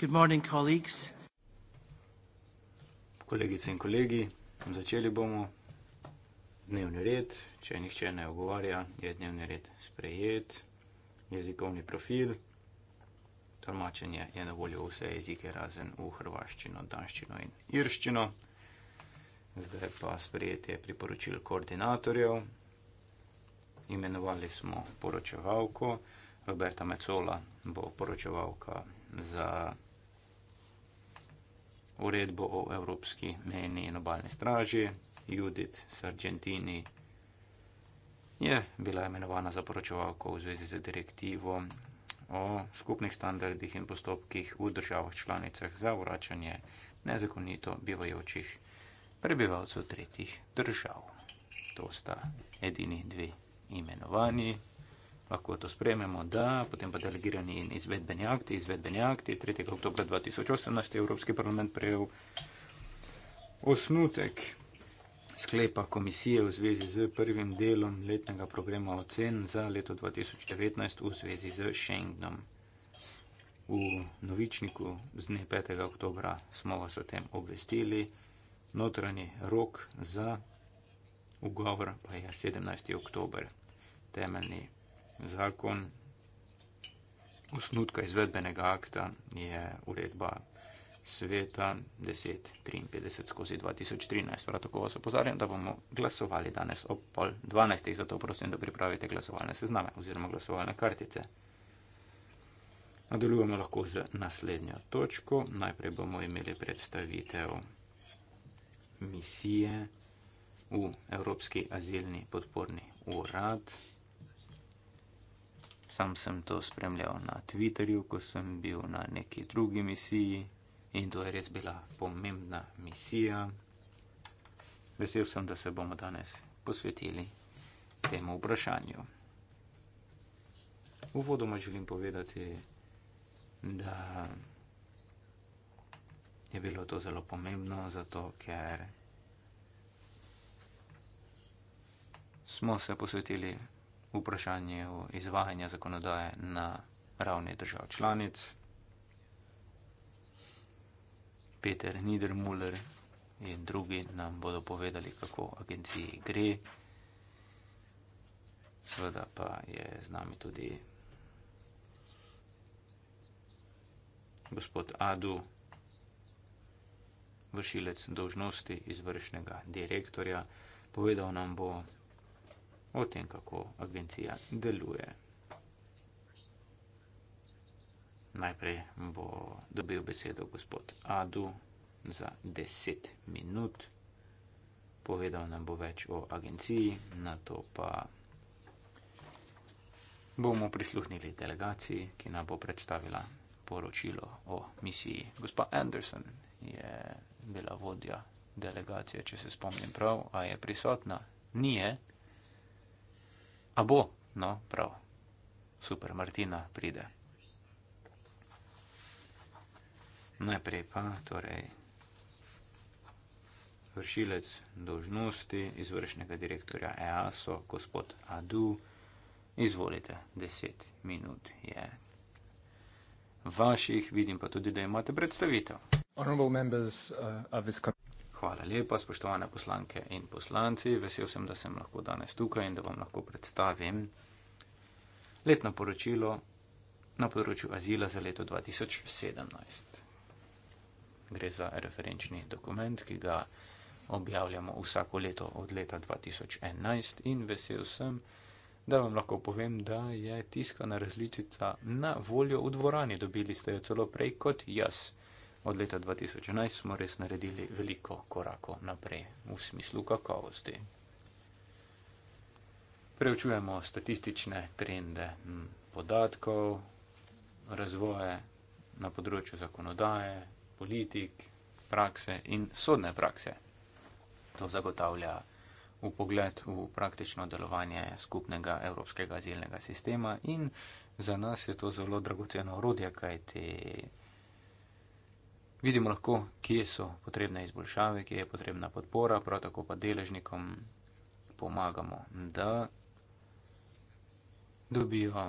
Good morning, colleagues. Kolegice in kolegi, začeli bomo dnevni red. Če nihče ne ogovarja, je dnevni red sprejet. Jezikovni profil. Tolmačenje je na voljo vse jezike, razen v hrvaščino, danščino in irščino. Zdaj pa sprejetje priporočil koordinatorjev. Imenovali smo poročevalko. Roberta Mecola bo poročevalka za uredbo o Evropski meni in obalni straži, Judith Sargentini je bila imenovana za poročevalko v zvezi z direktivo o skupnih standardih in postopkih v državah članicah za vračanje nezakonito bivajočih prebivalcev tretjih držav. To sta edini dve imenovani lahko to sprememo, da, potem pa delegirani in izvedbeni akti, izvedbeni akti, 3. oktober 2018 je Evropski parlament prejel osnutek sklepa komisije v zvezi z prvim delom letnega programa ocen za leto 2019 v zvezi z Schengenom. V novičniku z dne 5. oktober smo vas o tem obvestili, notranji rok za ugovor pa je 17. oktober, temeljni zakon osnutka izvedbenega akta je uredba sveta 1053 skozi 2013. Prav tako vas opozarjam, da bomo glasovali danes ob pol 12. Zato prosim, da pripravite glasovalne sezname oziroma glasovalne kartice. Nadaljujemo lahko z naslednjo točko. Najprej bomo imeli predstavitev misije v Evropski azilni podporni urad. Sam sem to spremljal na Twitterju, ko sem bil na neki drugi misiji in to je res bila pomembna misija. Vesel sem, da se bomo danes posvetili temu vprašanju. Uvodoma želim povedati, da je bilo to zelo pomembno, zato ker smo se posvetili vprašanje izvajanja zakonodaje na ravni držav članic. Peter Niedermuller in drugi nam bodo povedali, kako agenciji gre. Sveda pa je z nami tudi gospod Adu, vršilec dožnosti izvršnega direktorja. Povedal nam bo, o tem, kako agencija deluje. Najprej bo dobil besedo gospod Adu za 10 minut. Povedal nam bo več o agenciji, na to pa bomo prisluhnili delegaciji, ki nam bo predstavila poročilo o misiji. Gospa Anderson je bila vodja delegacije, če se spomnim prav, a je prisotna? Nije. A bo? No, prav. Super, Martina pride. Najprej pa, torej, vršilec dožnosti izvršnega direktorja EASO, gospod Adu, izvolite, deset minut je vaših, vidim pa tudi, da imate predstavitev. Honorable members uh, of this country. Hvala lepa, spoštovane poslanke in poslanci. Vesel sem, da sem lahko danes tukaj in da vam lahko predstavim letno poročilo na področju azila za leto 2017. Gre za referenčni dokument, ki ga objavljamo vsako leto od leta 2011 in vesel sem, da vam lahko povem, da je tiskana različica na voljo v dvorani. Dobili ste jo celo prej kot jaz od leta 2011 smo res naredili veliko korakov naprej v smislu kakovosti. Preučujemo statistične trende podatkov, razvoje na področju zakonodaje, politik, prakse in sodne prakse. To zagotavlja v pogled v praktično delovanje skupnega evropskega azilnega sistema in za nas je to zelo dragoceno orodje, kajti Vidimo lahko, kje so potrebne izboljšave, kje je potrebna podpora, prav tako pa deležnikom pomagamo, da dobijo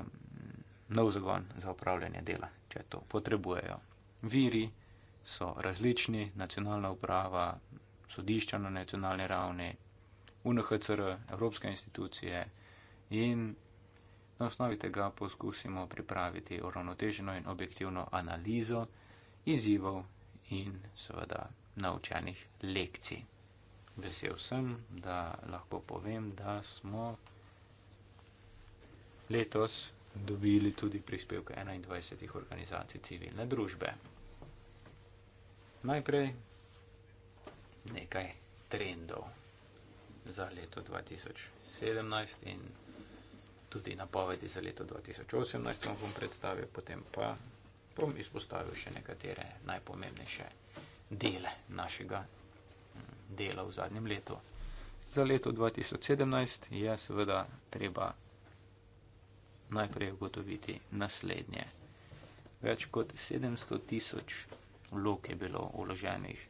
nov zagon za upravljanje dela, če to potrebujejo. Viri so različni, nacionalna uprava, sodišča na nacionalni ravni, UNHCR, evropske institucije in na osnovi tega poskusimo pripraviti uravnoteženo in objektivno analizo izzivov, in seveda naučenih lekcij. Vesel sem, da lahko povem, da smo letos dobili tudi prispevke 21 organizacij civilne družbe. Najprej nekaj trendov za leto 2017 in tudi napovedi za leto 2018, ki vam bom predstavil, potem pa bom izpostavil še nekatere najpomembnejše dele našega mm, dela v zadnjem letu. Za leto 2017 je seveda treba najprej ugotoviti naslednje. Več kot 700 tisoč vlog je bilo uloženih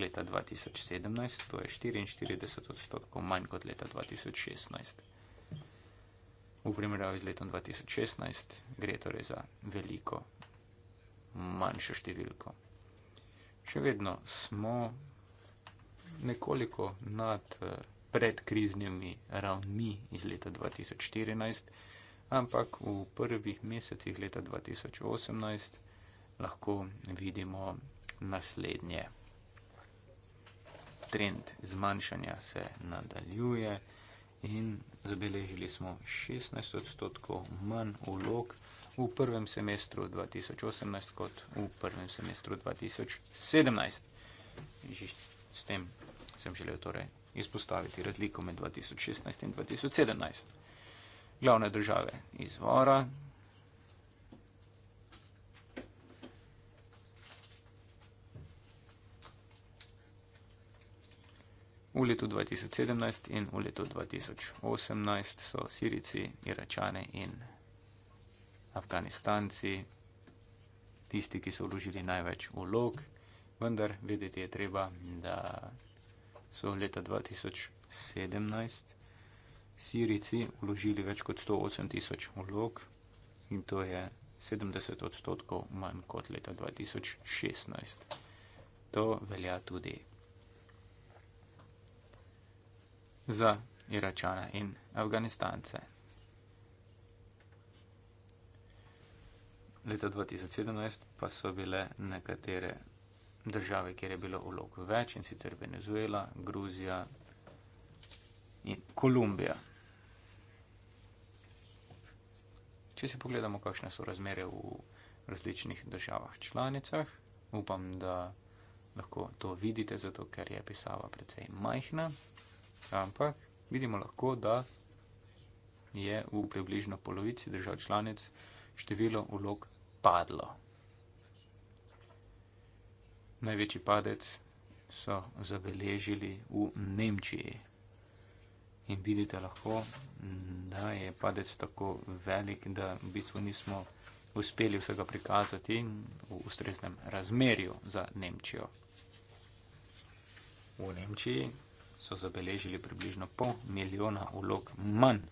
leta 2017, to je 44 odstotkov manj kot leta 2016. V primerjavi z letom 2016 gre torej za veliko manjšo številko. Še vedno smo nekoliko nad eh, predkriznimi ravnmi iz leta 2014, ampak v prvih mesecih leta 2018 lahko vidimo naslednje. Trend zmanjšanja se nadaljuje in zabeležili smo 16 odstotkov manj vlog, v prvem semestru 2018 kot v prvem semestru 2017. In že s tem sem želel torej izpostaviti razliko med 2016 in 2017. Glavne države izvora. V letu 2017 in v letu 2018 so Sirici, Iračane in Afganistanci tisti, ki so vložili največ vlog, vendar vedeti je treba, da so leta 2017 Sirici vložili več kot 108 tisoč vlog in to je 70 odstotkov manj kot leta 2016. To velja tudi za Iračane in Afganistance. leta 2017 pa so bile nekatere države, kjer je bilo vlog več in sicer Venezuela, Gruzija in Kolumbija. Če si pogledamo, kakšne so razmere v različnih državah članicah, upam, da lahko to vidite, zato ker je pisava precej majhna, ampak vidimo lahko, da je v približno polovici držav članic število ulog padlo. Največji padec so zabeležili v Nemčiji. In vidite lahko, da je padec tako velik, da v bistvu nismo uspeli vsega prikazati v ustreznem razmerju za Nemčijo. V Nemčiji so zabeležili približno pol milijona vlog manj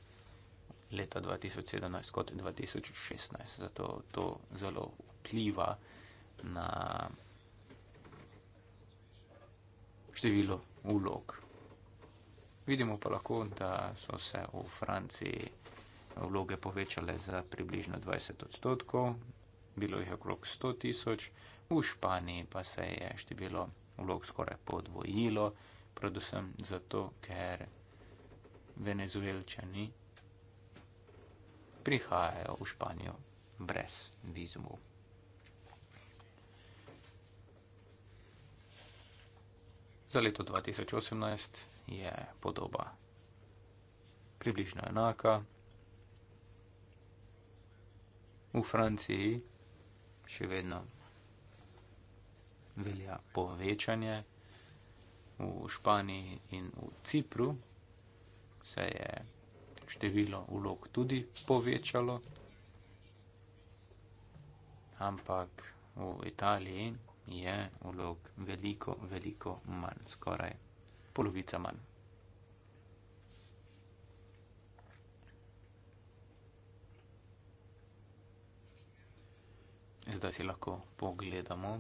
leta 2017 kot 2016. Zato to zelo vpliva na število vlog. Vidimo pa lahko, da so se v Franciji vloge povečale za približno 20 odstotkov, bilo jih okrog 100 tisoč, v Španiji pa se je število vlog skoraj podvojilo, predvsem zato, ker venezuelčani prihajajo v Španijo brez vizumov. Za leto 2018 je podoba približno enaka. V Franciji še vedno velja povečanje, v Španiji in v Cipru se je število vlog tudi povečalo, ampak v Italiji je vlog veliko, veliko manj, skoraj polovica manj. Zdaj si lahko pogledamo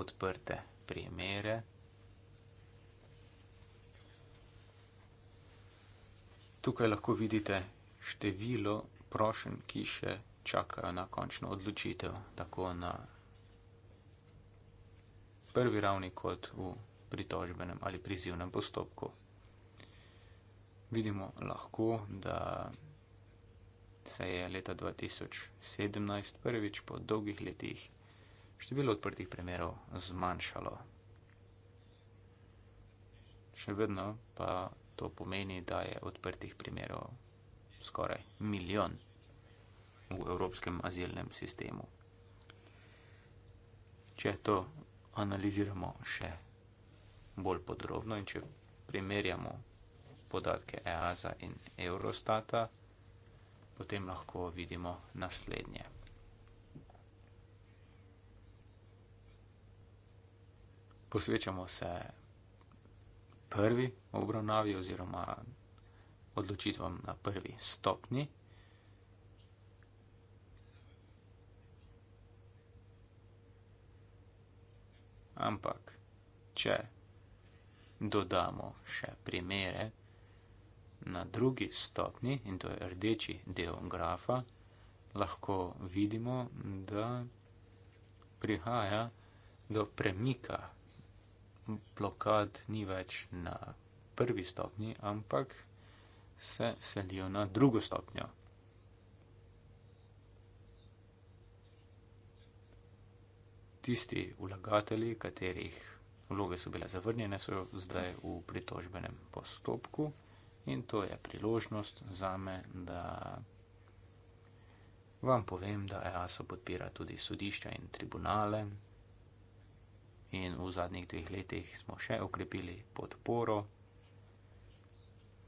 odprte primere. Tukaj lahko vidite število prošen, ki še čakajo na končno odločitev, tako na prvi ravni kot v pritožbenem ali prizivnem postopku. Vidimo lahko, da se je leta 2017 prvič po dolgih letih število odprtih primerov zmanjšalo. Še vedno pa To pomeni, da je odprtih primerov skoraj milijon v evropskem azilnem sistemu. Če to analiziramo še bolj podrobno in če primerjamo podatke EASA in Eurostata, potem lahko vidimo naslednje. Posvečamo se prvi obravnavi oziroma odločitvam na prvi stopni. Ampak, če dodamo še primere na drugi stopni, in to je rdeči del grafa, lahko vidimo, da prihaja do premika blokad ni več na prvi stopni, ampak se selijo na drugo stopnjo. Tisti vlagatelji, katerih vloge so bile zavrnjene, so zdaj v pritožbenem postopku in to je priložnost za me, da vam povem, da EASO podpira tudi sodišča in tribunale in v zadnjih dveh letih smo še okrepili podporo.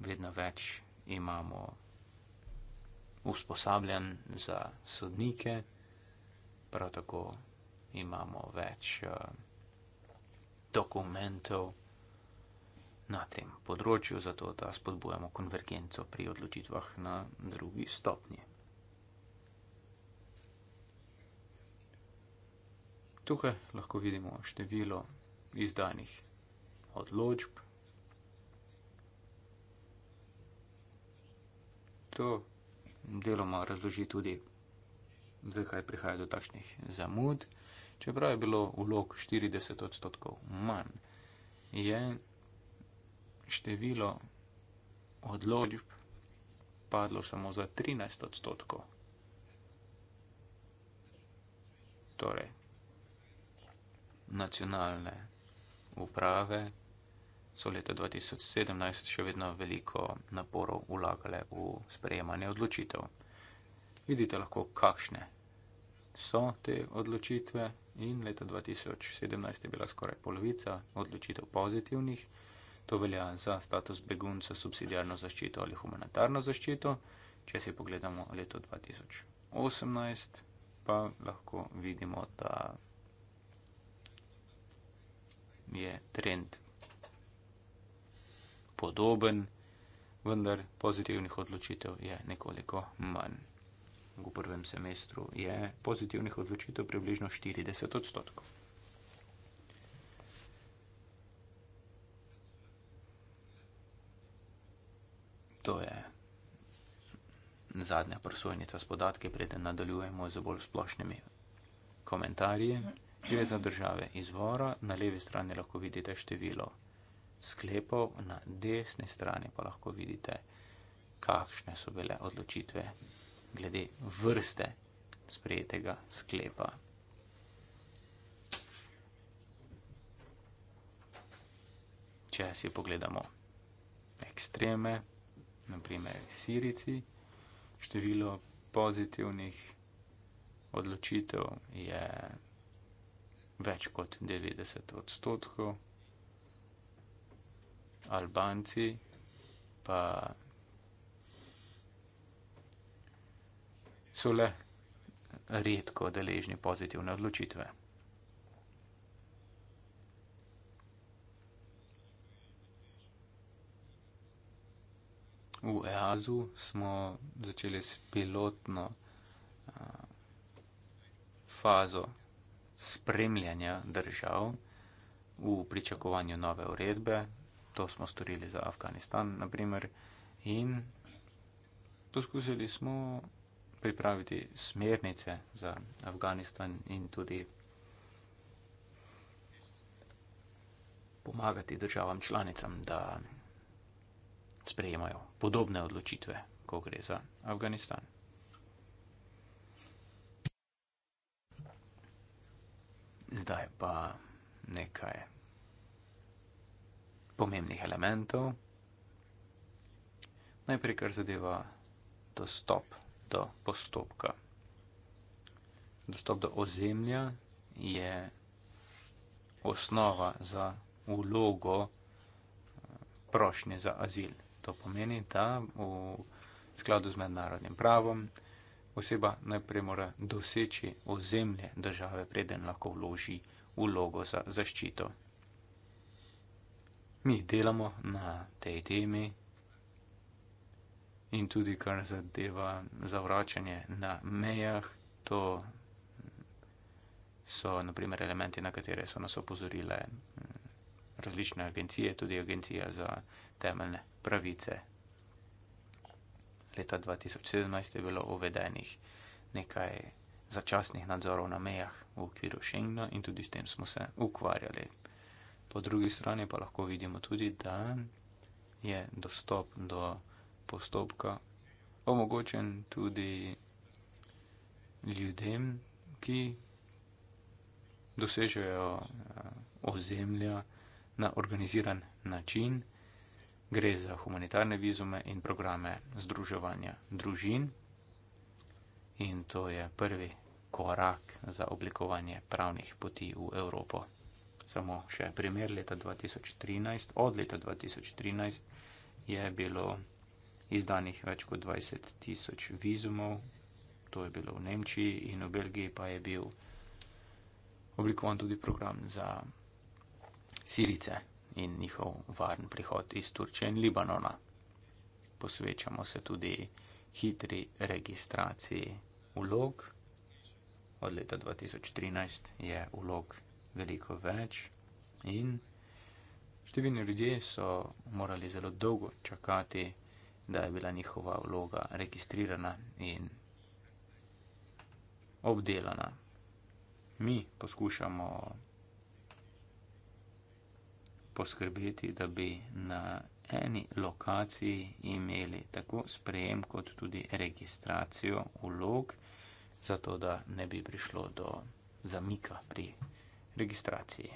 Vedno več imamo usposabljanj za sodnike, prav tako imamo več uh, dokumentov na tem področju, zato da spodbujamo konvergenco pri odločitvah na drugi stopnji. Tukaj lahko vidimo število izdanih odločb. To deloma razloži tudi, zakaj prihaja do takšnih zamud. Čeprav je bilo vlog 40 odstotkov manj, je število odločb padlo samo za 13 odstotkov. Torej, nacionalne uprave so leta 2017 še vedno veliko naporov vlagale v sprejemanje odločitev. Vidite lahko, kakšne so te odločitve in leta 2017 je bila skoraj polovica odločitev pozitivnih. To velja za status begunca, subsidijarno zaščito ali humanitarno zaščito. Če si pogledamo leto 2018, pa lahko vidimo, da je trend. Podoben, vendar pozitivnih odločitev je nekoliko manj. V prvem semestru je pozitivnih odločitev približno 40 odstotkov. To je zadnja prosojnica s podatki, preden nadaljujemo z bolj splošnimi komentarji. Gre za države izvora, na levi strani lahko vidite število sklepov, na desni strani pa lahko vidite, kakšne so bile odločitve glede vrste sprejetega sklepa. Če si pogledamo ekstreme, naprimer Sirici, število pozitivnih odločitev je več kot 90 odstotkov, Albanci pa so le redko deležni pozitivne odločitve. V EAZ-u smo začeli s pilotno a, fazo spremljanja držav v pričakovanju nove uredbe. To smo storili za Afganistan, naprimer, in poskusili smo pripraviti smernice za Afganistan in tudi pomagati državam članicam, da sprejemajo podobne odločitve, ko gre za Afganistan. zdaj pa nekaj pomembnih elementov. Najprej, kar zadeva dostop do postopka. Dostop do ozemlja je osnova za ulogo eh, prošnje za azil. To pomeni, da v skladu z mednarodnim pravom Oseba najprej mora doseči ozemlje države, preden lahko vloži vlogo za zaščito. Mi delamo na tej temi in tudi kar zadeva zavračanje na mejah, to so naprimer elementi, na katere so nas opozorile mm, različne agencije, tudi Agencija za temeljne pravice leta 2017 je bilo uvedenih nekaj začasnih nadzorov na mejah v okviru Schengna in tudi s tem smo se ukvarjali. Po drugi strani pa lahko vidimo tudi, da je dostop do postopka omogočen tudi ljudem, ki dosežejo eh, ozemlja na organiziran način. Gre za humanitarne vizume in programe združevanja družin. In to je prvi korak za oblikovanje pravnih poti v Evropo. Samo še primer leta 2013. Od leta 2013 je bilo izdanih več kot 20 tisoč vizumov. To je bilo v Nemčiji in v Belgiji pa je bil oblikovan tudi program za Sirice in njihov varen prihod iz Turčije in Libanona. Posvečamo se tudi hitri registraciji vlog. Od leta 2013 je vlog veliko več in številni ljudje so morali zelo dolgo čakati, da je bila njihova vloga registrirana in obdelana. Mi poskušamo poskrbeti, da bi na eni lokaciji imeli tako sprejem kot tudi registracijo vlog, zato da ne bi prišlo do zamika pri registraciji.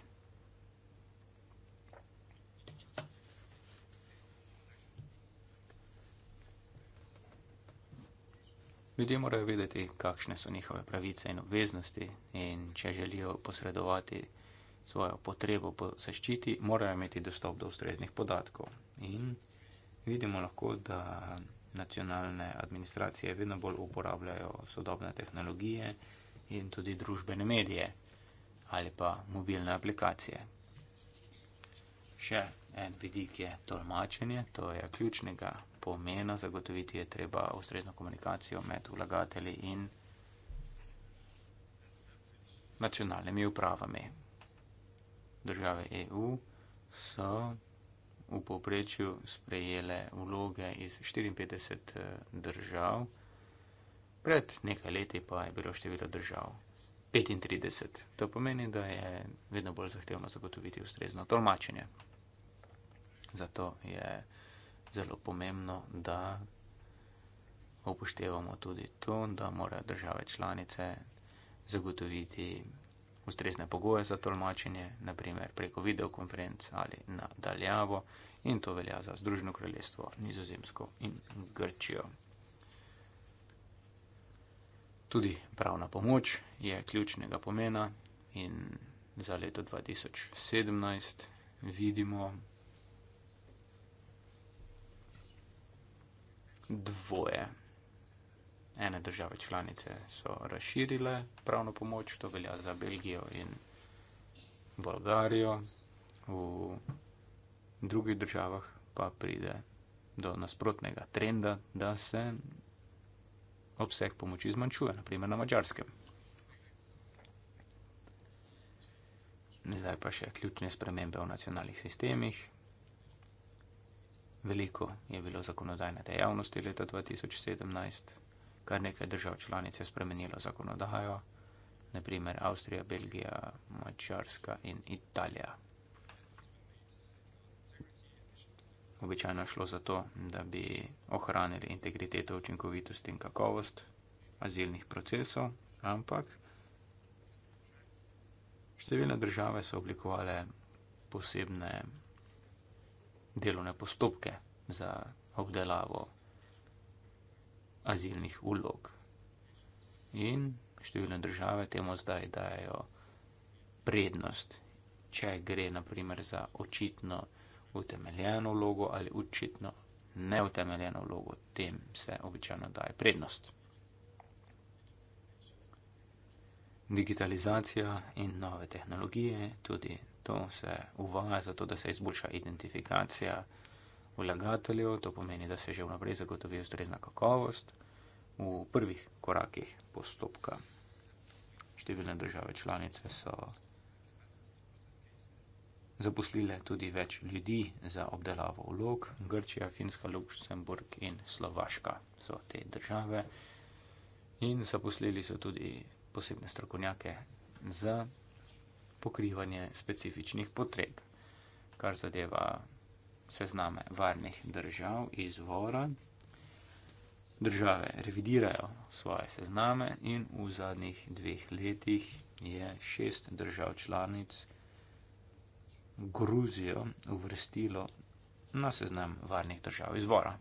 Ljudje morajo vedeti, kakšne so njihove pravice in obveznosti in če želijo posredovati svojo potrebo po zaščiti, morajo imeti dostop do ustreznih podatkov. In vidimo lahko, da nacionalne administracije vedno bolj uporabljajo sodobne tehnologije in tudi družbene medije ali pa mobilne aplikacije. Še en vidik je tolmačenje, to je ključnega pomena, zagotoviti je treba ustrezno komunikacijo med vlagateli in nacionalnimi upravami države EU so v poprečju sprejele vloge iz 54 eh, držav, pred nekaj leti pa je bilo število držav 35. To pomeni, da je vedno bolj zahtevno zagotoviti ustrezno tolmačenje. Zato je zelo pomembno, da upoštevamo tudi to, da morajo države članice zagotoviti ustrezne pogoje za tolmačenje, naprimer preko videokonferenc ali nadaljavo in to velja za Združeno kraljestvo, Nizozemsko in Grčijo. Tudi pravna pomoč je ključnega pomena in za leto 2017 vidimo dvoje ene države članice so razširile pravno pomoč, to velja za Belgijo in Bolgarijo, v drugih državah pa pride do nasprotnega trenda, da se obseg pomoči zmanjšuje, naprimer na mačarskem. Zdaj pa še ključne spremembe v nacionalnih sistemih. Veliko je bilo zakonodajne dejavnosti leta 2017 kar nekaj držav članic je spremenilo zakonodajo, naprimer Avstrija, Belgija, Mačarska in Italija. Običajno šlo za to, da bi ohranili integriteto, učinkovitost in kakovost azilnih procesov, ampak številne države so oblikovale posebne delovne postopke za obdelavo azilnih vlog. In številne države temu zdaj dajo prednost, če gre naprimer za očitno utemeljeno vlogo ali očitno neutemeljeno vlogo, tem se običajno daje prednost. Digitalizacija in nove tehnologije, tudi to se uvaja, zato da se izboljša identifikacija vlagateljev, to pomeni, da se že vnaprej zagotovi ustrezna kakovost v prvih korakih postopka. Številne države članice so zaposlile tudi več ljudi za obdelavo vlog. Grčija, Finska, Luksemburg in Slovaška so te države in zaposlili so tudi posebne strokovnjake za pokrivanje specifičnih potreb, kar zadeva sezname varnih držav izvora. Države revidirajo svoje sezname in v zadnjih dveh letih je šest držav članic Gruzijo uvrstilo na seznam varnih držav izvora.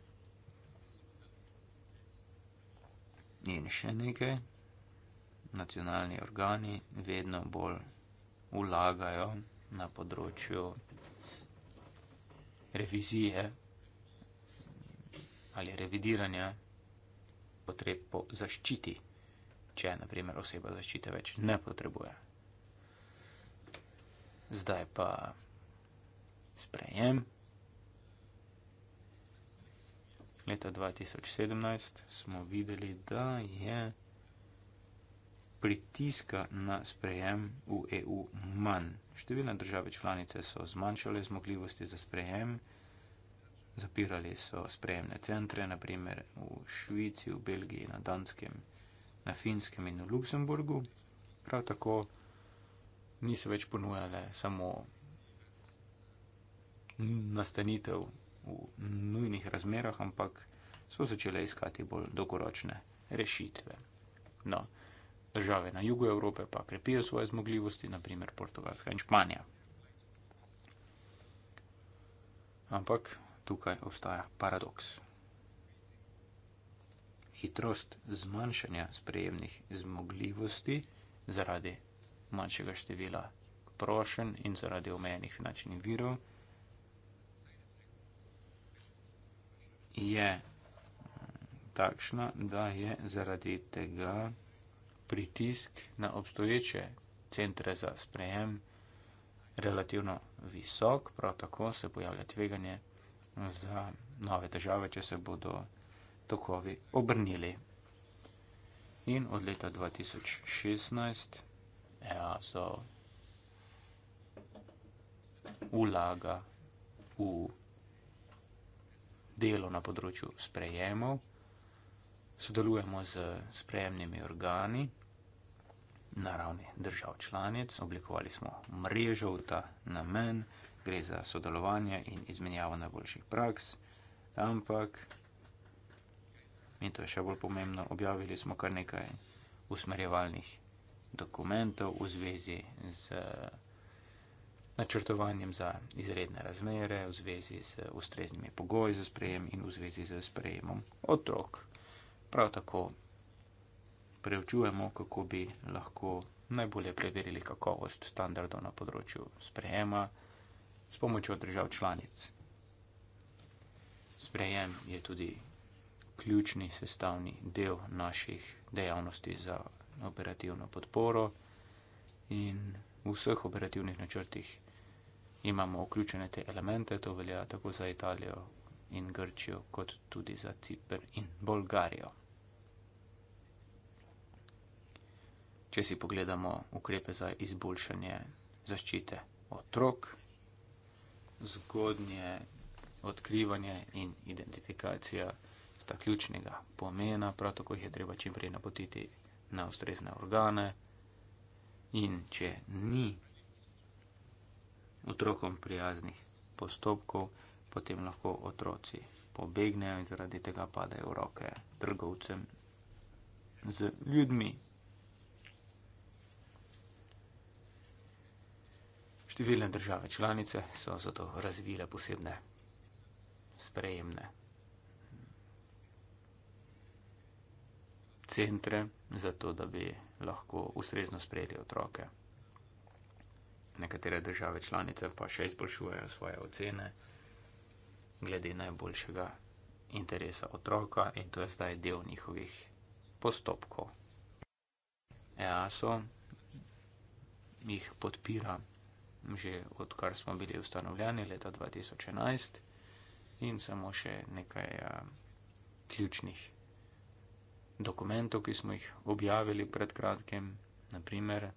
In še nekaj, nacionalni organi vedno bolj ulagajo na področju revizije ali revidiranja potreb po zaščiti, če naprimer oseba zaščite več ne potrebuje. Zdaj pa sprejem. Leta 2017 smo videli, da je pritiska na sprejem v EU manj. Številne države članice so zmanjšale zmogljivosti za sprejem, zapirali so sprejemne centre, naprimer v Švici, v Belgiji, na Danskem, na Finskem in v Luksemburgu. Prav tako niso več ponujale samo nastanitev v nujnih razmerah, ampak so začele iskati bolj dolgoročne rešitve. No države na jugu Evrope pa krepijo svoje zmogljivosti, naprimer Portugalska in Španija. Ampak tukaj obstaja paradoks. Hitrost zmanjšanja sprejemnih zmogljivosti zaradi manjšega števila prošen in zaradi omejenih finančnih virov je mm, takšna, da je zaradi tega pritisk na obstoječe centre za sprejem relativno visok, prav tako se pojavlja tveganje za nove težave, če se bodo tokovi obrnili. In od leta 2016 EASO vlaga v delo na področju sprejemov. Sodelujemo z spremnimi organi na ravni držav članic, oblikovali smo mrežo v ta namen, gre za sodelovanje in izmenjavo najboljših praks, ampak, in to je še bolj pomembno, objavili smo kar nekaj usmerjevalnih dokumentov v zvezi z načrtovanjem za izredne razmere, v zvezi z ustreznimi pogoji za sprejem in v zvezi z sprejemom otrok prav tako preučujemo, kako bi lahko najbolje preverili kakovost standardov na področju sprejema s pomočjo držav članic. Sprejem je tudi ključni sestavni del naših dejavnosti za operativno podporo in v vseh operativnih načrtih imamo vključene te elemente, to velja tako za Italijo in Grčijo, kot tudi za Cipr in Bolgarijo. Če si pogledamo ukrepe za izboljšanje zaščite otrok, zgodnje odkrivanje in identifikacija sta ključnega pomena, prav tako jih je treba čimprej napotiti na ustrezne organe in če ni otrokom prijaznih postopkov, potem lahko otroci pobegnejo in zaradi tega padejo v roke trgovcem z ljudmi. Številne države članice so zato razvile posebne sprejemne centre, zato da bi lahko ustrezno sprejeli otroke. Nekatere države članice pa še izboljšujejo svoje ocene glede najboljšega interesa otroka in to je zdaj del njihovih postopkov. EASO jih podpira že odkar smo bili ustanovljeni leta 2011 in samo še nekaj ja, ključnih dokumentov, ki smo jih objavili pred kratkim, naprimer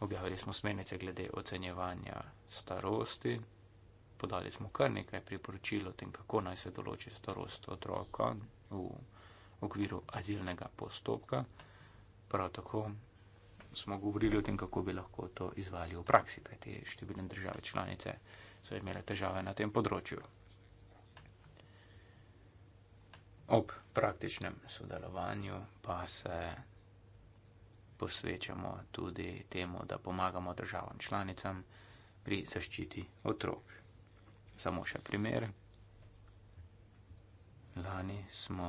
objavili smo smernice glede ocenjevanja starosti podali smo kar nekaj priporočil o tem, kako naj se določi starost otroka v okviru azilnega postopka. Prav tako smo govorili o tem, kako bi lahko to izvali v praksi, kajti številne države članice so imele težave na tem področju. Ob praktičnem sodelovanju pa se posvečamo tudi temu, da pomagamo državam članicam pri zaščiti otrok. Samo še primer. Lani smo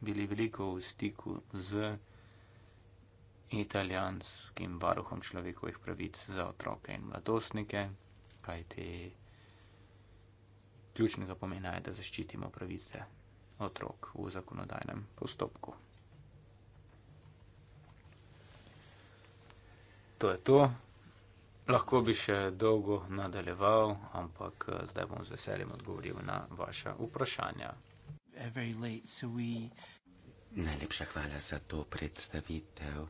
bili veliko v stiku z italijanskim varuhom človekovih pravic za otroke in mladostnike, kajti ključnega pomena je, da zaščitimo pravice otrok v zakonodajnem postopku. To je to. Lahko bi še dolgo nadaljeval, ampak eh, zdaj bom z veseljem odgovoril na vaše vprašanja. Najlepša hvala za to predstavitev.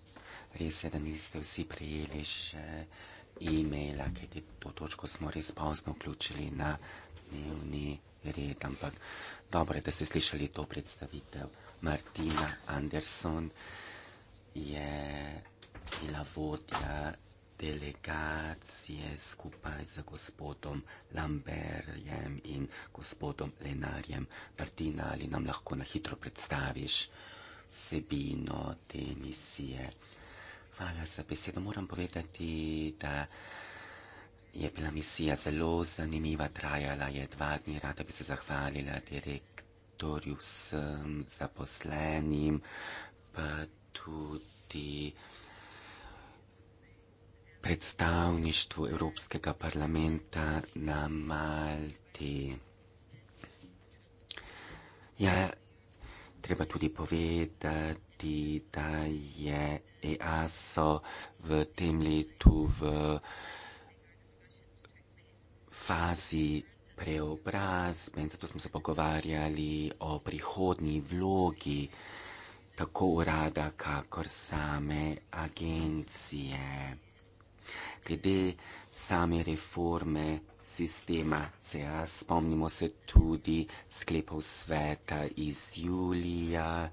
Res je, da niste vsi prijeli še e-maila, ker je to točko smo res pozno vključili na dnevni red, ampak dobro je, da ste slišali to predstavitev. Martina Anderson je bila vodja delegacije skupaj z gospodom Lamberjem in gospodom Lenarjem. Martina, ali nam lahko na hitro predstaviš vsebino te misije? Hvala za besedo. Moram povedati, da je bila misija zelo zanimiva, trajala je dva dni. Rada bi se zahvalila direktorju, vsem zaposlenim, pa tudi predstavništvu Evropskega parlamenta na Malti. Ja, treba tudi povedati, da je EASO v tem letu v fazi preobrazbe in zato smo se pogovarjali o prihodnji vlogi tako urada, kakor same agencije glede same reforme sistema CA. Spomnimo se tudi sklepov sveta iz julija.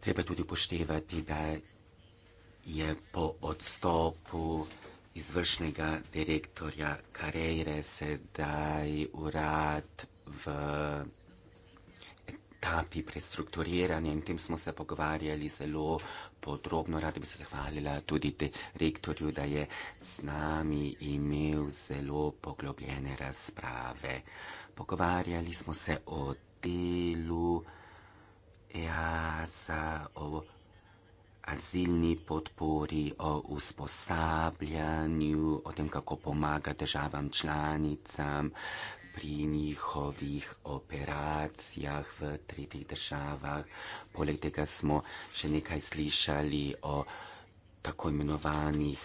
Treba tudi upoštevati, da je po odstopu izvršnega direktorja Karejre sedaj urad v etapi prestrukturiranja in tem smo se pogovarjali zelo podrobno. Rada bi se zahvalila tudi direktorju, da je z nami imel zelo poglobljene razprave. Pogovarjali smo se o delu EASA, o azilni podpori, o usposabljanju, o tem, kako pomaga državam članicam, pri njihovih operacijah v tretjih državah. Poleg tega smo še nekaj slišali o tako imenovanih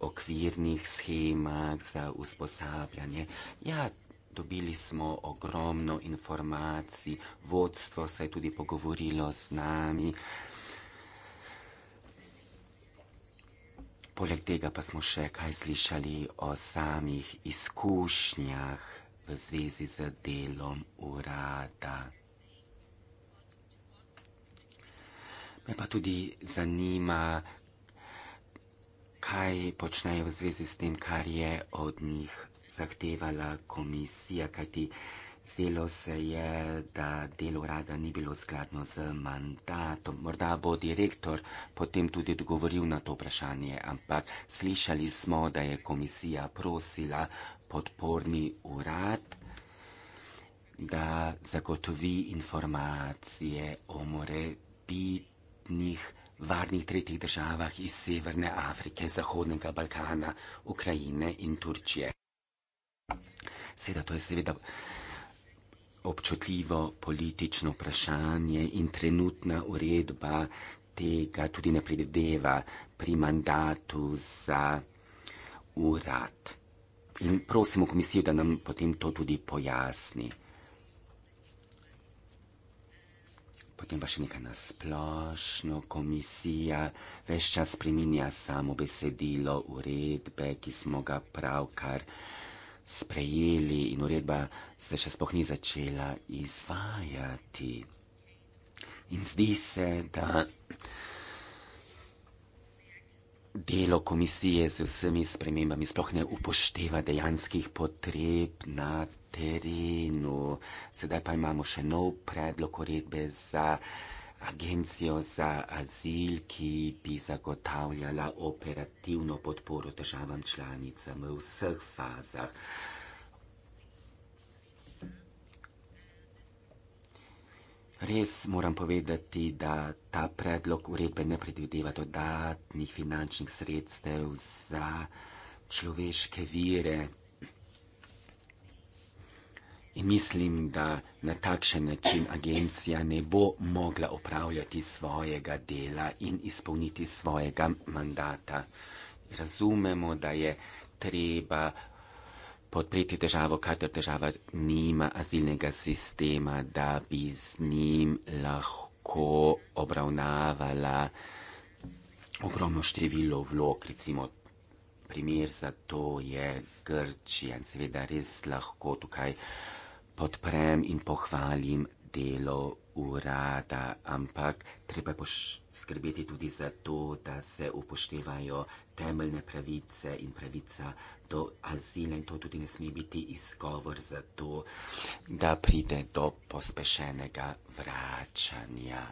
okvirnih schemah za usposabljanje. Ja, dobili smo ogromno informacij, vodstvo se je tudi pogovorilo s nami. Poleg tega pa smo še kaj slišali o samih izkušnjah v zvezi z delom urada. Me pa tudi zanima, kaj počnejo v zvezi s tem, kar je od njih zahtevala komisija, kajti zdelo se je, da delo urada ni bilo skladno z mandatom. Morda bo direktor potem tudi odgovoril na to vprašanje, ampak slišali smo, da je komisija prosila podporni urad, da zagotovi informacije o morebitnih varnih tretjih državah iz Severne Afrike, Zahodnega Balkana, Ukrajine in Turčije. Seveda, to je seveda občutljivo politično vprašanje in trenutna uredba tega tudi ne predvideva pri mandatu za urad in prosimo komisijo, da nam potem to tudi pojasni. Potem pa še nekaj nasplošno. Komisija več čas spreminja samo besedilo uredbe, ki smo ga pravkar sprejeli in uredba se še spohni začela izvajati. In zdi se, da. Ja delo komisije z vsemi spremembami sploh ne upošteva dejanskih potreb na terenu. Sedaj pa imamo še nov predlog uredbe za agencijo za azil, ki bi zagotavljala operativno podporo državam članicam v vseh fazah. Res moram povedati, da ta predlog uredbe ne predvideva dodatnih finančnih sredstev za človeške vire. In mislim, da na takšen način agencija ne bo mogla upravljati svojega dela in izpolniti svojega mandata. Razumemo, da je treba podpreti državo, kadar država nima azilnega sistema, da bi z njim lahko obravnavala ogromno število vlog, recimo primer za to je Grčija in seveda res lahko tukaj podprem in pohvalim delo urada, ampak treba poskrbeti tudi za to, da se upoštevajo temeljne pravice in pravica do azila in to tudi ne sme biti izgovor za to, da pride do pospešenega vračanja.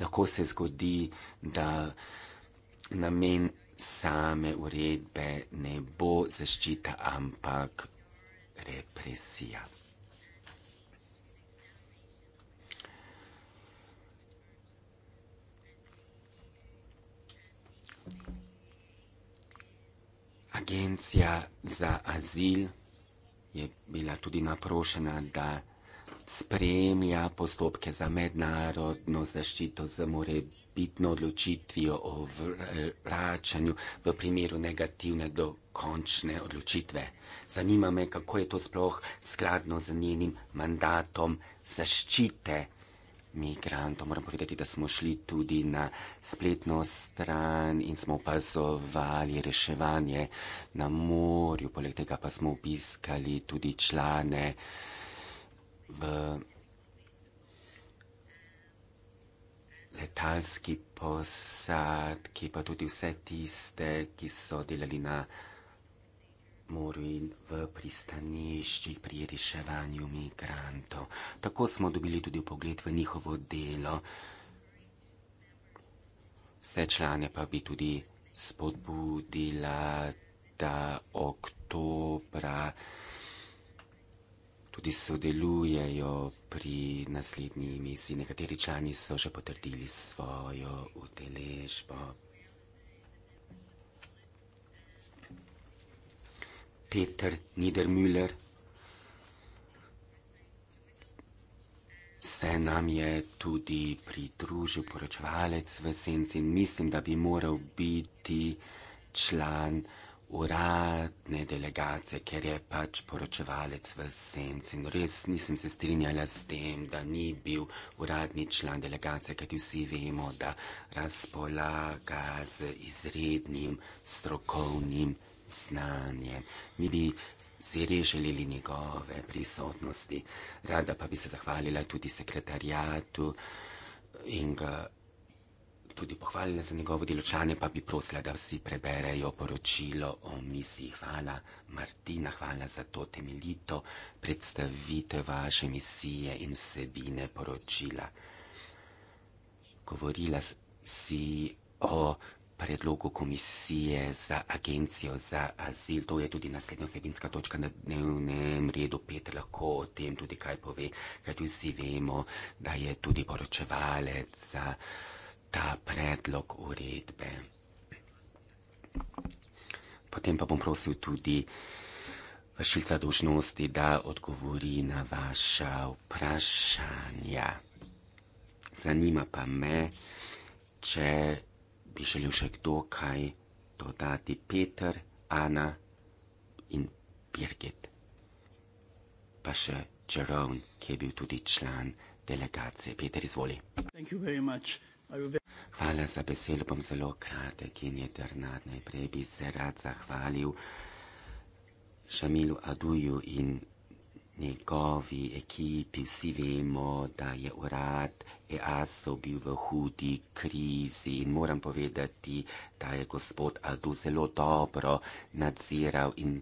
Lahko se zgodi, da namen same uredbe ne bo zaščita, ampak represija. Agencija za azil je bila tudi naprošena, da spremlja postopke za mednarodno zaščito z morebitno odločitvijo o vračanju v primeru negativne dokončne odločitve. Zanima me, kako je to sploh skladno z njenim mandatom zaščite migrantov. Moram povedati, da smo šli tudi na spletno stran in smo opazovali reševanje na morju. Poleg tega pa smo obiskali tudi člane v letalski posadki, pa tudi vse tiste, ki so delali na morju. Morin v pristanišči pri reševanju migrantov. Tako smo dobili tudi pogled v njihovo delo. Vse člane pa bi tudi spodbudila, da oktobra tudi sodelujejo pri naslednji misiji. Nekateri člani so že potrdili svojo udeležbo. Peter Niedermüller. Se nam je tudi pridružil poročevalec v senci in mislim, da bi moral biti član uradne delegacije, ker je pač poročevalec v senci. In res nisem se strinjala s tem, da ni bil uradni član delegacije, kajti vsi vemo, da razpolaga z izrednim strokovnim znanjem, mi bi si reželili njegove prisotnosti. Rada pa bi se zahvalila tudi sekretarijatu in ga tudi pohvalila za njegovo delo. Čane pa bi prosila, da vsi preberejo poročilo o misiji. Hvala, Martina, hvala za to temeljito predstavitev vaše misije in vsebine poročila. Govorila si o predlogu komisije za agencijo za azil. To je tudi naslednja osebinska točka na dnevnem redu. Petr lahko o tem tudi kaj pove, kaj tu vsi vemo, da je tudi poročevalec za ta predlog uredbe. Potem pa bom prosil tudi vršilca dožnosti, da odgovori na vaša vprašanja. Zanima pa me, če bi želel še kdo kaj dodati, Peter, Ana in Birgit. Pa še Jerome, ki je bil tudi član delegacije. Peter, izvoli. Hvala za besedo, bom zelo kratek in je trnat. Najprej bi se rad zahvalil Šamilu Aduju in njegovi ekipi, vsi vemo, da je urad EASO bil v hudi krizi in moram povedati, da je gospod Aldo zelo dobro nadziral in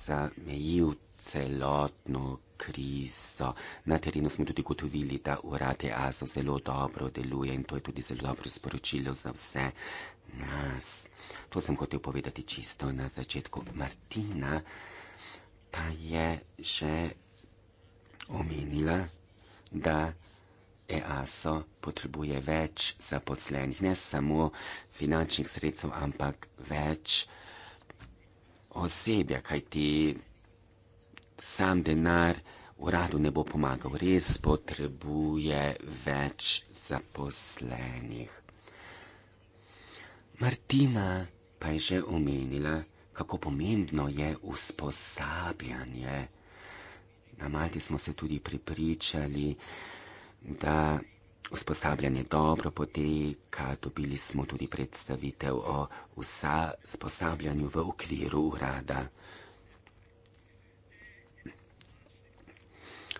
zamejil celotno krizo. Na terenu smo tudi gotovili, da urad EASO zelo dobro deluje in to je tudi zelo dobro sporočilo za vse nas. To sem hotel povedati čisto na začetku. Martina, pa je še omenila, da EASO potrebuje več zaposlenih, ne samo finančnih sredstev, ampak več osebja, kaj ti sam denar uradu ne bo pomagal. Res potrebuje več zaposlenih. Martina pa je že omenila, kako pomembno je usposabljanje. Na Malti smo se tudi pripričali, da usposabljanje dobro poteka. Dobili smo tudi predstavitev o usposabljanju v okviru urada.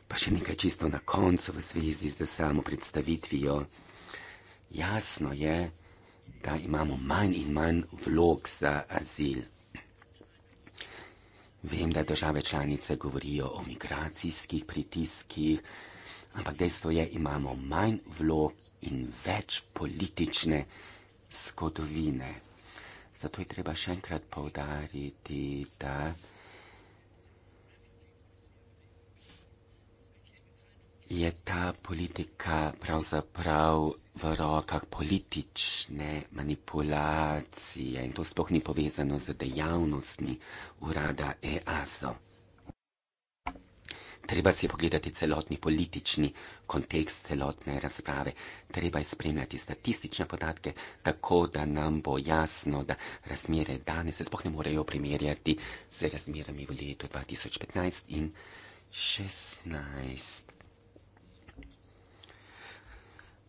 Pa še nekaj čisto na koncu v zvezi z samo predstavitvijo. Jasno je, da imamo manj in manj vlog za azil. Vem, da države članice govorijo o migracijskih pritiskih, ampak dejstvo je, imamo manj vlog in več politične skodovine. Zato je treba še enkrat povdariti, da je ta politika pravzaprav v rokah politične manipulacije in to sploh ni povezano z dejavnostmi urada EASO. Treba si pogledati celotni politični kontekst celotne razprave. Treba je spremljati statistične podatke, tako da nam bo jasno, da razmere danes se sploh ne morejo primerjati z razmerami v letu 2015 in 2016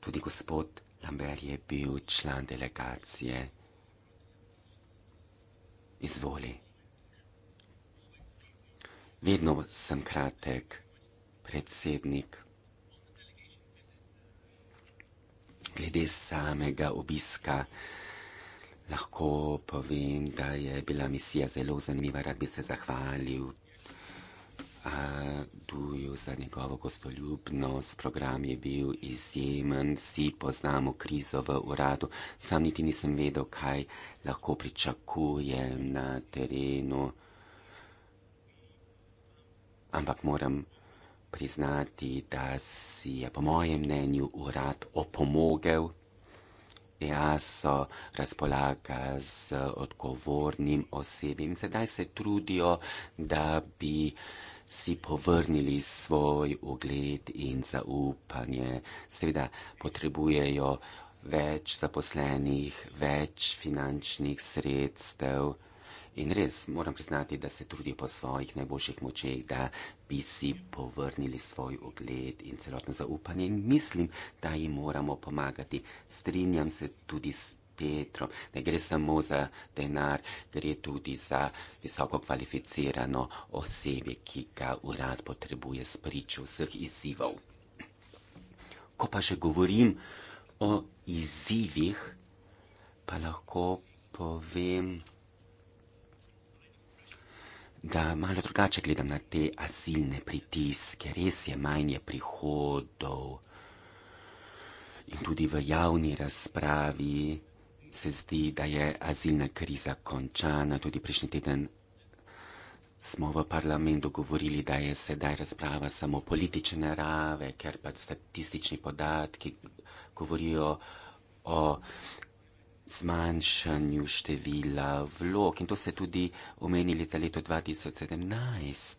tudi gospod Lambert je bil član delegacije. Izvoli. Vedno sem kratek, predsednik. Glede samega obiska lahko povem, da je bila misija zelo zanimiva, rad bi se zahvalil A tujo za njegovo gostoljubnost, program je bil izjemen, vsi poznamo krizo v uradu, sam niti nisem vedel, kaj lahko pričakujem na terenu. Ampak moram priznati, da si je po mojem mnenju urad opomogel. EASO razpolaga z odgovornim osebjem in sedaj se trudijo, da bi si povrnili svoj ugled in zaupanje. Seveda potrebujejo več zaposlenih, več finančnih sredstev. In res moram priznati, da se trudijo po svojih najboljših močeh, da bi si povrnili svoj ugled in celotno zaupanje. In mislim, da jim moramo pomagati. Strinjam se tudi s Petrom, ne gre samo za denar, gre tudi za visoko kvalificirano osebe, ki ga urad potrebuje spričo vseh izzivov. Ko pa že govorim o izzivih, pa lahko povem, da malo drugače gledam na te azilne pritiske. Res je manje prihodov in tudi v javni razpravi se zdi, da je azilna kriza končana. Tudi prejšnji teden smo v parlamentu govorili, da je sedaj razprava samo politične narave, ker pač statistični podatki govorijo o zmanjšanju števila vlog in to se tudi omenili za leto 2017.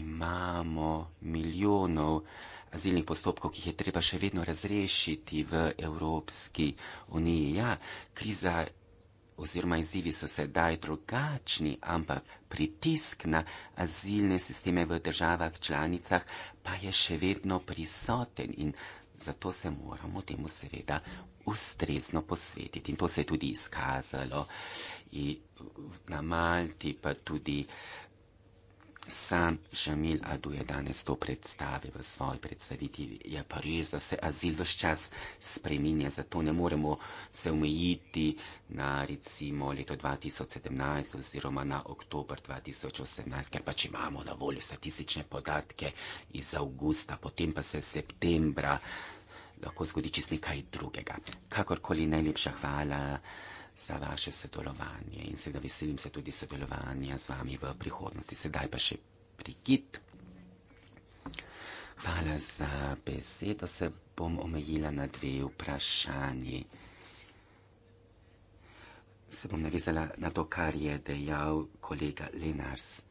Imamo milijonov azilnih postopkov, ki jih je treba še vedno razrešiti v Evropski uniji. Ja, kriza oziroma izzivi so sedaj drugačni, ampak pritisk na azilne sisteme v državah članicah pa je še vedno prisoten in zato se moramo temu seveda ustrezno posvetiti. In to se je tudi izkazalo na Malti, pa tudi Sam Žamil Adu je danes to predstavil v svoji predstavitvi. Je pa res, da se azil vse čas spreminja, zato ne moremo se omejiti na recimo leto 2017 oziroma na oktober 2018, ker pač imamo na voljo statistične podatke iz avgusta, potem pa se septembra lahko zgodi čist nekaj drugega. Kakorkoli najlepša hvala za vaše sodelovanje in seveda veselim se tudi sodelovanja z vami v prihodnosti. Sedaj pa še prigit. Hvala za besedo, se bom omejila na dve vprašanji. Se bom navezala na to, kar je dejal kolega Lenars.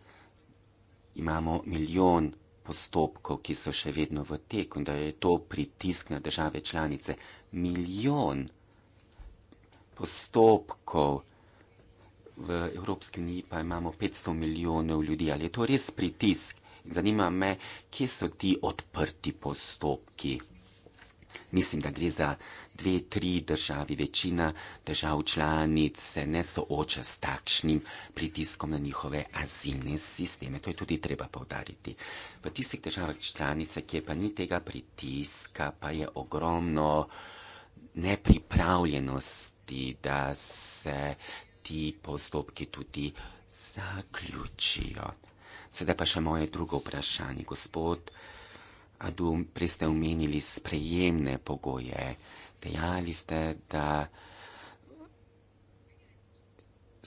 Imamo milijon postopkov, ki so še vedno v teku in da je to pritisk na države članice. Milijon postopkov postopkov. V Evropski uniji pa imamo 500 milijonov ljudi. Ali je to res pritisk? Zanima me, kje so ti odprti postopki. Mislim, da gre za dve, tri državi. Večina držav članic se ne sooča s takšnim pritiskom na njihove azilne sisteme. To je tudi treba povdariti. V tistih državah članice, kjer pa ni tega pritiska, pa je ogromno uh, nepripravljenosti, da se ti postopki tudi zaključijo. Sedaj pa še moje drugo vprašanje. Gospod Adum, prej ste omenili sprejemne pogoje. Dejali ste, da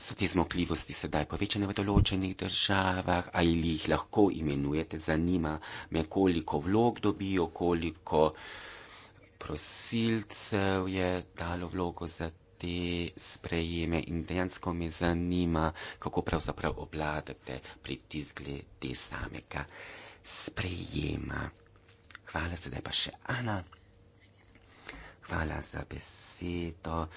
so te zmogljivosti sedaj povečane v določenih državah, ali jih lahko imenujete, zanima me, koliko vlog dobijo, koliko uh, prosilcev je dalo vlogo za te sprejeme in dejansko me zanima, kako pravzaprav obladate pritisk glede samega sprejema. Hvala, sedaj pa še Ana. Hvala za besedo,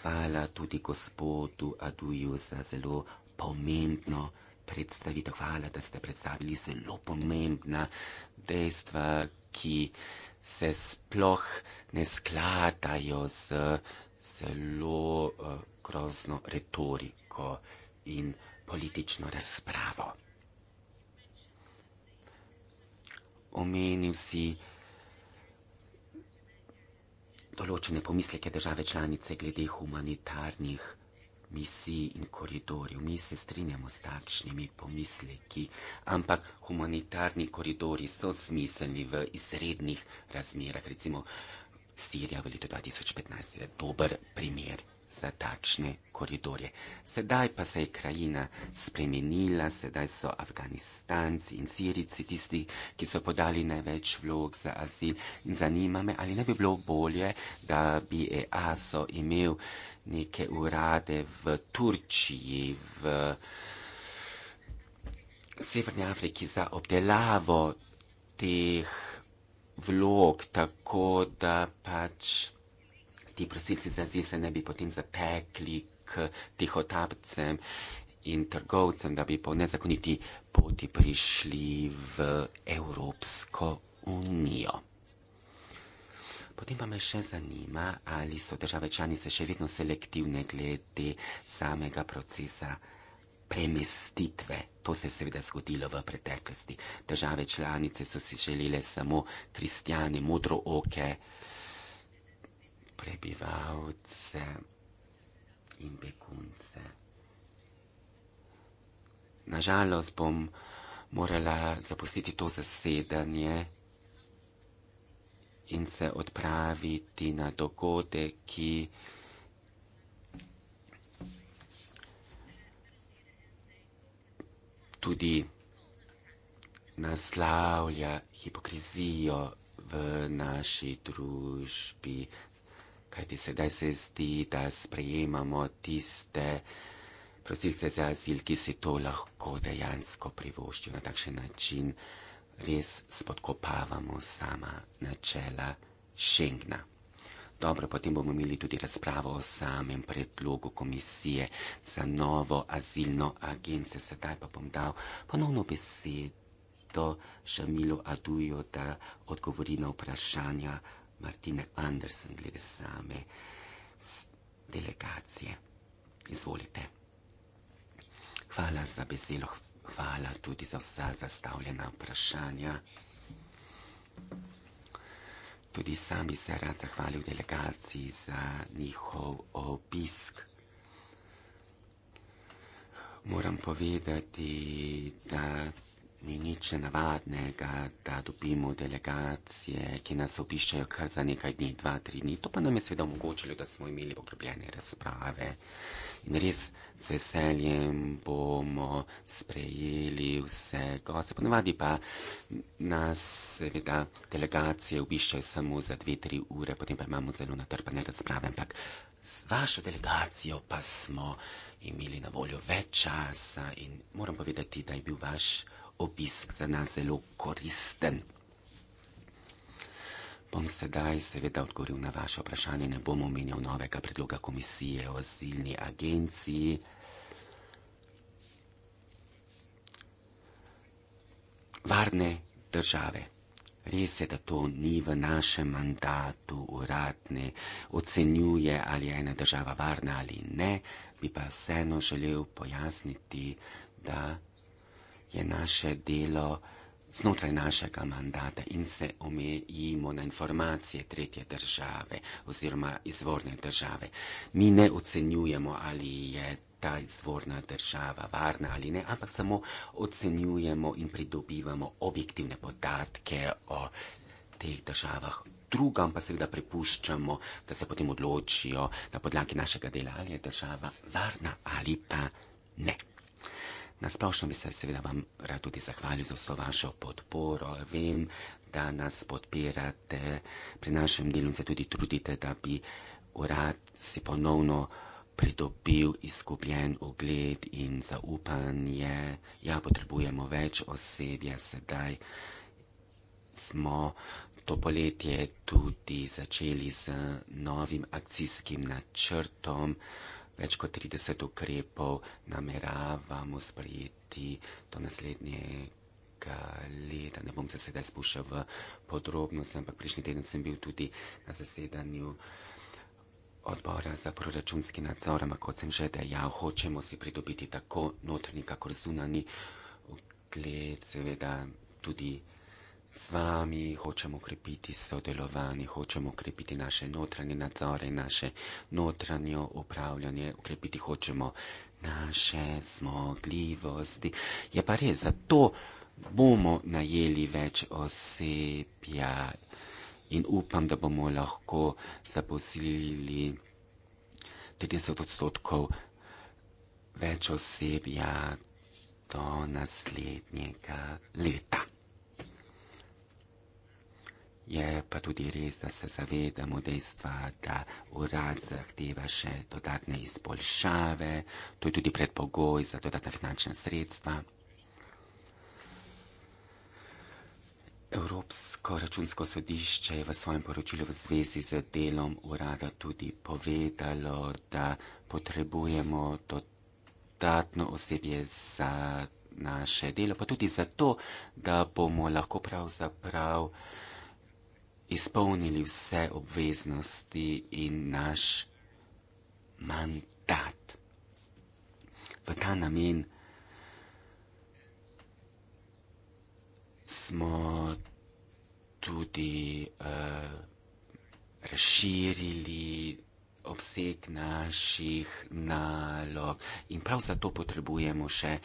hvala tudi gospodu Aduju za zelo pomembno predstavitev. Hvala, da ste predstavili zelo pomembna dejstva, ki se sploh ne skladajo z zelo uh, grozno retoriko in politično razpravo. Omenil si določene pomisleke države članice glede humanitarnih misij in koridorjev. Mi se strinjamo s takšnimi pomisleki, ampak humanitarni koridori so smiselni v izrednih razmerah. Recimo Sirija v letu 2015 je dober primer za takšne koridorje. Sedaj pa se je krajina spremenila, sedaj so Afganistanci in Sirici tisti, ki so podali največ vlog za azil in zanima me, ali ne bi bilo bolje, da bi EASO imel neke urade v Turčiji, v Severni Afriki za obdelavo teh vlog, tako da pač ti prosilci za azil se ne bi potem zapekli k tihotapcem in trgovcem, da bi po nezakoniti poti prišli v Evropsko unijo. Potem pa me še zanima, ali so države članice še vedno selektivne glede samega procesa premestitve. To se je seveda zgodilo v preteklosti. Države članice so si želele samo kristjane, modro oke, okay, prebivalce in begunce. Nažalost bom morala zapustiti to zasedanje in se odpraviti na dogodek, ki tudi naslavlja hipokrizijo v naši družbi kajti sedaj se zdi, da sprejemamo tiste prosilce za azil, ki si to lahko dejansko privoščijo na takšen način, res spodkopavamo sama načela Schengna. Dobro, potem bomo imeli tudi razpravo o samem predlogu komisije za novo azilno agencijo. Sedaj pa bom dal ponovno besedo Šamilu Aduju, da odgovori na vprašanja Martine Andersen glede same delegacije. Izvolite. Hvala za besedo, hvala tudi za vsa zastavljena vprašanja. Tudi sam bi se rad zahvalil delegaciji za njihov obisk. Moram povedati, da ni nič navadnega, da dobimo delegacije, ki nas obiščajo kar za nekaj dni, dva, tri dni. To pa nam je seveda omogočilo, da smo imeli poglobljene razprave. In res z veseljem bomo sprejeli vse goste. Ponavadi pa nas seveda delegacije obiščajo samo za dve, tri ure, potem pa imamo zelo natrpane razprave. Ampak z vašo delegacijo pa smo imeli na voljo več časa in moram povedati, da je bil vaš obisk za nas zelo koristen. Bom sedaj seveda odgovoril na vaše vprašanje. Ne bom omenjal novega predloga komisije o azilni agenciji. Varne države. Res je, da to ni v našem mandatu uradne ocenjuje, ali je ena država varna ali ne, bi pa vseeno želel pojasniti, da je naše delo znotraj našega mandata in se omejimo na informacije tretje države oziroma izvorne države. Mi ne ocenjujemo, ali je ta izvorna država varna ali ne, ampak samo ocenjujemo in pridobivamo objektivne podatke o teh državah. Drugam pa seveda prepuščamo, da se potem odločijo na podlagi našega dela, ali je država varna ali pa ne. Na splošno bi se seveda vam rad tudi zahvalil za vso vašo podporo. Vem, da nas podpirate, pri našem delu se tudi trudite, da bi urad si ponovno pridobil izgubljen ugled in zaupanje. Ja, potrebujemo več osebja, sedaj smo to poletje tudi začeli z novim akcijskim načrtom. Več kot 30 ukrepov nameravamo sprejeti do naslednjega leta. Ne bom se sedaj spuščal v podrobnost, ampak prejšnji teden sem bil tudi na zasedanju odbora za proračunski nadzor, ampak kot sem že dejal, hočemo si pridobiti tako notrni, kakor zunani ugled, seveda tudi z vami, hočemo krepiti sodelovanje, hočemo krepiti naše notranje nadzore, naše notranje upravljanje, krepiti hočemo naše zmogljivosti. Je pa res, zato bomo najeli več osebja in upam, da bomo lahko zaposlili 30 odstotkov več osebja do naslednjega leta. Je pa tudi res, da se zavedamo dejstva, da urad zahteva še dodatne izboljšave, to je tudi predpogoj za dodatna finančna sredstva. Evropsko računsko sodišče je v svojem poročilu v zvezi z delom urada tudi povedalo, da potrebujemo dodatno osebje za naše delo, pa tudi zato, da bomo lahko pravzaprav prav izpolnili vse obveznosti in naš mandat. V ta namen smo tudi uh, razširili obseg naših nalog in prav zato potrebujemo še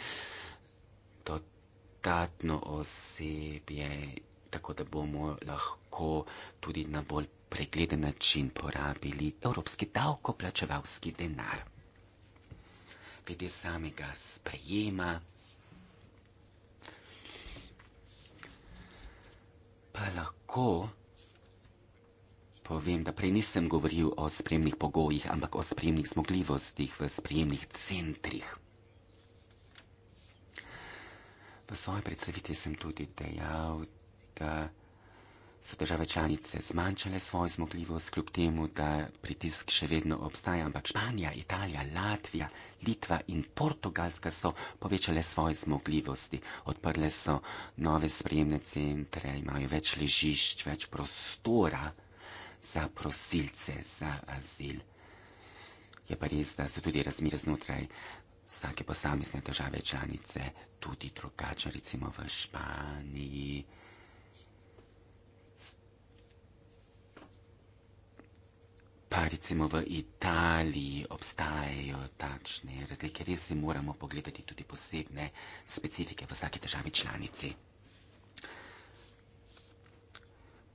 dodatno osebje tako da bomo lahko tudi na bolj pregleden način porabili evropski davkoplačevalski denar. Glede samega sprejema, pa lahko povem, da prej nisem govoril o spremnih pogojih, ampak o spremnih zmogljivostih v spremnih centrih. V svoji predstavitvi sem tudi dejal, da so države članice zmanjšale svojo zmogljivost, kljub temu, da pritisk še vedno obstaja, ampak Španija, Italija, Latvija, Litva in Portugalska so povečale svoje zmogljivosti, odprle so nove sprejemne centre, imajo več ležišč, več prostora za prosilce za azil. Je pa res, da so tudi razmere znotraj vsake posamezne države članice tudi drugačne, recimo v Španiji. Pa recimo v Italiji obstajajo takšne razlike, res si moramo pogledati tudi posebne specifike v vsaki državi članici.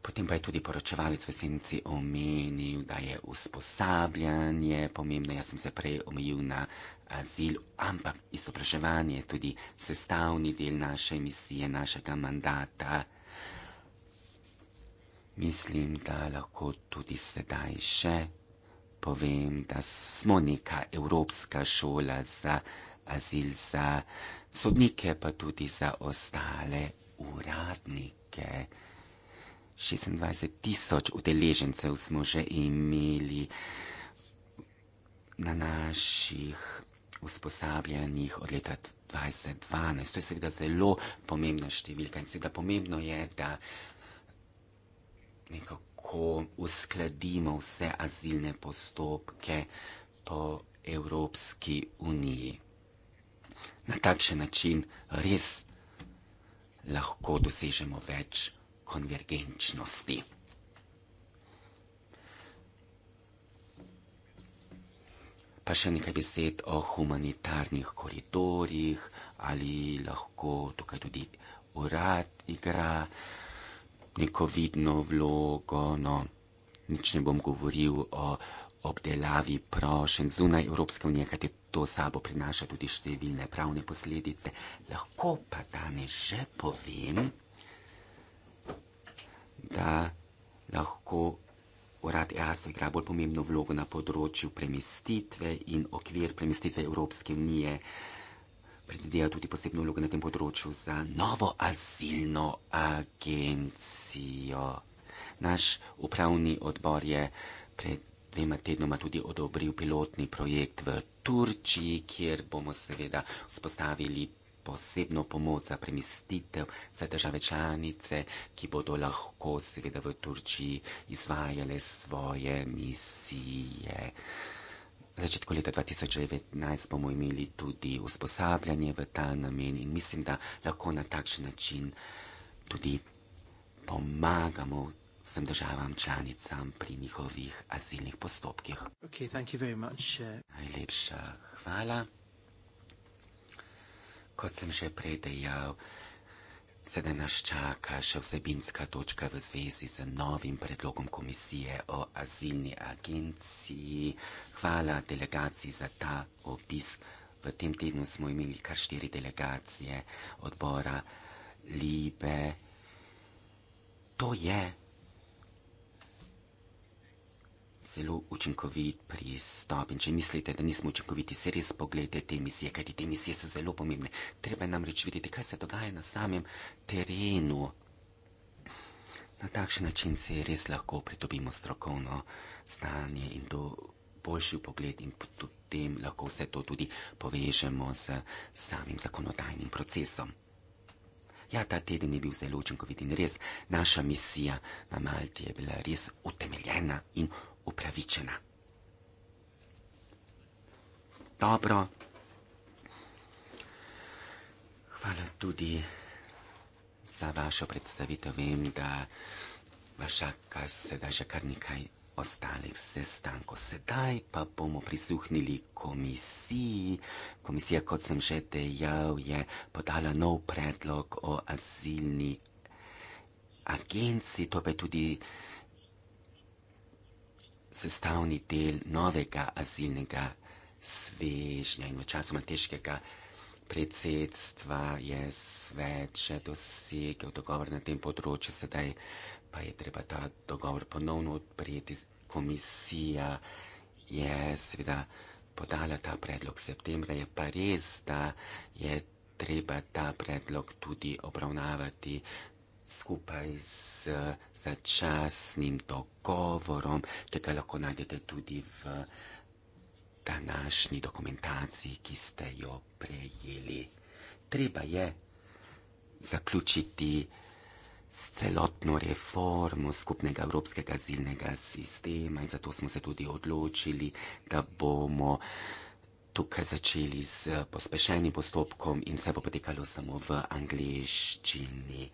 Potem pa je tudi poročevalec v senci omenil, da je usposabljanje pomembno. Jaz sem se prej omejil na azil, ampak izobraževanje je tudi sestavni del naše misije, našega mandata mislim, da lahko tudi sedaj še povem, da smo neka evropska šola za azil, za sodnike, pa tudi za ostale uradnike. 26 tisoč udeležencev smo že imeli na naših usposabljanjih od leta 2012. To je seveda zelo pomembna številka in seveda pomembno je, da nekako uskladimo vse azilne postopke po Evropski uniji. Na takšen način res lahko dosežemo več konvergenčnosti. Pa še nekaj besed o humanitarnih koridorjih, ali lahko tukaj tudi urad igra neko vidno vlogo. No. Nič ne bom govoril o obdelavi prošen zunaj Evropske unije, kajte to sabo prinaša tudi številne pravne posledice. Lahko pa danes že povem, da lahko urad EASO igra bolj pomembno vlogo na področju premestitve in okvir premestitve Evropske unije predvideva tudi posebno vlogo na tem področju za novo azilno agencijo. Naš upravni odbor je pred dvema tednoma tudi odobril pilotni projekt v Turčiji, kjer bomo seveda vzpostavili posebno pomoč za premestitev za države članice, ki bodo lahko seveda v Turčiji izvajale svoje misije. V začetku leta 2019 bomo imeli tudi usposabljanje v ta namen in mislim, da lahko na takšen način tudi pomagamo vsem državam članicam pri njihovih azilnih postopkih. Eh. Najlepša okay, hvala. Kot sem že prej dejal, Sedaj nas čaka še vsebinska točka v zvezi z novim predlogom komisije o azilni agenciji. Hvala delegaciji za ta obisk. V tem tednu smo imeli kar štiri delegacije odbora Libe. To je zelo učinkovit pristop. In če mislite, da nismo učinkoviti, se res pogledajte te misije, kajti te misije so zelo pomembne. Treba je namreč videti, kaj se dogaja na samem terenu. Na takšen način se res lahko pridobimo strokovno znanje in to boljši pogled in potem lahko vse to tudi povežemo z samim zakonodajnim procesom. Ja, ta teden je bil zelo učinkovit in res naša misija na Malti je bila res utemeljena in upravičena. Dobro. Hvala tudi za vašo predstavitev. Vem, da vaša kar sedaj že kar nekaj ostalih sestankov. Sedaj pa bomo prisluhnili komisiji. Komisija, kot sem že dejal, je podala nov predlog o azilni agenciji. To pa je tudi sestavni del novega azilnega svežnja in v času malteškega predsedstva je svet še dosegel dogovor na tem področju, sedaj pa je treba ta dogovor ponovno odpreti. Komisija je seveda podala ta predlog septembra, je pa res, da je treba ta predlog tudi obravnavati skupaj z eh, začasnim dogovorom, ki ga lahko najdete tudi v današnji dokumentaciji, ki ste jo prejeli. Treba je zaključiti s celotno reformo skupnega evropskega azilnega sistema in zato smo se tudi odločili, da bomo tukaj začeli s pospešenim postopkom in vse bo potekalo samo v angliščini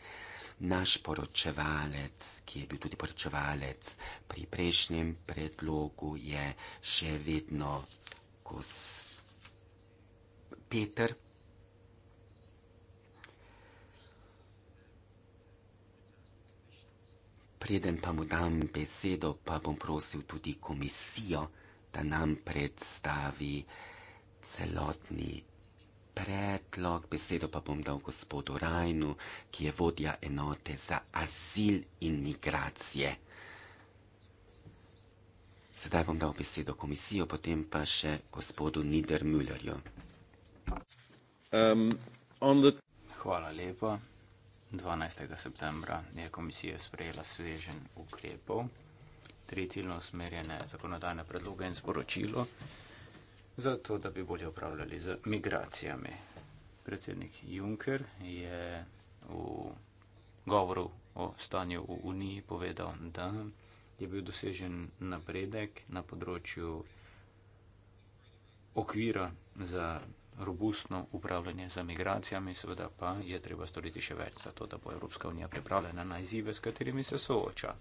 naš poročevalec, ki je bil tudi poročevalec pri prejšnjem predlogu, je še vedno gos Peter. Preden pa mu dam besedo, pa bom prosil tudi komisijo, da nam predstavi celotni predlog, besedo pa bom dal gospodu Rajnu, ki je vodja enote za azil in migracije. Sedaj bom dal besedo komisijo, potem pa še gospodu Niedermüllerju. Um, the... Hvala lepa. 12. septembra je komisija sprejela svežen ukrepov, tri ciljno usmerjene zakonodajne predloge in sporočilo zato da bi bolje upravljali z migracijami. Predsednik Juncker je v govoru o stanju v Uniji povedal, da je bil dosežen napredek na področju okvira za robustno upravljanje z migracijami, seveda pa je treba storiti še več za to, da bo Evropska unija pripravljena na izzive, s katerimi se sooča.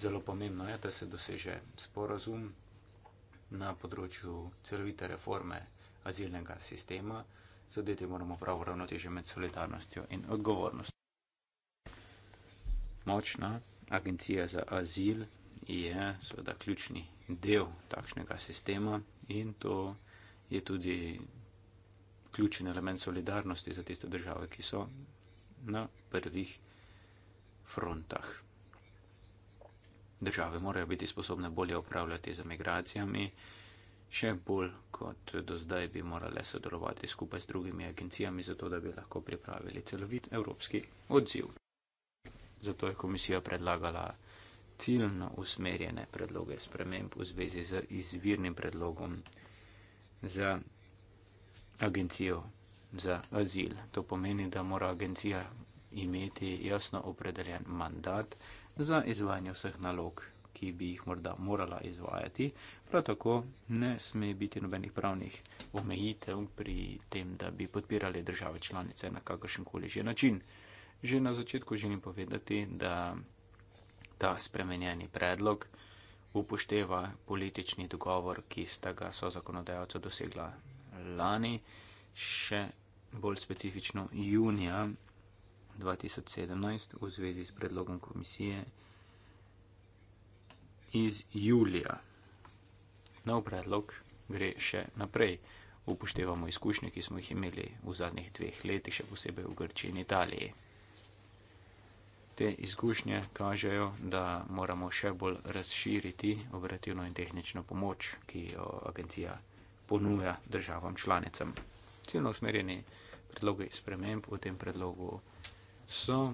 Zelo pomembno je, da se doseže sporazum na področju celovite reforme azilnega sistema. Zadeti moramo prav ravnotežje med solidarnostjo in odgovornostjo. Močna agencija za azil je seveda ključni del takšnega sistema in to je tudi ključen element solidarnosti za tiste države, ki so na prvih frontah države morajo biti sposobne bolje upravljati z migracijami, še bolj kot do zdaj bi morale sodelovati skupaj z drugimi agencijami, zato da bi lahko pripravili celovit evropski odziv. Zato je komisija predlagala ciljno usmerjene predloge sprememb v zvezi z izvirnim predlogom za agencijo za azil. To pomeni, da mora agencija imeti jasno opredeljen mandat za izvajanje vseh nalog, ki bi jih morda morala izvajati. Prav tako ne sme biti nobenih pravnih omejitev pri tem, da bi podpirali države članice na kakršen koli že način. Že na začetku želim povedati, da ta spremenjeni predlog upošteva politični dogovor, ki sta ga so zakonodajalca dosegla lani, še bolj specifično junija 2017 v zvezi s predlogom komisije iz julija. Nov predlog gre še naprej. Upoštevamo izkušnje, ki smo jih imeli v zadnjih dveh letih, še posebej v Grčiji in Italiji. Te izkušnje kažejo, da moramo še bolj razširiti operativno in tehnično pomoč, ki jo agencija ponuja državam članicam. Ciljno usmerjeni predlogi sprememb v tem predlogu so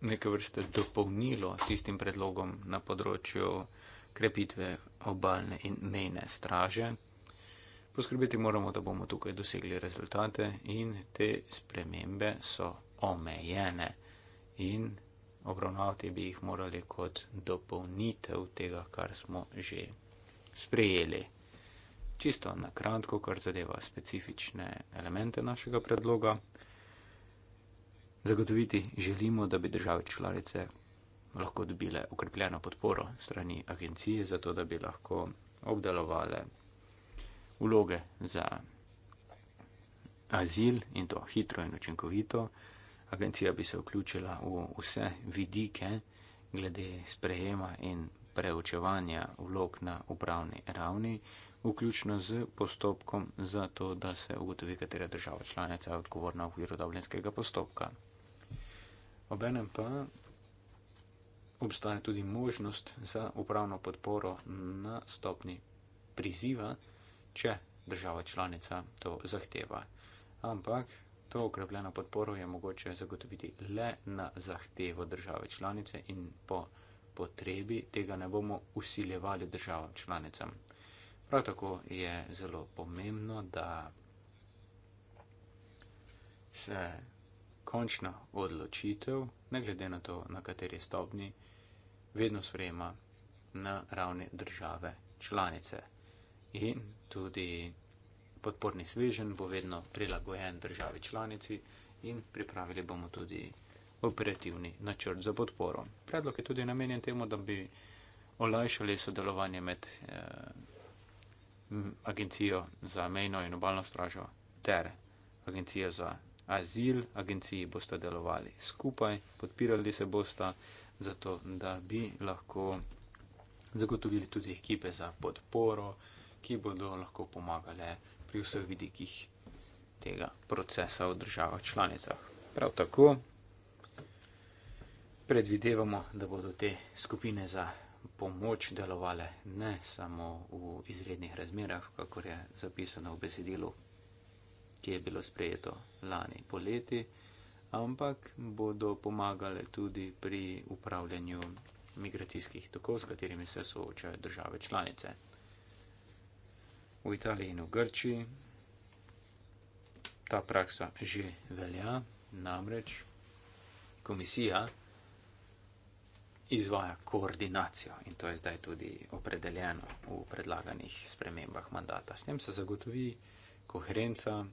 neke vrste dopolnilo tistim predlogom na področju krepitve obalne in mejne straže. Poskrbeti moramo, da bomo tukaj dosegli rezultate in te spremembe so omejene in obravnavati bi jih morali kot dopolnitev tega, kar smo že sprejeli čisto na kratko, kar zadeva specifične elemente našega predloga. Zagotoviti želimo, da bi države članice lahko dobile ukrepljeno podporo strani agencije, zato da bi lahko obdelovale vloge za azil in to hitro in učinkovito. Agencija bi se vključila v vse vidike glede sprejema in preučevanja vlog na upravni ravni, vključno z postopkom za to, da se ugotovi, katera država članica je odgovorna v okviru dobljenskega postopka. Obenem pa obstaja tudi možnost za upravno podporo na stopni priziva, če država članica to zahteva. Ampak to okrepljeno podporo je mogoče zagotoviti le na zahtevo države članice in po potrebi tega ne bomo usiljevali državam članicam. Prav tako je zelo pomembno, da se končna odločitev, ne glede na to, na kateri stopni, vedno sprejema na ravni države članice. In tudi podporni svežen bo vedno prilagojen državi članici in pripravili bomo tudi operativni načrt za podporo. Predlog je tudi namenjen temu, da bi olajšali sodelovanje med. Eh, agencijo za mejno in obalno stražo ter agencijo za azil. Agenciji bosta delovali skupaj, podpirali se bosta, zato da bi lahko zagotovili tudi ekipe za podporo, ki bodo lahko pomagale pri vseh vidikih tega procesa v državah članicah. Prav tako predvidevamo, da bodo te skupine za pomoč delovale ne samo v izrednih razmerah, kako je zapisano v besedilu, ki je bilo sprejeto lani poleti, ampak bodo pomagale tudi pri upravljanju migracijskih tokov, s katerimi se soočajo države članice. V Italiji in v Grči ta praksa že velja, namreč komisija izvaja koordinacijo in to je zdaj tudi opredeljeno v predlaganih spremembah mandata. S tem se zagotovi koherenca,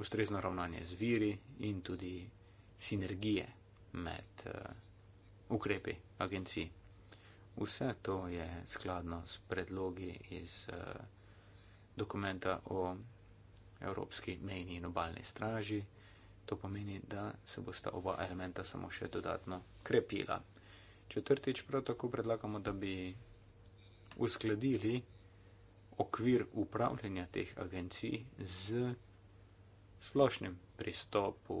ustrezno ravnanje z viri in tudi sinergije med uh, ukrepi agencij. Vse to je skladno s predlogi iz uh, dokumenta o Evropski mejni in obaljni straži. To pomeni, da se bosta oba elementa samo še dodatno krepila. Četrtič, prav tako predlagamo, da bi uskladili okvir upravljanja teh agencij z splošnim, pristopu,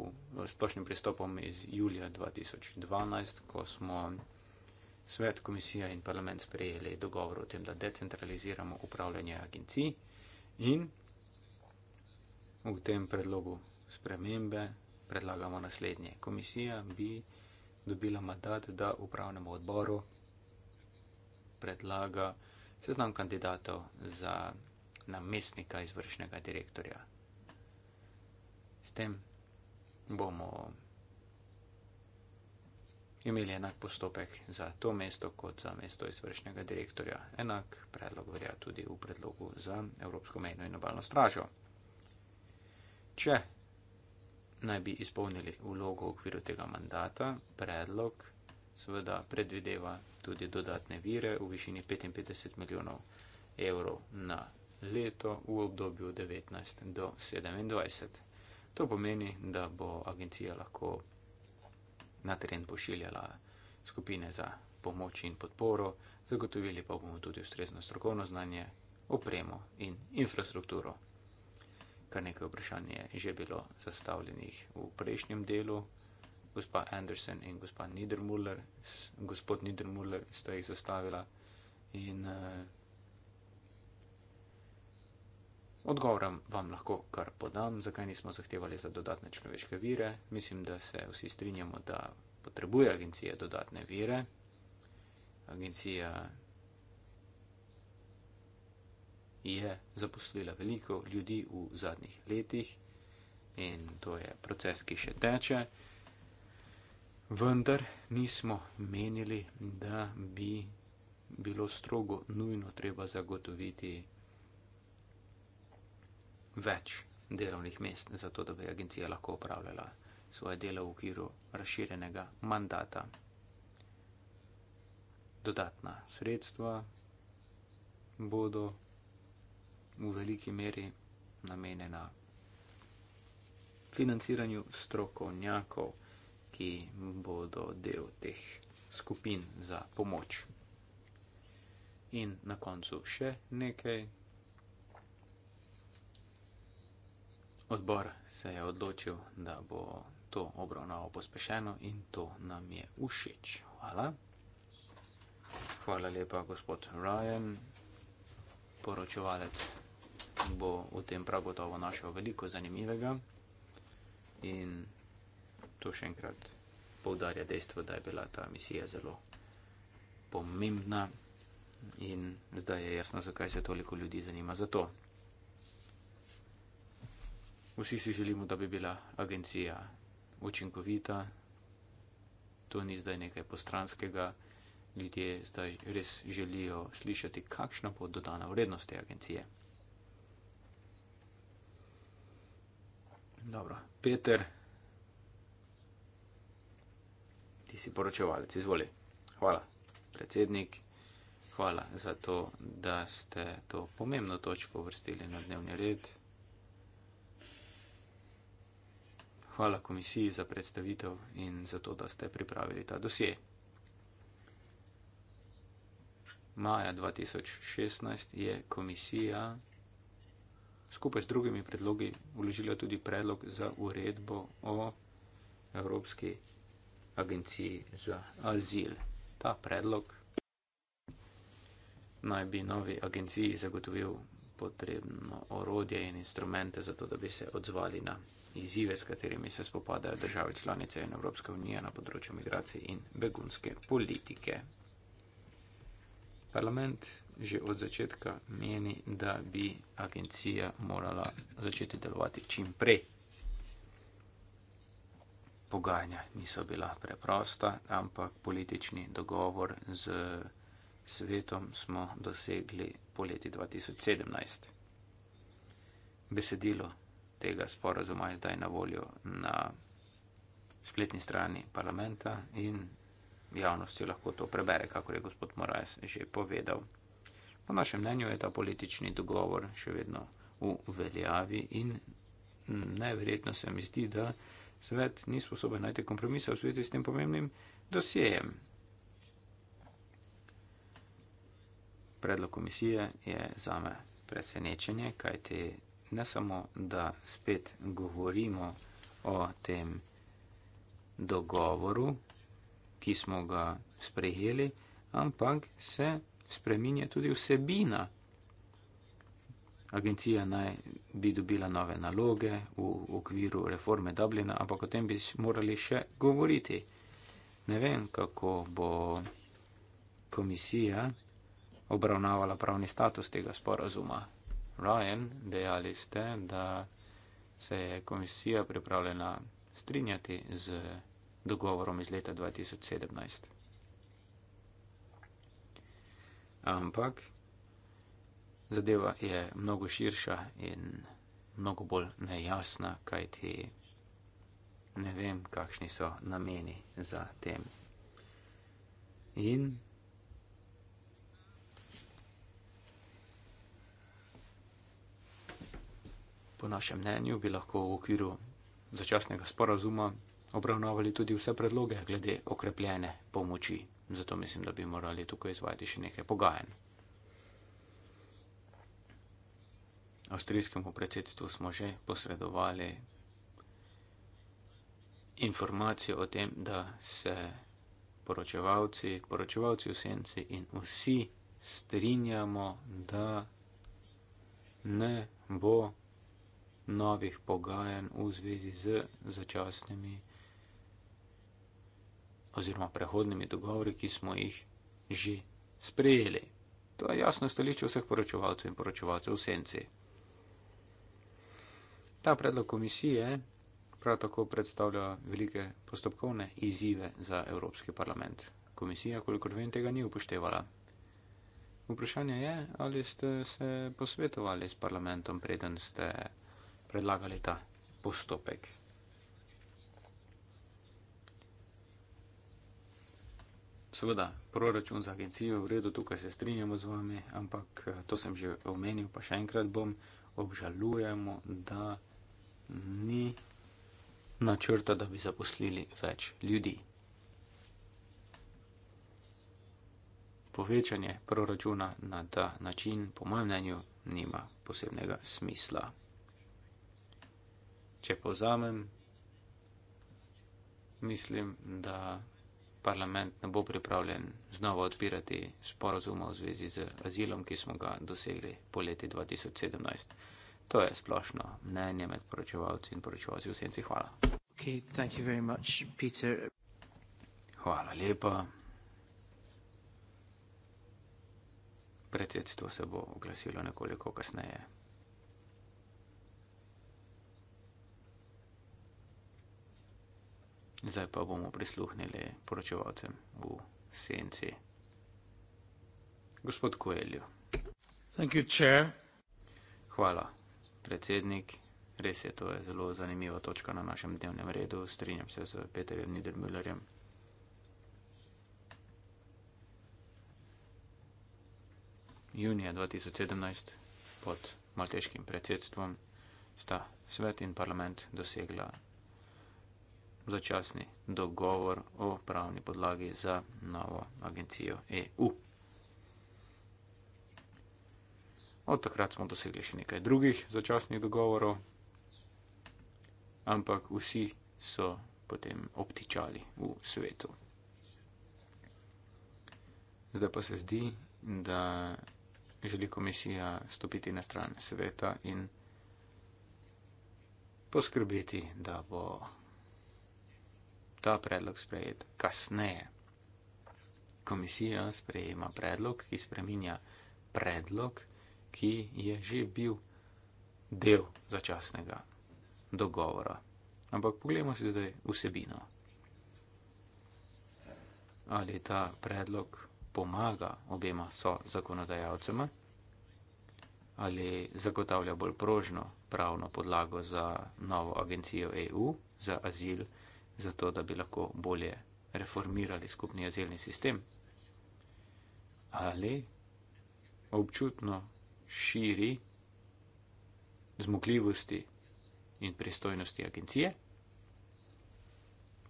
splošnim pristopom iz julija 2012, ko smo svet, komisija in parlament sprejeli dogovor o tem, da decentraliziramo upravljanje agencij in v tem predlogu spremembe predlagamo naslednje. Komisija bi dobila mandat, da upravnemu odboru predlaga seznam kandidatov za namestnika izvršnega direktorja. S tem bomo imeli enak postopek za to mesto kot za mesto izvršnega direktorja. Enak predlog velja tudi v predlogu za Evropsko mejno in obalno stražo. Če naj bi izpolnili vlogo v okviru tega mandata. Predlog seveda predvideva tudi dodatne vire v višini 55 milijonov evrov na leto v obdobju 19 do 27. To pomeni, da bo agencija lahko na teren pošiljala skupine za pomoč in podporo, zagotovili pa bomo tudi ustrezno strokovno znanje, opremo in infrastrukturo kar nekaj vprašanj je že bilo zastavljenih v prejšnjem delu. Gospa Anderson in gospa Niedermuller, gospod Niedermuller sta jih zastavila in uh, eh, odgovorem vam lahko kar podam, zakaj nismo zahtevali za dodatne človeške vire. Mislim, da se vsi strinjamo, da potrebuje agencija dodatne vire. Agencija je zaposlila veliko ljudi v zadnjih letih in to je proces, ki še teče. Vendar nismo menili, da bi bilo strogo nujno treba zagotoviti več delovnih mest, zato da bi agencija lahko upravljala svoje delo v okviru razširjenega mandata. Dodatna sredstva bodo v veliki meri namenjena financiranju strokovnjakov, ki bodo del teh skupin za pomoč. In na koncu še nekaj. Odbor se je odločil, da bo to obravnavo pospešeno in to nam je všeč. Hvala. Hvala lepa, gospod Ryan, poročevalec bo v tem prav gotovo našel veliko zanimivega. In to še enkrat povdarja dejstvo, da je bila ta misija zelo pomembna in zdaj je jasno, zakaj se toliko ljudi zanima za to. Vsi si želimo, da bi bila agencija učinkovita. To ni zdaj nekaj postranskega. Ljudje zdaj res želijo slišati, kakšna bo dodana vrednost te agencije. Dobro, Peter, ti si poročevalec, izvoli. Hvala, predsednik, hvala za to, da ste to pomembno točko vrstili na dnevni red. Hvala komisiji za predstavitev in za to, da ste pripravili ta dosje. Maja 2016 je komisija skupaj s drugimi predlogi vložila tudi predlog za uredbo o Evropski agenciji za azil. Ta predlog naj bi novi agenciji zagotovil potrebno orodje in instrumente za to, da bi se odzvali na izzive, s katerimi se spopadajo države članice in Evropska unija na področju migracije in begunske politike. Parlament že od začetka meni, da bi agencija morala začeti delovati čim prej. Pogajanja niso bila preprosta, ampak politični dogovor z svetom smo dosegli poleti 2017. Besedilo tega sporazuma je zdaj na voljo na spletni strani parlamenta in javnost si lahko to prebere, kako je gospod Moraes že povedal. Po našem mnenju je ta politični dogovor še vedno v veljavi in najverjetno se mi zdi, da svet ni sposoben najti kompromisa v zvezi s tem pomembnim dosjejem. Predlog komisije je zame presenečenje, kajti ne samo, da spet govorimo o tem dogovoru, ki smo ga sprejeli, ampak se spreminja tudi vsebina. Agencija naj bi dobila nove naloge v okviru reforme Dublina, ampak o tem bi morali še govoriti. Ne vem, kako bo komisija obravnavala pravni status tega sporazuma. Ryan, dejali ste, da se je komisija pripravljena strinjati z dogovorom iz leta 2017 ampak zadeva je mnogo širša in mnogo bolj nejasna, kajti ne vem, kakšni so nameni za tem. In po našem mnenju bi lahko v okviru začasnega sporazuma obravnavali tudi vse predloge glede okrepljene pomoči. Zato mislim, da bi morali tukaj izvajati še nekaj pogajanj. Avstrijskemu predsedstvu smo že posredovali informacijo o tem, da se poročevalci, poročevalci v senci in vsi strinjamo, da ne bo novih pogajanj v zvezi z začasnimi oziroma prehodnimi dogovori, ki smo jih že sprejeli. To je jasno stališče vseh poročevalcev in poročevalcev v senci. Ta predlog komisije prav tako predstavlja velike postopkovne izzive za Evropski parlament. Komisija, kolikor vem, tega ni upoštevala. Vprašanje je, ali ste se posvetovali s parlamentom, preden ste predlagali ta postopek. Seveda, proračun za agencijo je v redu, tukaj se strinjamo z vami, ampak eh, to sem že omenil, pa še enkrat bom, obžalujemo, da ni načrta, da bi zaposlili več ljudi. Povečanje proračuna na ta način, po mojem mnenju, nima posebnega smisla. Če povzamem, mislim, da parlament ne bo pripravljen znova odpirati sporozuma v zvezi z azilom, ki smo ga dosegli po leti 2017. To je splošno mnenje med poročevalci in poročevalci v senci. Hvala. Okay, much, Hvala lepa. Predsedstvo se bo oglasilo nekoliko kasneje. Zdaj pa bomo prisluhnili poročevalcem v senci. Gospod Koeljo. You, Hvala, predsednik. Res je, to je zelo zanimiva točka na našem dnevnem redu. Strinjam se z Peterjem Niedermüllerjem. Junija 2017 pod malteškim predsedstvom sta svet in parlament dosegla začasni dogovor o pravni podlagi za novo agencijo EU. Od takrat smo dosegli še nekaj drugih začasnih dogovorov, ampak vsi so potem obtičali v svetu. Zdaj pa se zdi, da želi komisija stopiti na stran sveta in poskrbeti, da bo ta predlog sprejet. Kasneje komisija sprejema predlog, ki spreminja predlog, ki je že bil del začasnega dogovora. Ampak pogledamo si zdaj vsebino. Ali ta predlog pomaga obema so zakonodajalcema, ali zagotavlja bolj prožno pravno podlago za novo agencijo EU za azil zato da bi lahko bolje reformirali skupni azilni sistem. Ali občutno širi zmogljivosti in pristojnosti agencije?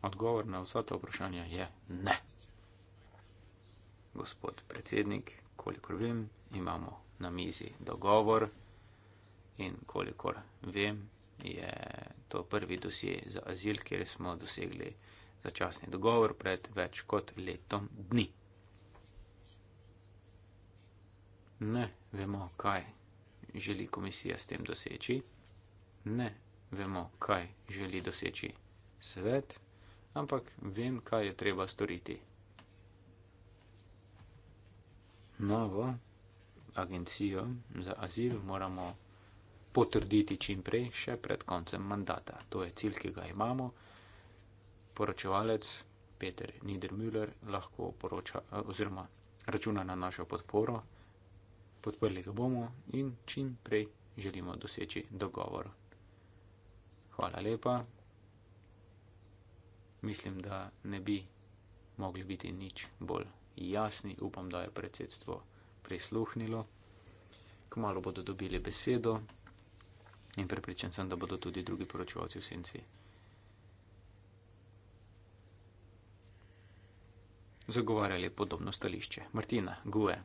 Odgovor na vsa ta vprašanja je ne. Gospod predsednik, kolikor vem, imamo na mizi dogovor in kolikor vem, je to prvi dosje za azil, kjer smo dosegli začasni dogovor pred več kot letom dni. Ne vemo, kaj želi komisija s tem doseči, ne vemo, kaj želi doseči svet, ampak vem, kaj je treba storiti. Novo agencijo za azil moramo potrditi čim prej, še pred koncem mandata. To je cilj, ki ga imamo. Poročevalec Peter Niedermüller lahko poroča eh, oziroma računa na našo podporo. Podprli ga bomo in čim prej želimo doseči dogovor. Hvala lepa. Mislim, da ne bi mogli biti nič bolj jasni. Upam, da je predsedstvo prisluhnilo. Kmalo bodo dobili besedo. In pripričan sem, da bodo tudi drugi poročevalci v senci. Zagovarjali podobno stališče. Martina, Gue.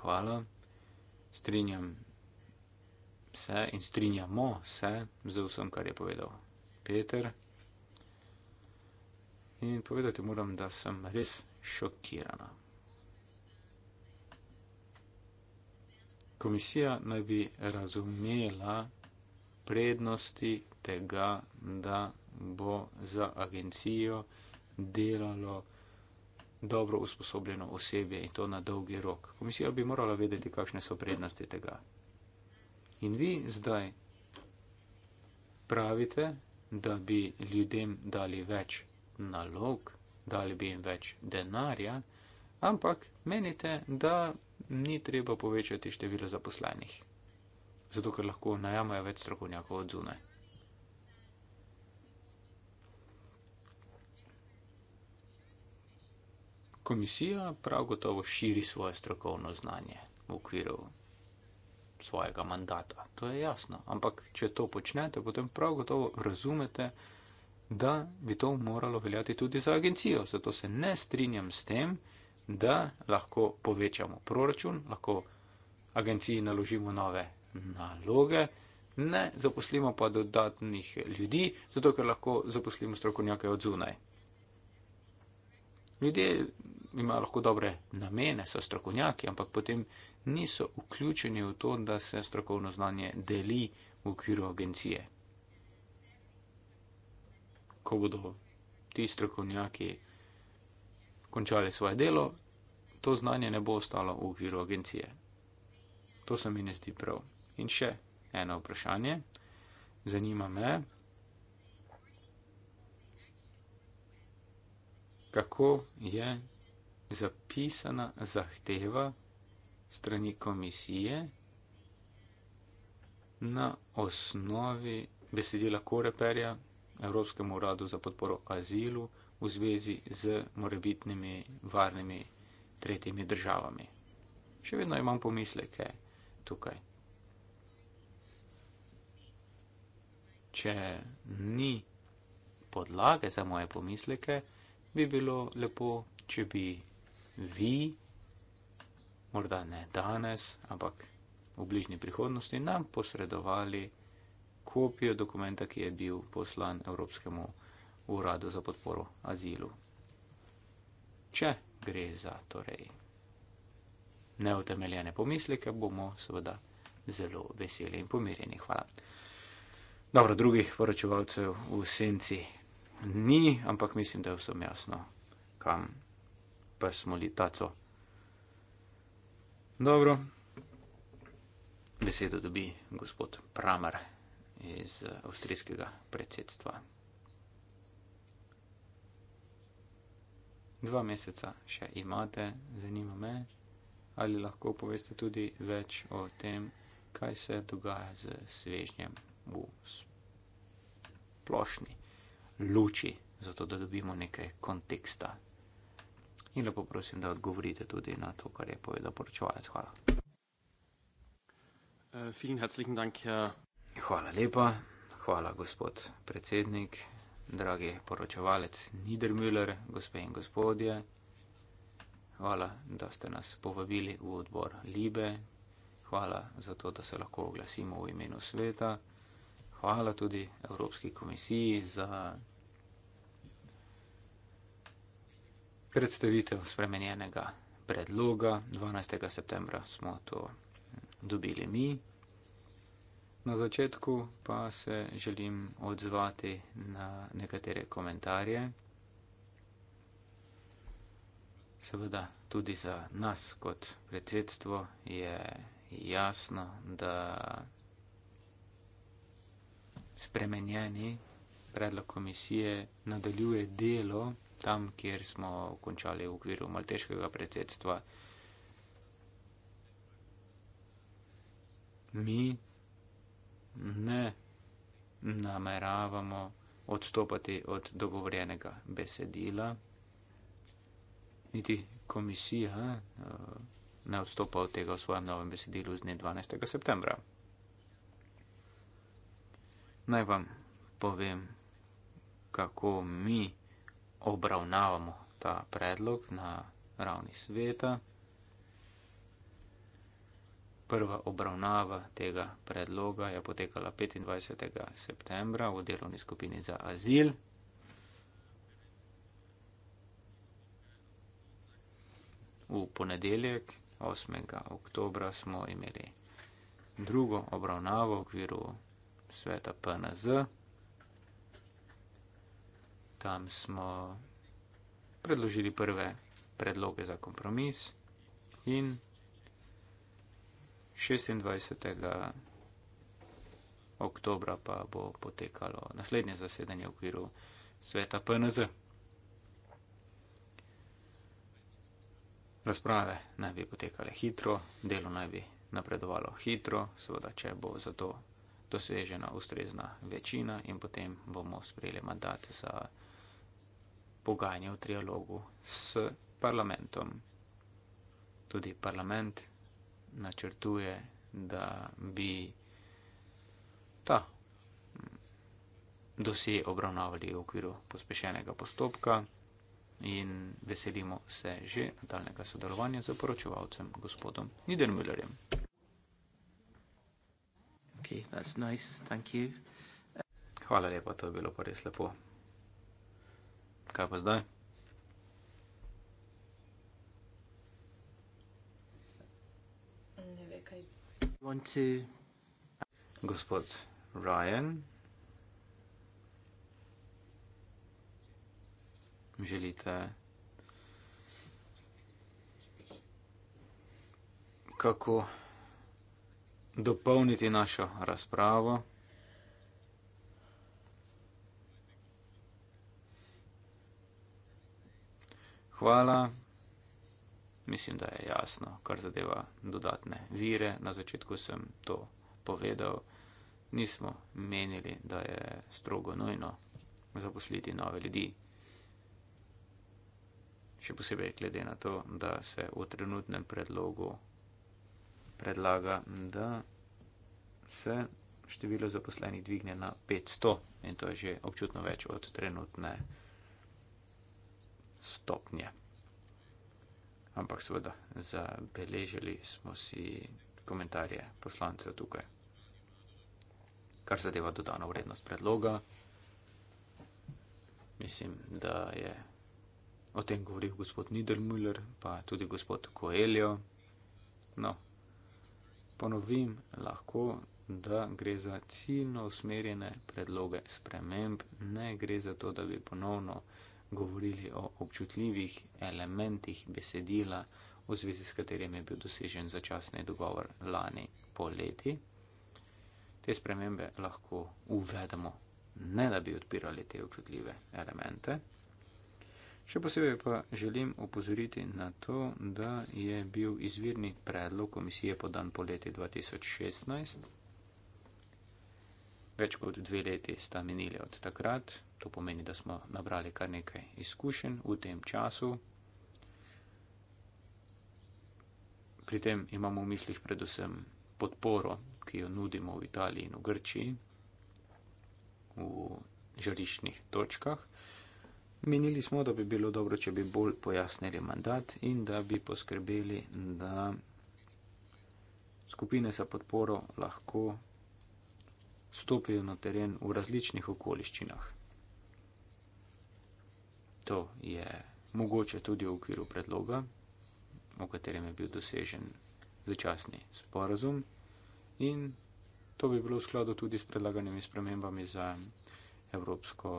Hvala, strinjam se in strinjamo se z vsem, kar je povedal Peter. In povedati moram, da sem res šokirana. Komisija naj bi razumela prednosti tega, da bo za agencijo delalo dobro usposobljeno osebje in to na dolgi rok. Komisija bi morala vedeti, kakšne so prednosti tega. In vi zdaj pravite, da bi ljudem dali več nalog, dali bi jim več denarja, ampak menite, da ni treba povečati števila zaposlenih, zato ker lahko najamajo več strokovnjakov od zune. Komisija prav gotovo širi svoje strokovno znanje v okviru svojega mandata, to je jasno. Ampak, če to počnete, potem prav gotovo razumete, da bi to moralo veljati tudi za agencijo. Zato se ne strinjam s tem, da lahko povečamo proračun, lahko agenciji naložimo nove naloge, ne zaposlimo pa dodatnih ljudi, zato ker lahko zaposlimo strokovnjake od zunaj. Ljudje imajo lahko dobre namene, so strokovnjaki, ampak potem niso vključeni v to, da se strokovno znanje deli v okviru agencije. Ko bodo ti strokovnjaki končali svoje delo, to znanje ne bo ostalo v okviru agencije. To se mi ne zdi prav. In še eno vprašanje. Zanima me, kako je zapisana zahteva strani komisije na osnovi besedila Koreperja Evropskemu uradu za podporo azilu v zvezi z morebitnimi varnimi tretjimi državami. Še vedno imam pomisleke tukaj. Če ni podlage za moje pomisleke, bi bilo lepo, če bi vi, morda ne danes, ampak v bližnji prihodnosti, nam posredovali kopijo dokumenta, ki je bil poslan Evropskemu parlamentu v uradu za podporo azilu. Če gre za torej neutemeljene pomislike, bomo seveda zelo veseli in pomirjeni. Hvala. Dobro, drugih poročevalcev v senci ni, ampak mislim, da je vsem jasno, kam pa smo litaco. Dobro, besedo dobi gospod Pramar iz avstrijskega predsedstva. dva meseca še imate, zanima me, ali lahko poveste tudi več o tem, kaj se dogaja z svežnjem v splošni luči, zato da dobimo nekaj konteksta. In lepo prosim, da odgovorite tudi na to, kar je povedal poročevalec. Hvala. Uh, Hvala lepa. Hvala, gospod predsednik dragi poročevalec Niedermüller, gospe in gospodje. Hvala, da ste nas povabili v odbor Libe. Hvala za to, da se lahko oglasimo v imenu sveta. Hvala tudi Evropski komisiji za predstavitev spremenjenega predloga. 12. septembra smo to dobili mi. Na začetku pa se želim odzvati na nekatere komentarje. Seveda tudi za nas kot predsedstvo je jasno, da spremenjeni predlog komisije nadaljuje delo tam, kjer smo končali v okviru malteškega predsedstva. Mi ne nameravamo odstopati od dogovorjenega besedila, niti komisija eh, ne odstopa od tega v svojem novem besedilu z dne 12. septembra. Naj vam povem, kako mi obravnavamo ta predlog na ravni sveta prva obravnava tega predloga je potekala 25. septembra v delovni skupini za azil. V ponedeljek, 8. oktobra, smo imeli drugo obravnavo v okviru sveta PNZ. Tam smo predložili prve predloge za kompromis in 26. oktobra pa bo potekalo naslednje zasedanje v okviru sveta PNZ. Razprave naj bi potekale hitro, delo naj bi napredovalo hitro, seveda, če bo za to dosežena ustrezna večina in potem bomo sprejeli mandat za pogajanje v trialogu s parlamentom. Tudi parlament načrtuje, da bi ta dosje obravnavali v okviru pospešenega postopka in veselimo se že daljnega sodelovanja z poročevalcem, gospodom Niedermüllerjem. Okay, nice. Hvala lepa, to je bilo pa res lepo. Kaj pa zdaj? Gospod Ryan, želite? Kako dopolniti našo razpravo? Hvala mislim, da je jasno, kar zadeva dodatne vire. Na začetku sem to povedal, nismo menili, da je strogo nujno zaposliti nove ljudi. Še posebej glede na to, da se v trenutnem predlogu predlaga, da se število zaposlenih dvigne na 500 in to je že občutno več od trenutne stopnje ampak seveda zabeležili smo si komentarje poslancev tukaj. Kar zadeva dodano vrednost predloga, mislim, da je o tem govoril gospod Niedermüller, pa tudi gospod Koeljo. No, ponovim lahko, da gre za ciljno usmerjene predloge sprememb, ne gre za to, da bi ponovno govorili o občutljivih elementih besedila, v zvezi s katerim je bil dosežen začasni dogovor lani poleti. Te spremembe lahko uvedemo, ne da bi odpirali te občutljive elemente. Še posebej pa želim opozoriti na to, da je bil izvirni predlog komisije podan poleti 2016. Več kot dve leti sta minili od takrat, to pomeni, da smo nabrali kar nekaj izkušenj v tem času. Pri tem imamo v mislih predvsem podporo, ki jo nudimo v Italiji in v Grčiji, v žariščnih točkah. Menili smo, da bi bilo dobro, če bi bolj pojasnili mandat in da bi poskrbeli, da skupine za podporo lahko stopijo na teren v različnih okoliščinah. To je mogoče tudi v okviru predloga, o katerem je bil dosežen začasni sporazum, in to bi bilo v skladu tudi s predlaganimi spremembami za Evropsko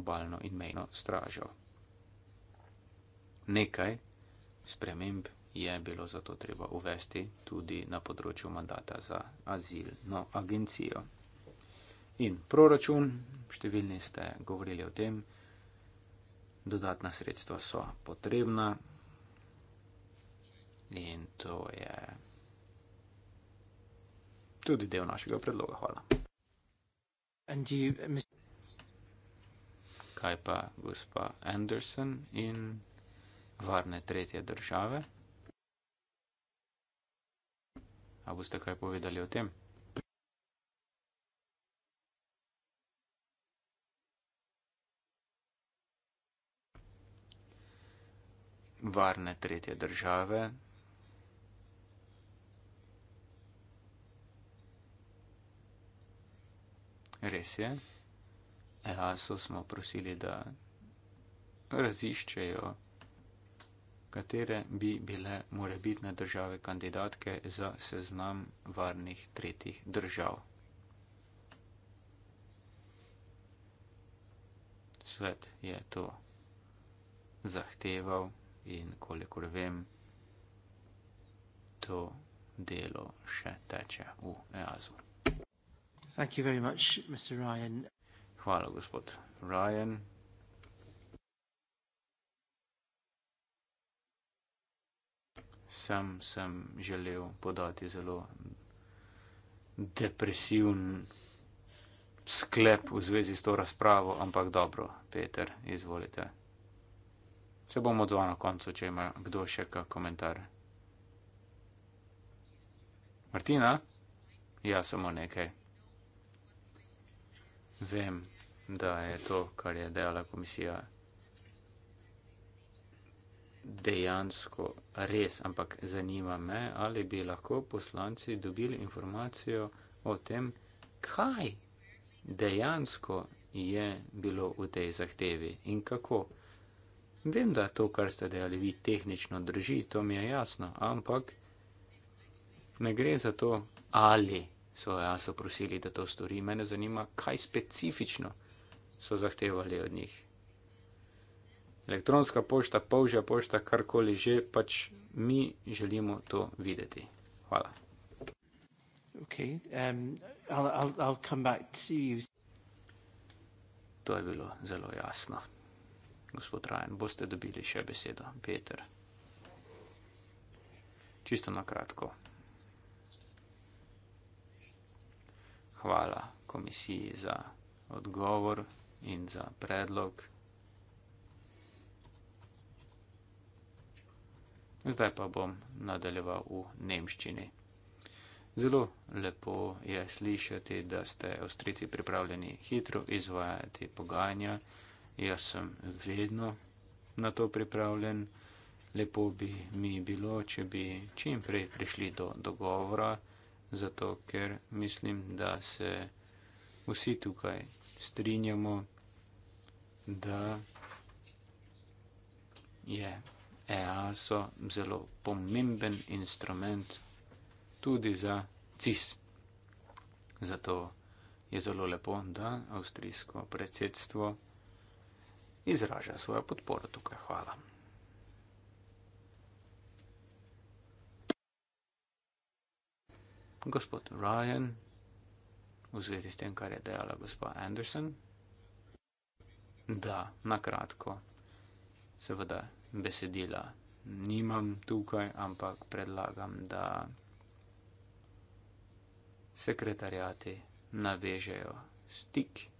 obalno in mejno stražo. Nekaj sprememb je bilo zato treba uvesti tudi na področju mandata za azilno agencijo in proračun, številni ste govorili o tem, dodatna sredstva so potrebna in to je tudi del našega predloga. Hvala. Kaj pa gospa Anderson in varne tretje države? A boste kaj povedali o tem? varne tretje države. Res je, EASO smo prosili, da raziščejo, katere bi bile morebitne države kandidatke za seznam varnih tretjih držav. Svet je to zahteval in kolikor vem, to delo še teče v EASU. Thank you very much, Mr. Ryan. Hvala, gospod Ryan. Sam sem želel podati zelo depresivn sklep v zvezi s to razpravo, ampak dobro, Peter, izvolite. Se bom odzval na koncu, če ima kdo še kak komentar. Martina? Ja, samo nekaj. Vem, da je to, kar je dejala komisija, dejansko res, ampak zanima me, ali bi lahko poslanci dobili informacijo o tem, kaj dejansko je bilo v tej zahtevi in kako. Vem, da to, kar ste dejali, vi tehnično drži, to mi je jasno, ampak ne gre za to, ali so jaz oprosili, da to stori. Mene zanima, kaj specifično so zahtevali od njih. Elektronska pošta, polžja pošta, karkoli že, pač mi želimo to videti. Hvala. Okay, um, I'll, I'll to je bilo zelo jasno gospod Rajan, boste dobili še besedo, Peter. Čisto na kratko. Hvala komisiji za odgovor in za predlog. Zdaj pa bom nadaljeval v nemščini. Zelo lepo je slišati, da ste avstrici pripravljeni hitro izvajati pogajanja. Jaz sem vedno na to pripravljen. Lepo bi mi bilo, če bi čim prej prišli do dogovora, zato ker mislim, da se vsi tukaj strinjamo, da je EASO zelo pomemben instrument tudi za CIS. Zato je zelo lepo, da avstrijsko predsedstvo izražam svojo podporo tukaj. Hvala. Gospod Ryan, v zvezi s tem, kar je dejala gospa Anderson. Da, na kratko, seveda besedila nimam tukaj, ampak predlagam, da sekretarjati navežejo stik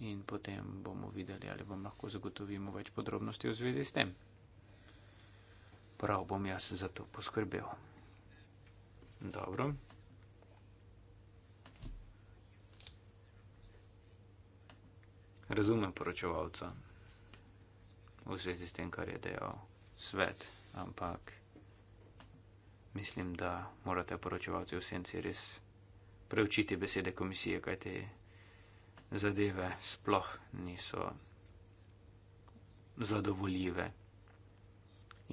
in potem bomo videli, ali vam lahko zagotovimo več podrobnosti v zvezi s tem. Prav bom jaz za to poskrbel. Dobro. Razumem poročevalca v zvezi s tem, kar je dejal svet, ampak mislim, da morate poročevalci v senci res preučiti besede komisije, kaj te je zadeve sploh niso zadovoljive.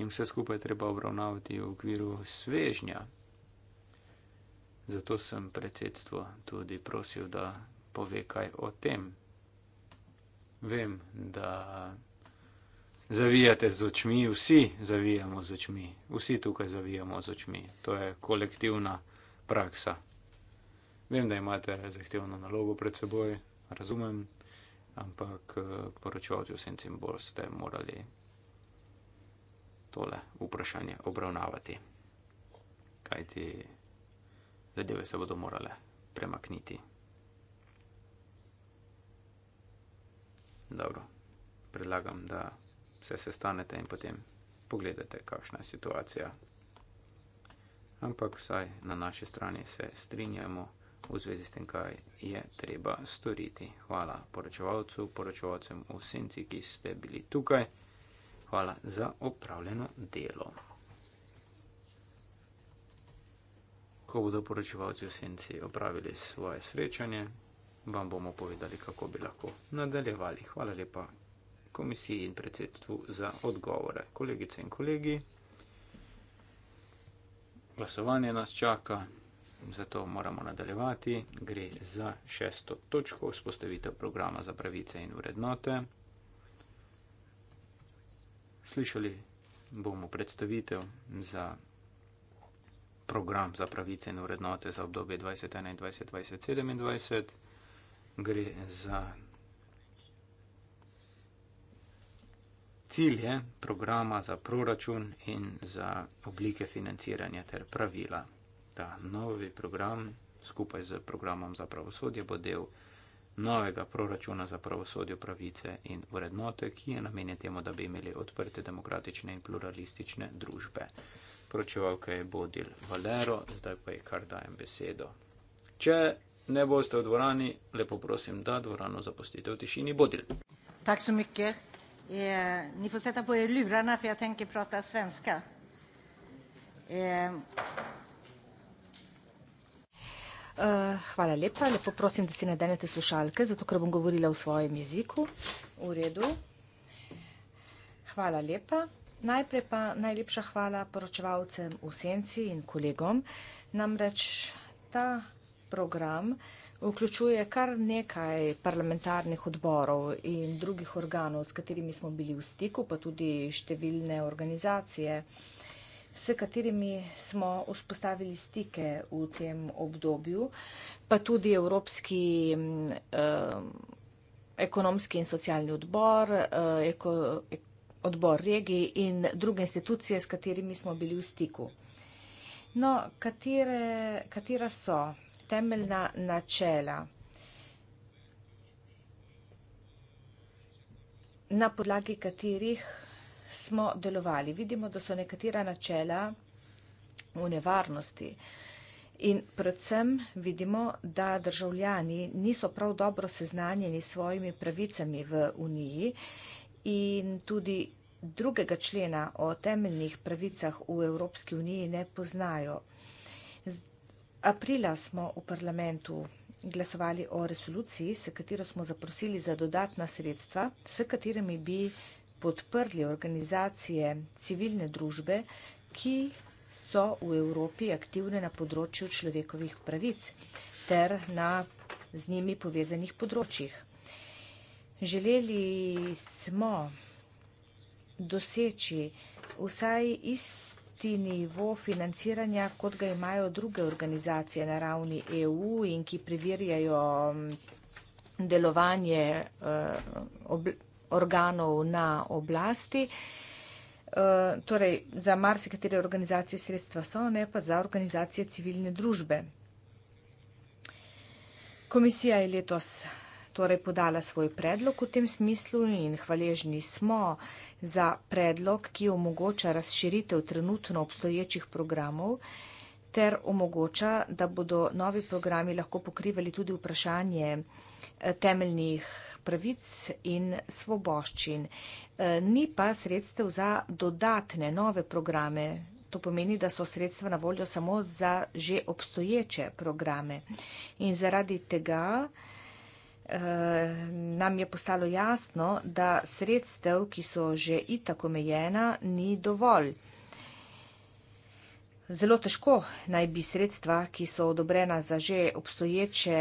In vse skupaj treba obravnavati v okviru svežnja. Zato sem predsedstvo tudi prosil, da pove kaj o tem. Vem, da zavijate z očmi, vsi zavijamo z očmi, vsi tukaj zavijamo z očmi. To je kolektivna praksa. Vem, da imate zahtevno nalogo pred seboj, razumem, ampak eh, poročevalci v senci boste morali tole vprašanje obravnavati. Kaj ti zadeve se bodo morale premakniti? Dobro, predlagam, da se sestanete in potem pogledate, kakšna je situacija. Ampak vsaj na naši strani se strinjamo v zvezi s tem, kaj je treba storiti. Hvala poročevalcu, poročevalcem v senci, ki ste bili tukaj. Hvala za opravljeno delo. Ko bodo poročevalci v senci opravili svoje srečanje, vam bomo povedali, kako bi lahko nadaljevali. Hvala lepa komisiji in predsedstvu za odgovore. Kolegice in kolegi, glasovanje nas čaka zato moramo nadaljevati. Gre za šesto točko vzpostavitev programa za pravice in vrednote. Slišali bomo predstavitev za program za pravice in vrednote za obdobje 2021-2027. Gre za cilje programa za proračun in za oblike financiranja ter pravila ta novi program skupaj z programom za pravosodje bo del novega proračuna za pravosodje, pravice in vrednote, ki je namenjen temu, da bi imeli odprte, demokratične in pluralistične družbe. Pročevalka je Bodil Valero, zdaj pa je kar dajem besedo. Če ne boste v dvorani, lepo prosim, da dvorano zapustite v tišini Bodil. Tak so mikke. E, ni posveta po je ljubrana, fja tenke prota svenska. Eh, Eh, hvala lepa. Lepo prosim, da si nadenete slušalke, zato ker bom govorila v svojem jeziku. V redu. Hvala lepa. Najprej pa najlepša hvala poročevalcem v senci in kolegom. Namreč ta program vključuje kar nekaj parlamentarnih odborov in drugih organov, s katerimi smo bili v stiku, pa tudi številne organizacije s katerimi smo vzpostavili stike v tem obdobju, pa tudi Evropski mm, eh, ekonomski in socialni odbor, eh, eko, odbor regij in druge institucije, s katerimi smo bili v stiku. No, katere, katera so temeljna načela? Na podlagi katerih smo delovali. Vidimo, da so nekatera načela v nevarnosti. In predvsem vidimo, da državljani niso prav dobro seznanjeni s svojimi pravicami v Uniji in tudi drugega člena o temeljnih pravicah v Evropski uniji ne poznajo. Aprila smo v parlamentu glasovali o resoluciji, s katero smo zaprosili za dodatna sredstva, s katerimi bi podprli organizacije civilne družbe, ki so v Evropi aktivne na področju človekovih pravic ter na z njimi povezanih področjih. Želeli smo doseči vsaj isti nivo financiranja, kot ga imajo druge organizacije na ravni EU in ki preverjajo mm, delovanje uh, eh, oblasti organov na oblasti. Uh, torej, za marsikatere organizacije sredstva so, ne pa za organizacije civilne družbe. Komisija je letos torej podala svoj predlog v tem smislu in hvaležni smo za predlog, ki omogoča razširitev trenutno obstoječih programov ter omogoča, da bodo novi programi lahko pokrivali tudi vprašanje uh, temeljnih pravic in svoboščin. E, ni pa sredstev za dodatne nove programe. To pomeni, da so sredstva na voljo samo za že obstoječe programe. In zaradi tega e, nam je postalo jasno, da sredstev, ki so že itak omejena, ni dovolj. Zelo težko naj bi sredstva, ki so odobrena za že obstoječe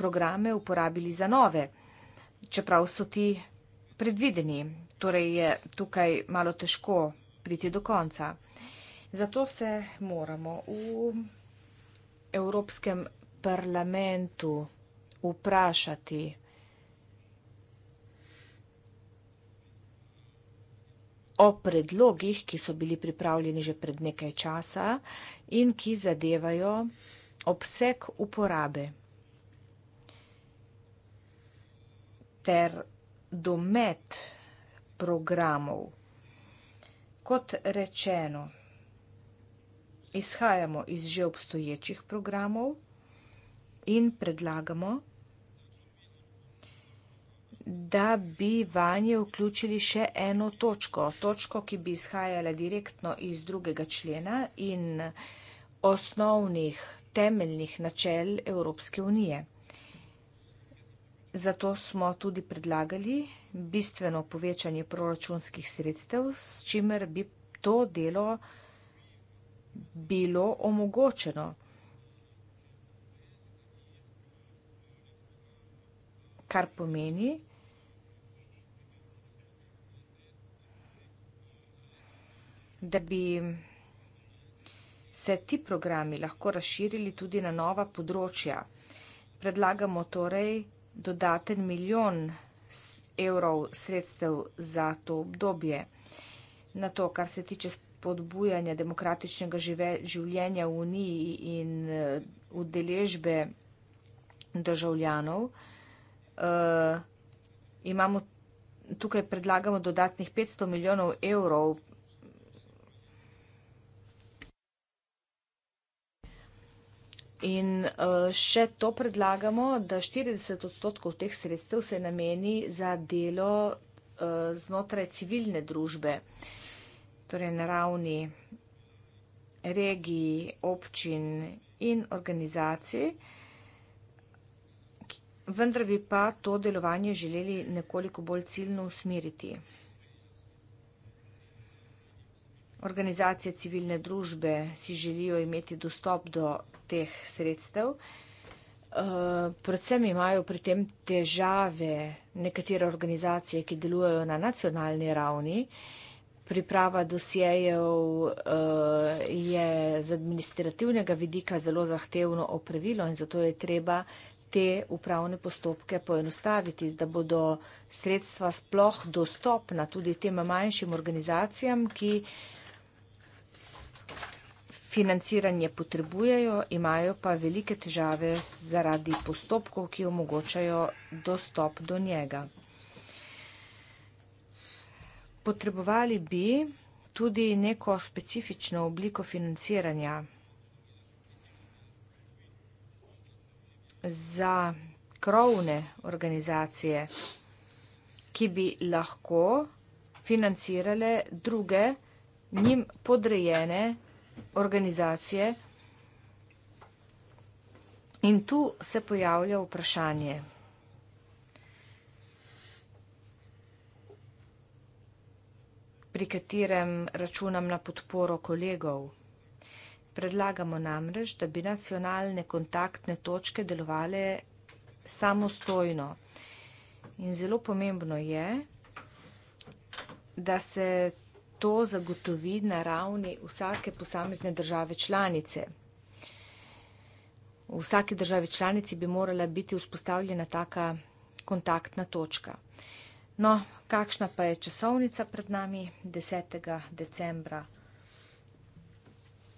programe, uporabili za nove, čeprav so ti predvideni. Torej je tukaj malo težko priti do konca. Zato se moramo v Evropskem parlamentu vprašati, o predlogih, ki so bili pripravljeni že pred nekaj časa in ki zadevajo obseg uporabe ter domet programov. Kot rečeno, izhajamo iz že obstoječih programov in predlagamo, da bi vanje vključili še eno točko, točko, ki bi izhajala direktno iz drugega člena in osnovnih temeljnih načel Evropske unije. Zato smo tudi predlagali bistveno povečanje proračunskih sredstev, s čimer bi to delo bilo omogočeno. Kar pomeni, da da bi se ti programi lahko razširili tudi na nova področja. Predlagamo torej dodaten milijon evrov sredstev za to obdobje. Na to, kar se tiče spodbujanja demokratičnega življenja v Uniji in eh, udeležbe državljanov, eh, imamo tukaj predlagamo dodatnih 500 milijonov evrov In eh, še to predlagamo, da 40 odstotkov teh sredstev se nameni za delo eh, znotraj civilne družbe, torej na ravni regiji, občin in organizacij, vendar bi pa to delovanje želeli nekoliko bolj ciljno usmeriti organizacije civilne družbe si želijo imeti dostop do teh sredstev. Eh, predvsem imajo pri tem težave nekatere organizacije, ki delujejo na nacionalni ravni. Priprava dosjejev eh, je z administrativnega vidika zelo zahtevno opravilo in zato je treba te upravne postopke poenostaviti, da bodo sredstva sploh dostopna tudi tem manjšim organizacijam, ki financiranje potrebujejo, imajo pa velike težave zaradi postopkov, ki omogočajo dostop do njega. Potrebovali bi tudi neko specifično obliko financiranja za krovne organizacije, ki bi lahko financirale druge njim podrejene organizacije organizacije. In tu se pojavlja vprašanje. pri katerem računam na podporo kolegov. Predlagamo namreč, da bi nacionalne kontaktne točke delovale samostojno. In zelo pomembno je, da se to zagotovi na ravni vsake posamezne države članice. V vsaki državi članici bi morala biti vzpostavljena taka kontaktna točka. No, kakšna pa je časovnica pred nami? 10. decembra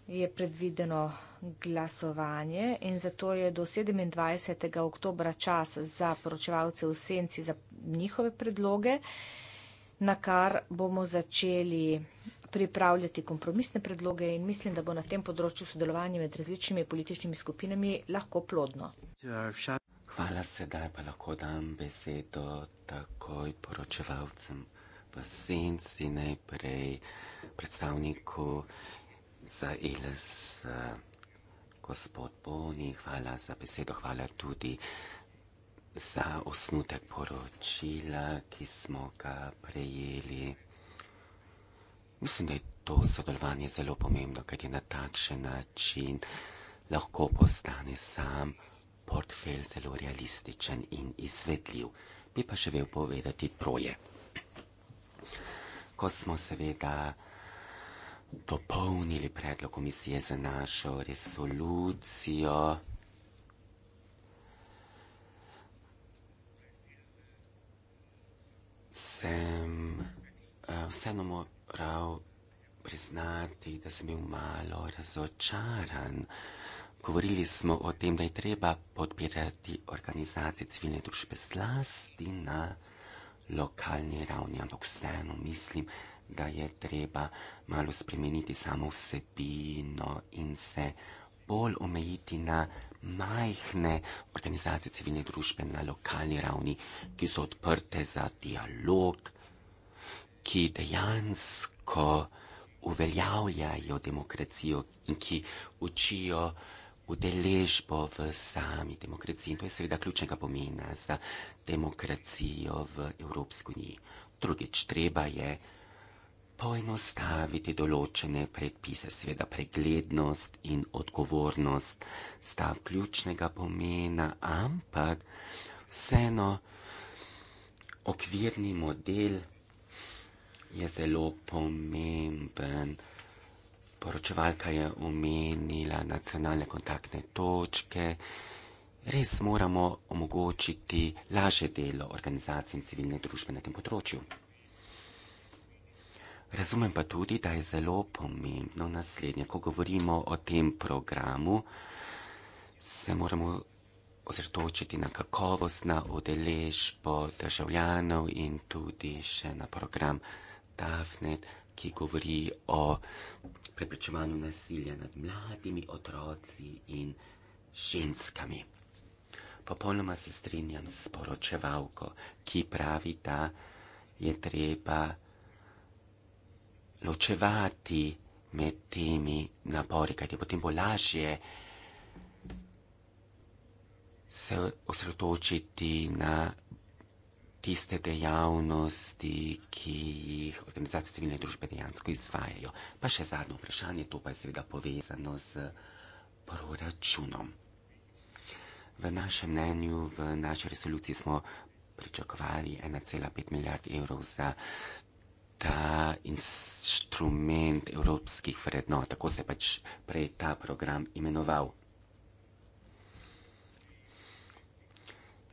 je predvideno glasovanje in zato je do 27. oktobra čas za poročevalce v senci za njihove predloge. Uh, na kar bomo začeli pripravljati kompromisne predloge in mislim, da bo na tem področju sodelovanje med različnimi političnimi skupinami lahko plodno. Hvala, sedaj pa lahko dam besedo takoj poročevalcem v senci, najprej predstavniku za ILS, eh, gospod Boni, hvala za besedo, hvala tudi za osnutek poročila, ki smo ga prejeli. Mislim, da je to sodelovanje zelo pomembno, ker je na takšen način lahko postane sam portfel zelo realističen in izvedljiv. Bi pa še vel povedati troje. Ko smo seveda dopolnili predlog komisije za našo resolucijo, sem eh, vseeno moral priznati, da sem bil malo razočaran. Govorili smo o tem, da je treba podpirati organizacije civilne družbe zlasti na lokalni ravni, ampak vseeno mislim, da je treba malo spremeniti samo vsebino in se bolj omejiti na majhne organizacije civilne družbe na lokalni ravni, ki so odprte za dialog, ki dejansko uveljavljajo demokracijo in ki učijo udeležbo v sami demokraciji. In to je seveda ključnega pomena za demokracijo v Evropski uniji. Drugič, treba je poenostaviti določene predpise, seveda preglednost in odgovornost sta ključnega pomena, ampak vseeno okvirni model je zelo pomemben. Poročevalka je omenila nacionalne kontaktne točke. Res moramo omogočiti laže delo organizacij in civilne družbe na tem področju. Razumem pa tudi, da je zelo pomembno naslednje. Ko govorimo o tem programu, se moramo osredotočiti na kakovost, na udeležbo državljanov in tudi še na program DAFNET, ki govori o preprečevanju nasilja nad mladimi otroci in ženskami. Popolnoma se strinjam s poročevalko, ki pravi, da je treba locevati mettimi na porica, tipo tempo lascia se osredotočiti na tiste dejavnosti, ki jih organizacije civilne družbe dejansko izvajajo. Pa še zadnje vprašanje, to pa je seveda povezano z proračunom. V našem mnenju, v naši resoluciji smo pričakovali 1,5 milijard evrov za ta instrument evropskih vrednot, tako se je pač prej ta program imenoval.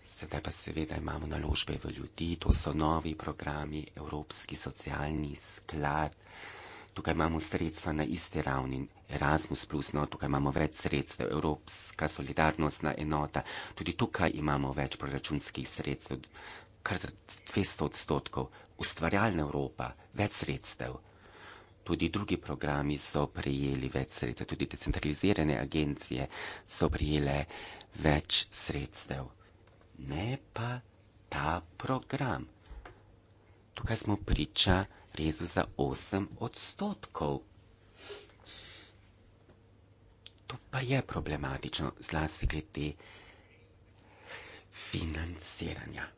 Sedaj pa seveda imamo naložbe v ljudi, to so novi programi, Evropski socialni sklad. Tukaj imamo sredstva na iste ravni, Erasmus, plus, no, tukaj imamo več sredstev, Evropska solidarnostna enota. Tudi tukaj imamo več proračunskih sredstev, kar za 200 odstotkov ustvarjalna Evropa, več sredstev. Tudi drugi programi so prejeli več sredstev, tudi decentralizirane agencije so prejele več sredstev. Ne pa ta program. Tukaj smo priča rezu za 8 odstotkov. To pa je problematično, zlasti glede financiranja.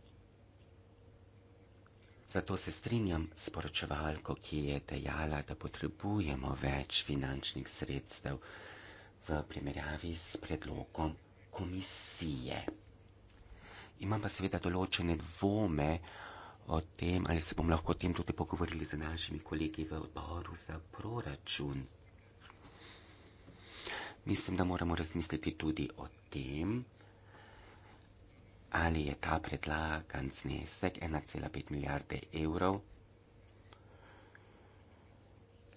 Zato se strinjam s poročevalko, ki je dejala, da potrebujemo več finančnih sredstev v primerjavi s predlogom komisije. Imam pa seveda določene dvome o tem, ali se bomo lahko o tem tudi pogovorili z našimi kolegi v odboru za proračun. Mislim, da moramo razmisliti tudi o tem, ali je ta predlagan znesek 1,5 milijarde evrov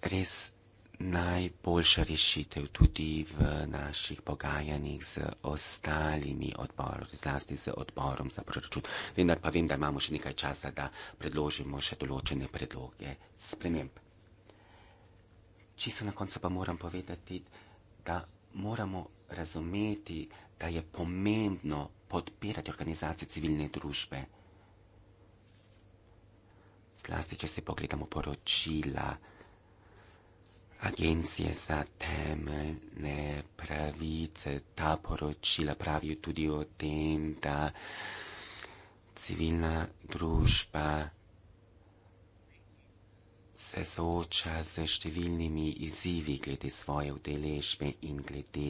res najboljša rešitev tudi v naših pogajanjih z ostalimi odborom, zlasti z odborom za proračun. Vendar pa vem, da imamo še nekaj časa, da predložimo še določene predloge sprememb. Čisto na koncu pa moram povedati, da moramo razumeti, da je pomembno podpirati organizacije civilne družbe. Zlasti, če se pogledamo poročila Agencije za temeljne pravice, ta poročila pravijo tudi o tem, da civilna družba se sooča z številnimi izzivi glede svoje udeležbe in glede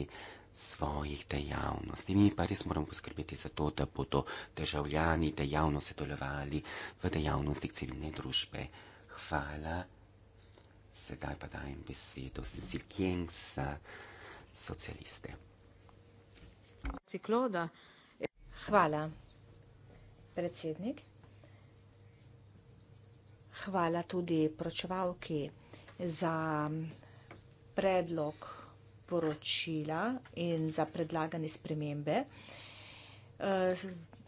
svojih dejavnosti. Mi pa res moramo poskrbeti za to, da bodo državljani dejavno sodelovali v dejavnostih civilne družbe. Hvala. Sedaj pa dajem besedo Cecil Kjengsa, socialiste. Cikloda. Hvala, predsednik. Hvala tudi pročevalki za predlog priporočila in za predlagane spremembe. Eh,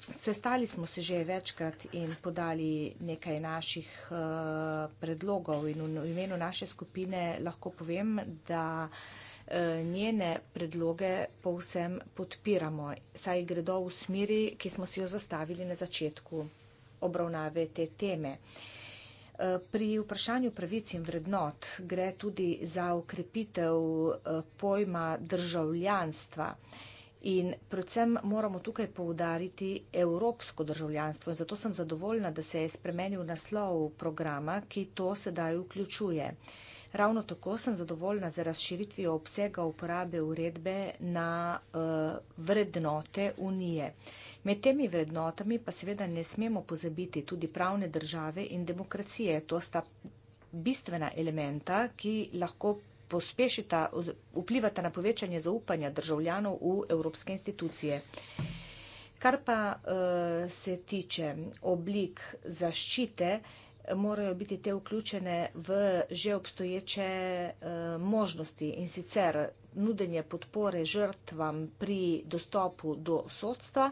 sestali smo se že večkrat in podali nekaj naših eh, predlogov in v imenu naše skupine lahko povem, da eh, njene predloge povsem podpiramo, saj gredo v smeri, ki smo si jo zastavili na začetku obravnave te teme. Eh, pri vprašanju pravic in vrednot gre tudi za ukrepitev eh, pojma državljanstva. In predvsem moramo tukaj poudariti evropsko državljanstvo. Zato sem zadovoljna, da se je spremenil naslov programa, ki to sedaj vključuje. Ravno tako sem zadovoljna za razširitvijo obsega uporabe uredbe na eh, vrednote unije. Med temi vrednotami pa seveda ne smemo pozabiti tudi pravne države in demokracije. To sta bistvena elementa, ki lahko pospešita, vplivata na povečanje zaupanja državljanov v evropske institucije. Kar pa uh, se tiče oblik zaščite, uh, morajo biti te vključene v že obstoječe eh, možnosti in sicer nudenje podpore žrtvam pri dostopu do sodstva,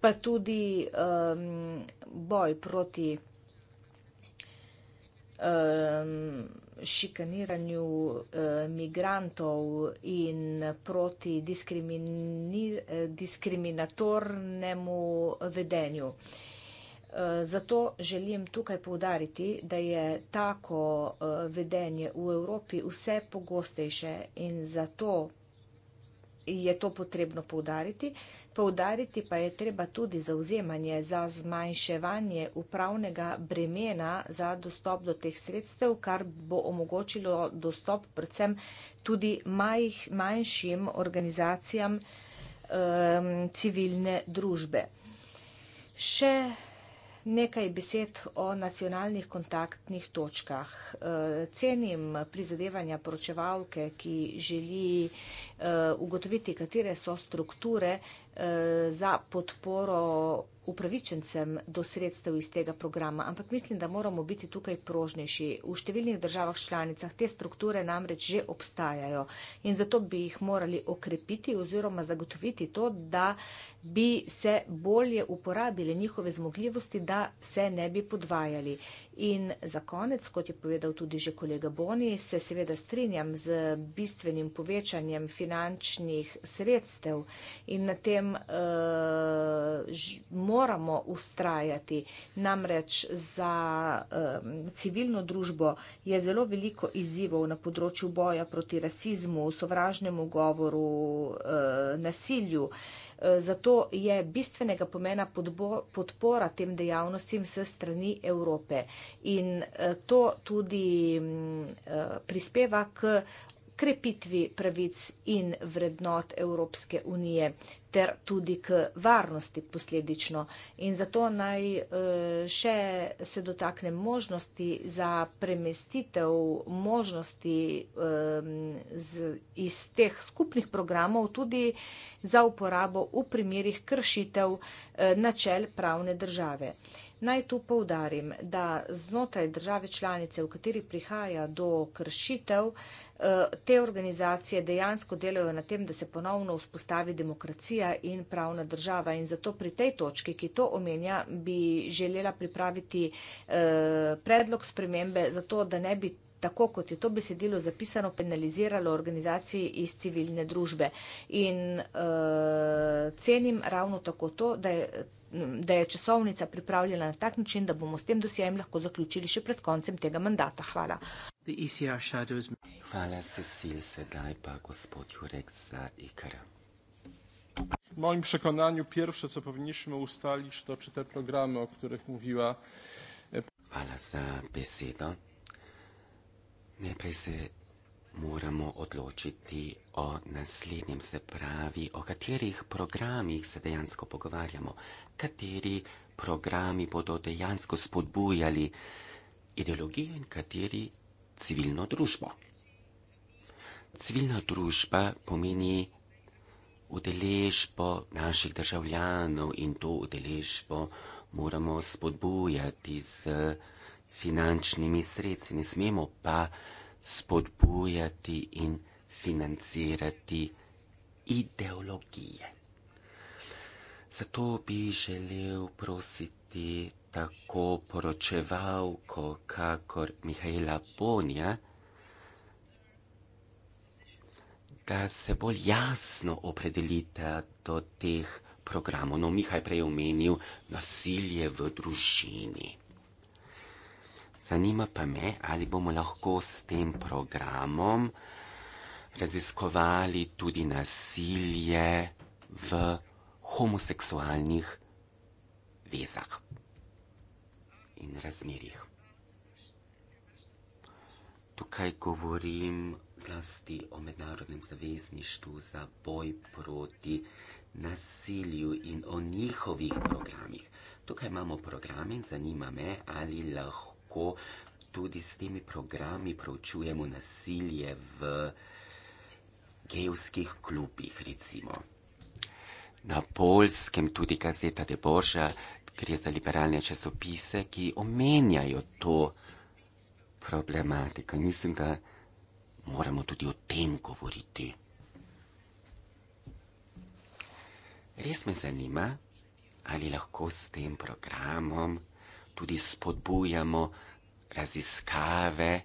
pa tudi ehm, boj proti ehm, šikaniranju eh, migrantov in proti eh, diskriminatornemu vedenju. Eh, zato želim tukaj povdariti, da je tako eh, vedenje v Evropi vse pogostejše in zato je to potrebno povdariti. Povdariti pa je treba tudi zauzemanje za zmanjševanje upravnega bremena za dostop do teh sredstev, kar bo omogočilo dostop predvsem tudi majh, manjšim organizacijam um, civilne družbe. Še Nekaj besed o nacionalnih kontaktnih točkah. Eh, cenim prizadevanja poročevalke, ki želi Eh, ugotoviti, katere so strukture eh, za podporo upravičencem do sredstev iz tega programa. Ampak mislim, da moramo biti tukaj prožnejši. V številnih državah članicah te strukture namreč že obstajajo in zato bi jih morali okrepiti oziroma zagotoviti to, da bi se bolje uporabili njihove zmogljivosti, da se ne bi podvajali. In za konec, kot je povedal tudi že kolega Boni, se seveda strinjam z bistvenim povečanjem financiranja finančnih sredstev in na tem uh, moramo ustrajati. Namreč za um, civilno družbo je zelo veliko izzivov na področju boja proti rasizmu, sovražnemu govoru, uh, nasilju. Zato je bistvenega pomena podpora tem dejavnostim s strani Evrope. In to tudi mm, prispeva k krepitvi pravic in vrednot Evropske unije ter tudi k varnosti posledično. In zato naj eh, še se dotaknem možnosti za premestitev možnosti iz teh skupnih programov tudi za uporabo v primerih kršitev eh, načel pravne države. Naj tu povdarim, da znotraj države članice, v kateri prihaja do kršitev, Eh, te organizacije dejansko delajo na tem, da se ponovno vzpostavi demokracija in pravna država. In zato pri tej točki, ki to omenja, bi želela pripraviti eh, predlog spremembe za to, da ne bi tako kot je to besedilo zapisano, penaliziralo organizaciji iz civilne družbe. In uh, cenim ravno tako to, da je da je časovnica pripravljena na tak način, da bomo s tem dosjem lahko zaključili še pred koncem tega mandata. Hvala. E Hvala, Cecil, sedaj pa gospod Jurek za ikra. V mojem prepričanju, prvo, kar povinniśmy ustaliti, so te programe, o katerih govorila. E, Hvala za besedo. Najprej se moramo odločiti o naslednjem, se pravi, o katerih programih se dejansko pogovarjamo, kateri programi bodo dejansko spodbujali ideologijo in kateri civilno družbo. Civilna družba pomeni udeležbo naših državljanov in to udeležbo moramo spodbujati z finančnimi sredstvi, ne smemo pa spodbujati in financirati ideologije. Zato bi želel prositi tako poročevalko, kakor Mihajla Bonja, da se bolj jasno opredelite do teh programov. No, Mihaj prej omenil nasilje v družini. Zanima pa me, ali bomo lahko s tem programom raziskovali tudi nasilje v homoseksualnih vezah in razmerjih. Tukaj govorim zlasti o mednarodnem zavezništvu za boj proti nasilju in o njihovih programih. Tukaj imamo programe in zanima me, ali lahko kako tudi s temi programi preučujemo nasilje v gejskih klubih, recimo. Na polskem tudi gazeta De Boža, gre za liberalne časopise, ki omenjajo to problematiko. Mislim, da moramo tudi o tem govoriti. Res me zanima, ali lahko s tem programom tudi spodbujamo raziskave,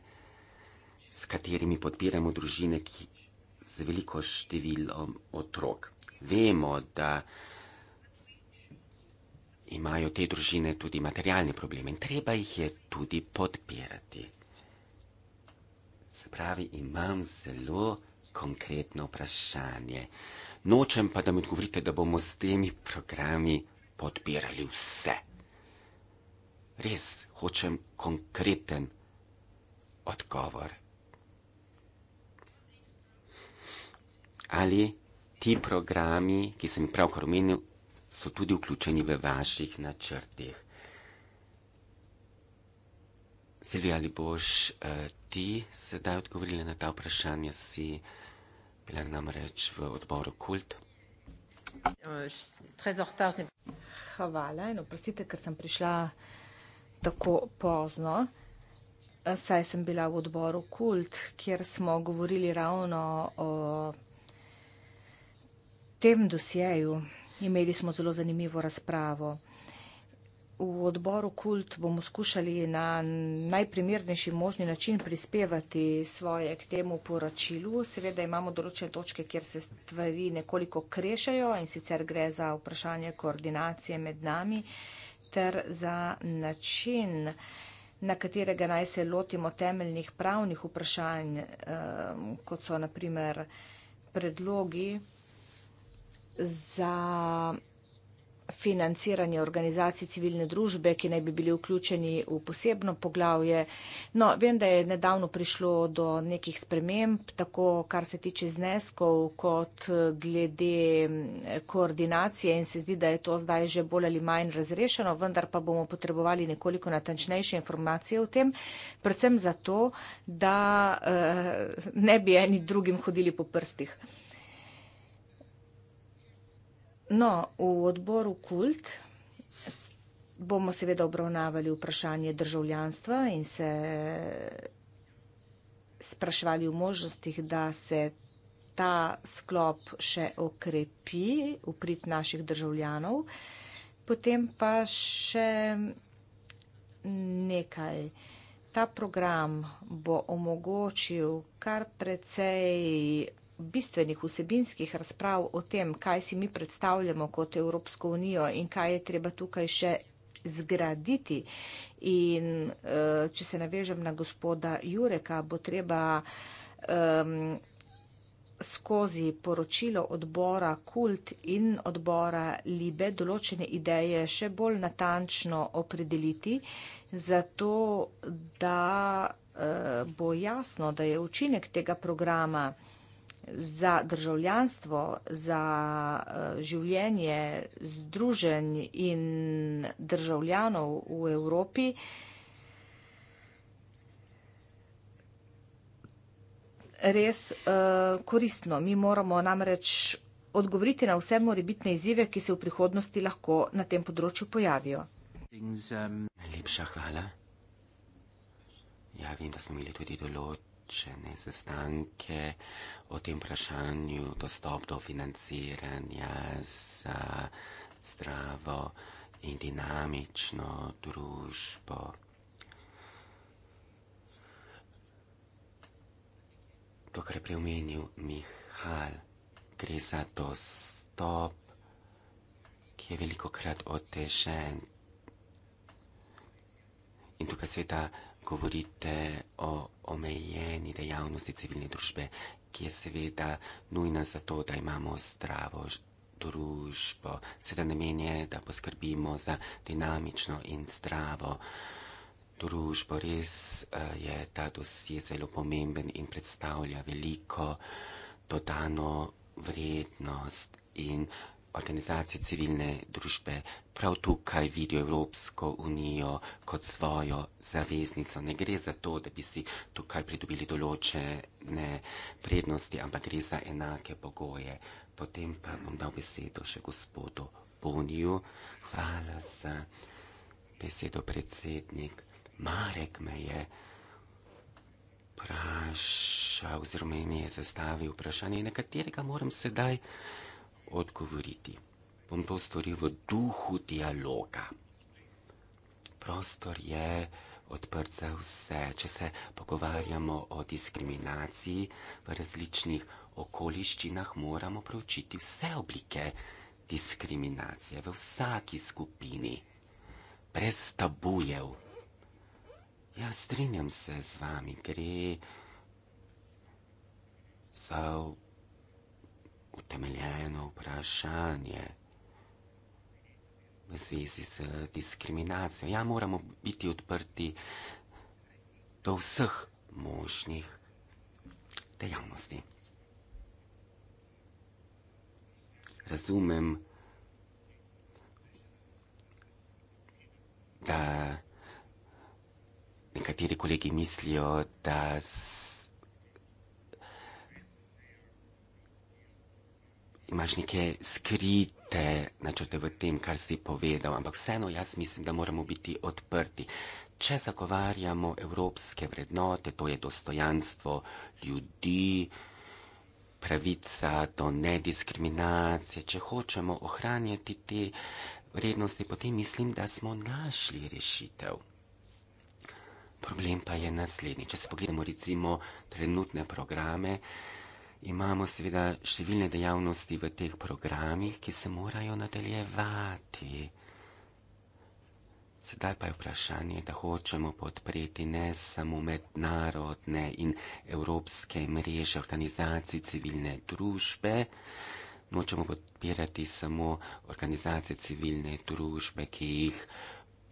s katerimi podpiramo družine ki, z veliko številom otrok. Vemo, da imajo te družine tudi materialne probleme in treba jih je tudi podpirati. Se pravi, imam zelo konkretno vprašanje. Nočem pa, da mi odgovorite, da bomo s temi programi podpirali vse res hočem konkreten odgovor. Ali ti programi, ki sem jih pravkar omenil, so tudi vključeni v vaših načrtih? Silvija, ali boš uh, ti sedaj odgovorila na ta vprašanja, si bila namreč v odboru Kult? Eh, Hvala in oprostite, ker sem prišla uh, tako pozno, eh, saj sem bila v odboru Kult, kjer smo govorili ravno o tem dosjeju. Imeli smo zelo zanimivo razpravo. V odboru Kult bomo skušali na najprimernejši možni način prispevati svoje k temu poročilu. Seveda imamo določene točke, kjer se stvari nekoliko krešajo in sicer gre za vprašanje koordinacije med nami. Uh, ter za način, na katerega naj se lotimo temeljnih pravnih vprašanj, kot so naprimer predlogi za financiranje organizacij civilne družbe, ki naj bi bili vključeni v posebno poglavje. No, vem, da je nedavno prišlo do nekih sprememb, tako kar se tiče zneskov, kot eh, glede koordinacije in se zdi, da je to zdaj že bolj ali manj razrešeno, vendar pa bomo potrebovali nekoliko natančnejše informacije o tem, predvsem zato, da eh, ne bi eni drugim hodili po prstih. No, v odboru Kult bomo seveda obravnavali vprašanje državljanstva in se spraševali v možnostih, da se ta sklop še okrepi v prid naših državljanov. Potem pa še nekaj. Ta program bo omogočil kar precej bistvenih vsebinskih razprav o tem, kaj si mi predstavljamo kot Evropsko unijo in kaj je treba tukaj še zgraditi. In eh, če se navežem na gospoda Jureka, bo treba skozi poročilo odbora Kult in odbora Libe določene ideje še bolj natančno opredeliti, zato da eh, bo jasno, da je učinek tega programa vsebinskih razprav za državljanstvo, za eh, življenje združenj in državljanov v Evropi, res eh, koristno. Mi moramo namreč odgovoriti na vse morebitne izzive, ki se v prihodnosti lahko na tem področju pojavijo. Um, Najlepša hvala. Ja, vem, da smo imeli tudi določen določene sestanke o tem vprašanju dostop do financiranja za zdravo in dinamično družbo. To, kar je preomenil Mihal, gre za dostop, ki je veliko krat otežen. In tukaj seveda govorite o omejeni dejavnosti civilne družbe, ki je seveda nujna za to, da imamo zdravo družbo, seveda namen je, da poskrbimo za dinamično in zdravo družbo. Res eh, je ta dosje zelo pomemben in predstavlja veliko dodano vrednost in organizacije civilne družbe prav tukaj vidijo Evropsko unijo kot svojo zaveznico. Ne gre za to, da bi si tukaj pridobili določene prednosti, ampak gre za enake pogoje. Potem pa bom dal besedo še gospodu Boniju. Hvala za besedo, predsednik. Marek me je vprašal, oziroma mi je zastavil vprašanje, na katerega moram sedaj odgovoriti odgovoriti. Bom to storil v duhu dialoga. Prostor je odprt za vse. Če se pogovarjamo o diskriminaciji v različnih okoliščinah, moramo preučiti vse oblike diskriminacije v vsaki skupini, brez tabujev. Ja, strinjam se z vami, gre za utemeljeno vprašanje v zvezi z diskriminacijo. Ja, moramo biti odprti do vseh možnih dejavnosti. Razumem, da nekateri kolegi mislijo, da imaš neke skrite načrte v tem, kar si povedal, ampak vseeno jaz mislim, da moramo biti odprti. Če zagovarjamo evropske vrednote, to je dostojanstvo ljudi, pravica do nediskriminacije, če hočemo ohranjati te vrednosti, potem mislim, da smo našli rešitev. Problem pa je naslednji. Če se pogledamo recimo trenutne programe, imamo seveda številne dejavnosti v teh programih, ki se morajo nadaljevati. Sedaj pa je vprašanje, da hočemo podpreti ne samo mednarodne in evropske mreže organizacij civilne družbe, nočemo podpirati samo organizacije civilne družbe, ki jih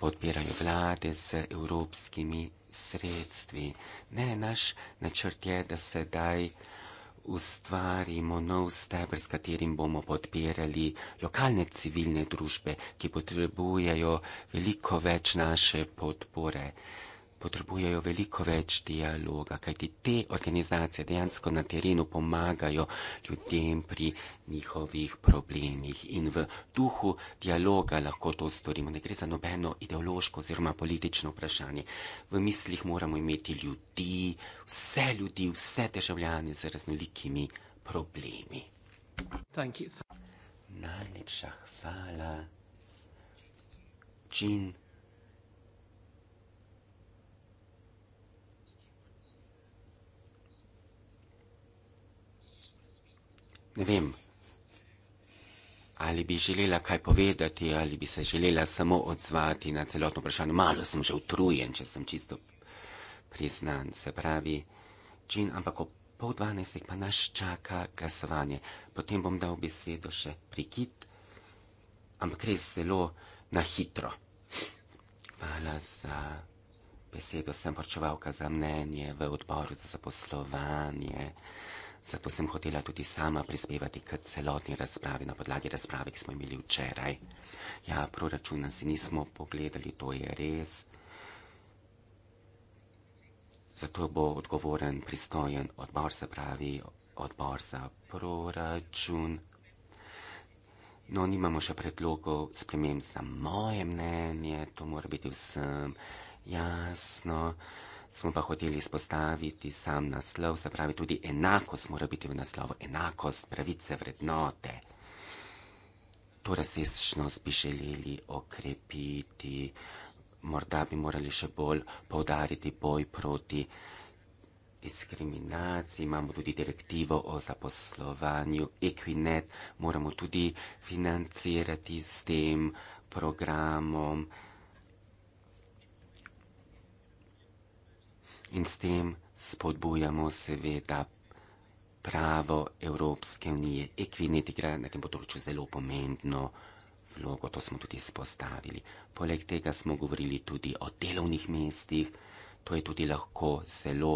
podpirajo vlade z evropskimi sredstvi. Ne, naš načrt je, da sedaj ustvarimo nov stebr, s katerim bomo podpirali lokalne civilne družbe, ki potrebujejo veliko več naše podpore potrebujejo veliko več dialoga, kajti te organizacije dejansko na terenu pomagajo ljudem pri njihovih problemih in v duhu dialoga lahko to storimo. Ne gre za nobeno ideološko oziroma politično vprašanje. V mislih moramo imeti ljudi, vse ljudi, vse državljane z raznolikimi problemi. Najlepša hvala. Čin. ne vem, ali bi želela kaj povedati, ali bi se želela samo odzvati na celotno vprašanje. Malo sem že utrujen, če sem čisto priznan, se pravi, Džin, ampak ob pol dvanajstih pa nas čaka glasovanje. Potem bom dal besedo še prikit, ampak res zelo na hitro. Hvala za besedo, sem porčevalka za mnenje v odboru za zaposlovanje. Zato sem hotela tudi sama prispevati k celotni razpravi na podlagi razprave, ki smo imeli včeraj. Ja, proračuna si nismo pogledali, to je res. Zato bo odgovoren pristojen odbor, se pravi odbor za proračun. No, nimamo še predlogov sprememb za moje mnenje, to mora biti vsem jasno smo pa hoteli izpostaviti sam naslov, se pravi tudi enakost mora biti v naslovu, enakost pravice vrednote. To rasističnost bi želeli okrepiti, morda bi morali še bolj povdariti boj proti diskriminaciji, imamo tudi direktivo o zaposlovanju, Equinet moramo tudi financirati s tem programom. in s tem spodbujamo seveda pravo Evropske unije. Ekvinet igra na tem področju zelo pomembno vlogo, to smo tudi izpostavili. Poleg tega smo govorili tudi o delovnih mestih, to je tudi lahko zelo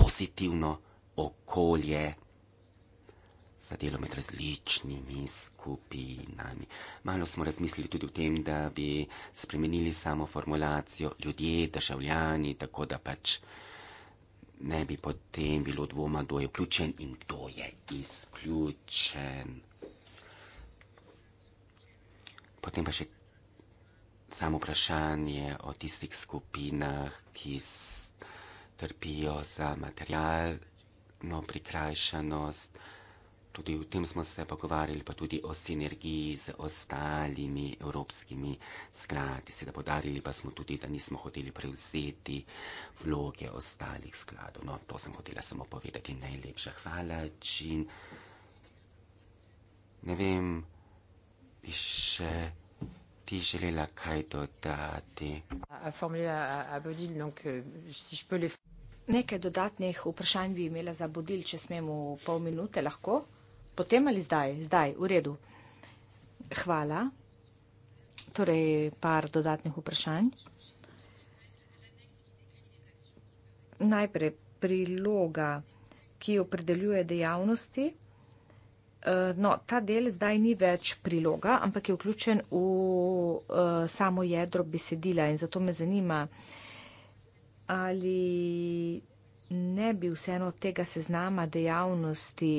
pozitivno okolje za delo med različnimi skupinami. Malo smo razmislili tudi o tem, da bi spremenili samo formulacijo ljudje, državljani, tako da pač ne bi potem bilo dvoma, kdo je vključen in kdo je izključen. Potem pa še samo vprašanje o tistih skupinah, ki trpijo za materialno prikrajšanost. Tudi o tem smo se pogovarjali, pa tudi o sinergiji z ostalimi evropskimi skladi. Seveda podarili pa smo tudi, da nismo hoteli prevzeti vloge ostalih skladov. No, to sem hotela samo povedati. Najlepša hvala, Čin. Ne vem, bi še ti želela kaj dodati. Euh, Nekaj dodatnih vprašanj bi imela za Bodil, če smemo pol minute lahko potem ali zdaj? Zdaj, v redu. Hvala. Torej, par dodatnih vprašanj. Najprej priloga, ki opredeljuje dejavnosti. Eh, no, ta del zdaj ni več priloga, ampak je vključen v eh, samo jedro besedila in zato me zanima, ali ne bi vseeno tega seznama dejavnosti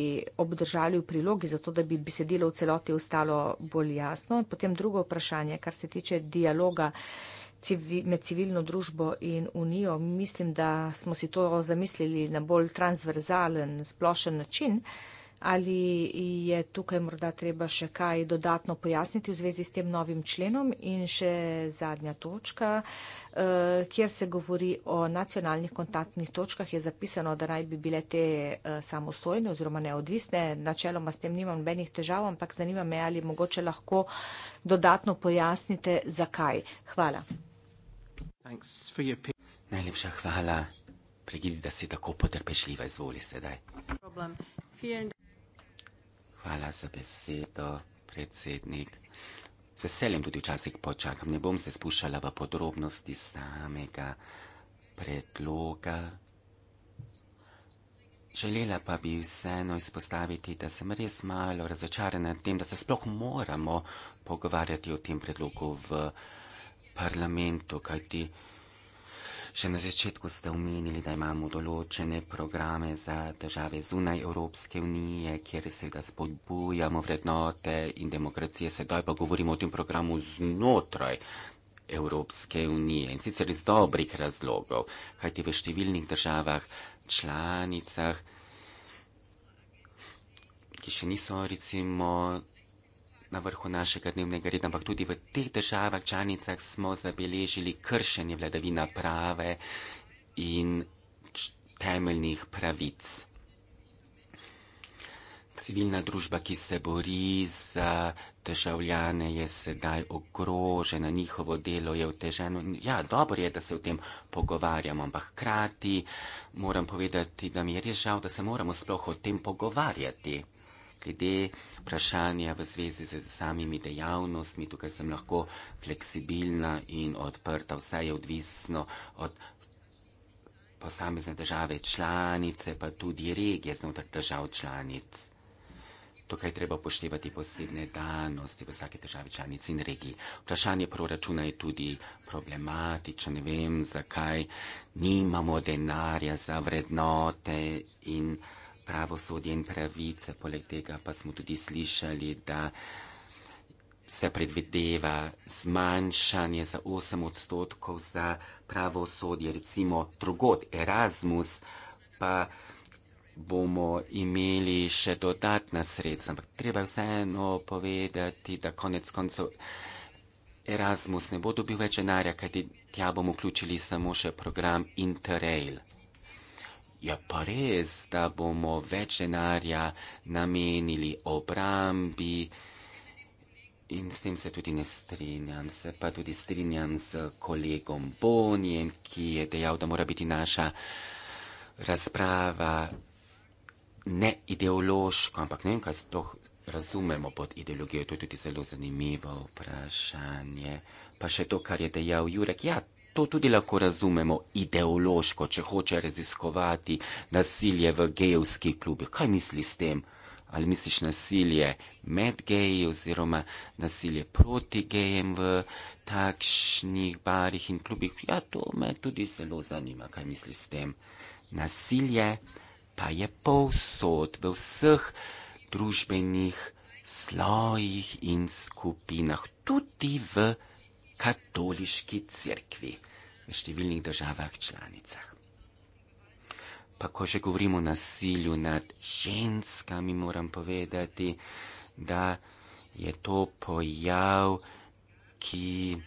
obdržali v prilogi, zato da bi besedilo v celoti ostalo bolj jasno. Potem drugo vprašanje, kar se tiče dialoga med civilno družbo in unijo. Mislim, da smo si to zamislili na bolj transverzalen, splošen način. Uh, ali je tukaj morda treba še kaj dodatno pojasniti v zvezi s tem novim členom in še zadnja točka, eh, kjer se govori o nacionalnih kontaktnih točkah, je zapisano, da naj bi bile te eh, samostojne oziroma neodvisne. Načeloma s tem nimam benih težav, ampak zanima me, ali mogoče lahko dodatno pojasnite, zakaj. Hvala. Najlepša hvala. Pregidi, da si tako potrpežljiva, izvoli sedaj. Problem. Fijen... Hvala za besedo, predsednik. Z veseljem tudi včasih počakam, ne bom se spuščala v podrobnosti samega predloga. Želela pa bi vseeno izpostaviti, da sem res malo razočarana tem, da se sploh moramo pogovarjati o tem predlogu v parlamentu, kajti Še na začetku ste omenili, da imamo določene programe za države zunaj Evropske unije, kjer seveda spodbujamo vrednote in demokracije. Sedaj pa govorimo o tem programu znotraj Evropske unije in sicer iz dobrih razlogov, kajti v številnih državah, članicah, ki še niso recimo na vrhu našega dnevnega reda, ampak tudi v teh državah članicah smo zabeležili kršenje vladavina prave in temeljnih pravic. Civilna družba, ki se bori za državljane, je sedaj ogrožena, njihovo delo je oteženo. Ja, dobro je, da se o tem pogovarjamo, ampak hkrati moram povedati, da mi je res žal, da se moramo sploh o tem pogovarjati glede vprašanja v zvezi z samimi dejavnostmi, tukaj sem lahko fleksibilna in odprta, vse je odvisno od posamezne države članice, pa tudi regije znotraj držav članic. Tukaj treba upoštevati posebne danosti v vsaki državi članici in regiji. Vprašanje proračuna je tudi problematično, ne vem, zakaj nimamo denarja za vrednote pravosodje in pravice. Poleg tega pa smo tudi slišali, da se predvideva zmanjšanje za 8 odstotkov za pravosodje, recimo drugod Erasmus, pa bomo imeli še dodatna sredstva. Ampak treba vseeno povedati, da konec koncev Erasmus ne bo dobil več denarja, kajti tja bomo vključili samo še program Interrail. Je ja, pa res, da bomo več denarja namenili obrambi in s tem se tudi ne strinjam. Se pa tudi strinjam z kolegom Bonjem, ki je dejal, da mora biti naša razprava ne ideološko, ampak ne vem, kaj sploh razumemo pod ideologijo. To je tudi zelo zanimivo vprašanje. Pa še to, kar je dejal Jurek. Ja, To tudi lahko razumemo ideološko, če hoče raziskovati nasilje v gejovskih klubih. Kaj misliš s tem? Ali misliš nasilje med geji oziroma nasilje proti gejem v takšnih barih in klubih? Ja, to me tudi zelo zanima, kaj misliš s tem. Nasilje pa je povsod, v vseh družbenih slojih in skupinah, tudi v katoliški crkvi v številnih državah članicah. Pa ko že govorimo o nasilju nad ženskami, moram povedati, da je to pojav, ki je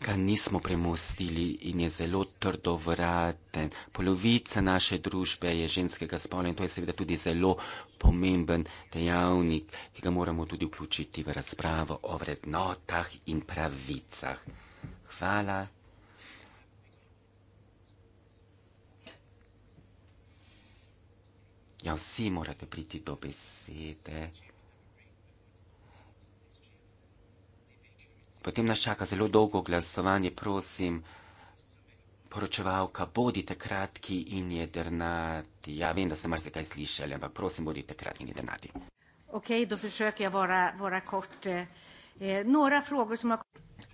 ga nismo premostili in je zelo trdo vraten. Polovica naše družbe je ženskega spola in to je seveda tudi zelo pomemben dejavnik, ki ga moramo tudi vključiti v razpravo o vrednotah in pravicah. Hvala. Ja, vsi morate priti do besede. Potem nas čaka zelo dolgo glasovanje, prosim, poročevalka, bodite kratki in jedrnati. Ja, vem, da sem marsikaj slišali, ampak prosim, bodite kratki in jedrnati. Ok, do försöker ja vara, vara kort. Eh, Några frågor som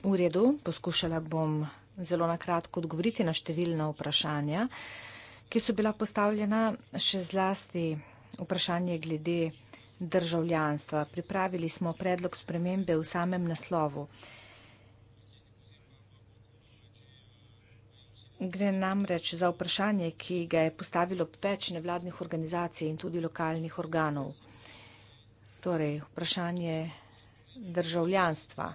V redu, poskušala bom zelo na kratko odgovoriti na številna vprašanja, ki so bila postavljena še zlasti vprašanje glede državljanstva. Pripravili smo predlog spremembe v samem naslovu. Gre namreč za vprašanje, ki ga je postavilo več nevladnih organizacij in tudi lokalnih organov. Torej, vprašanje državljanstva.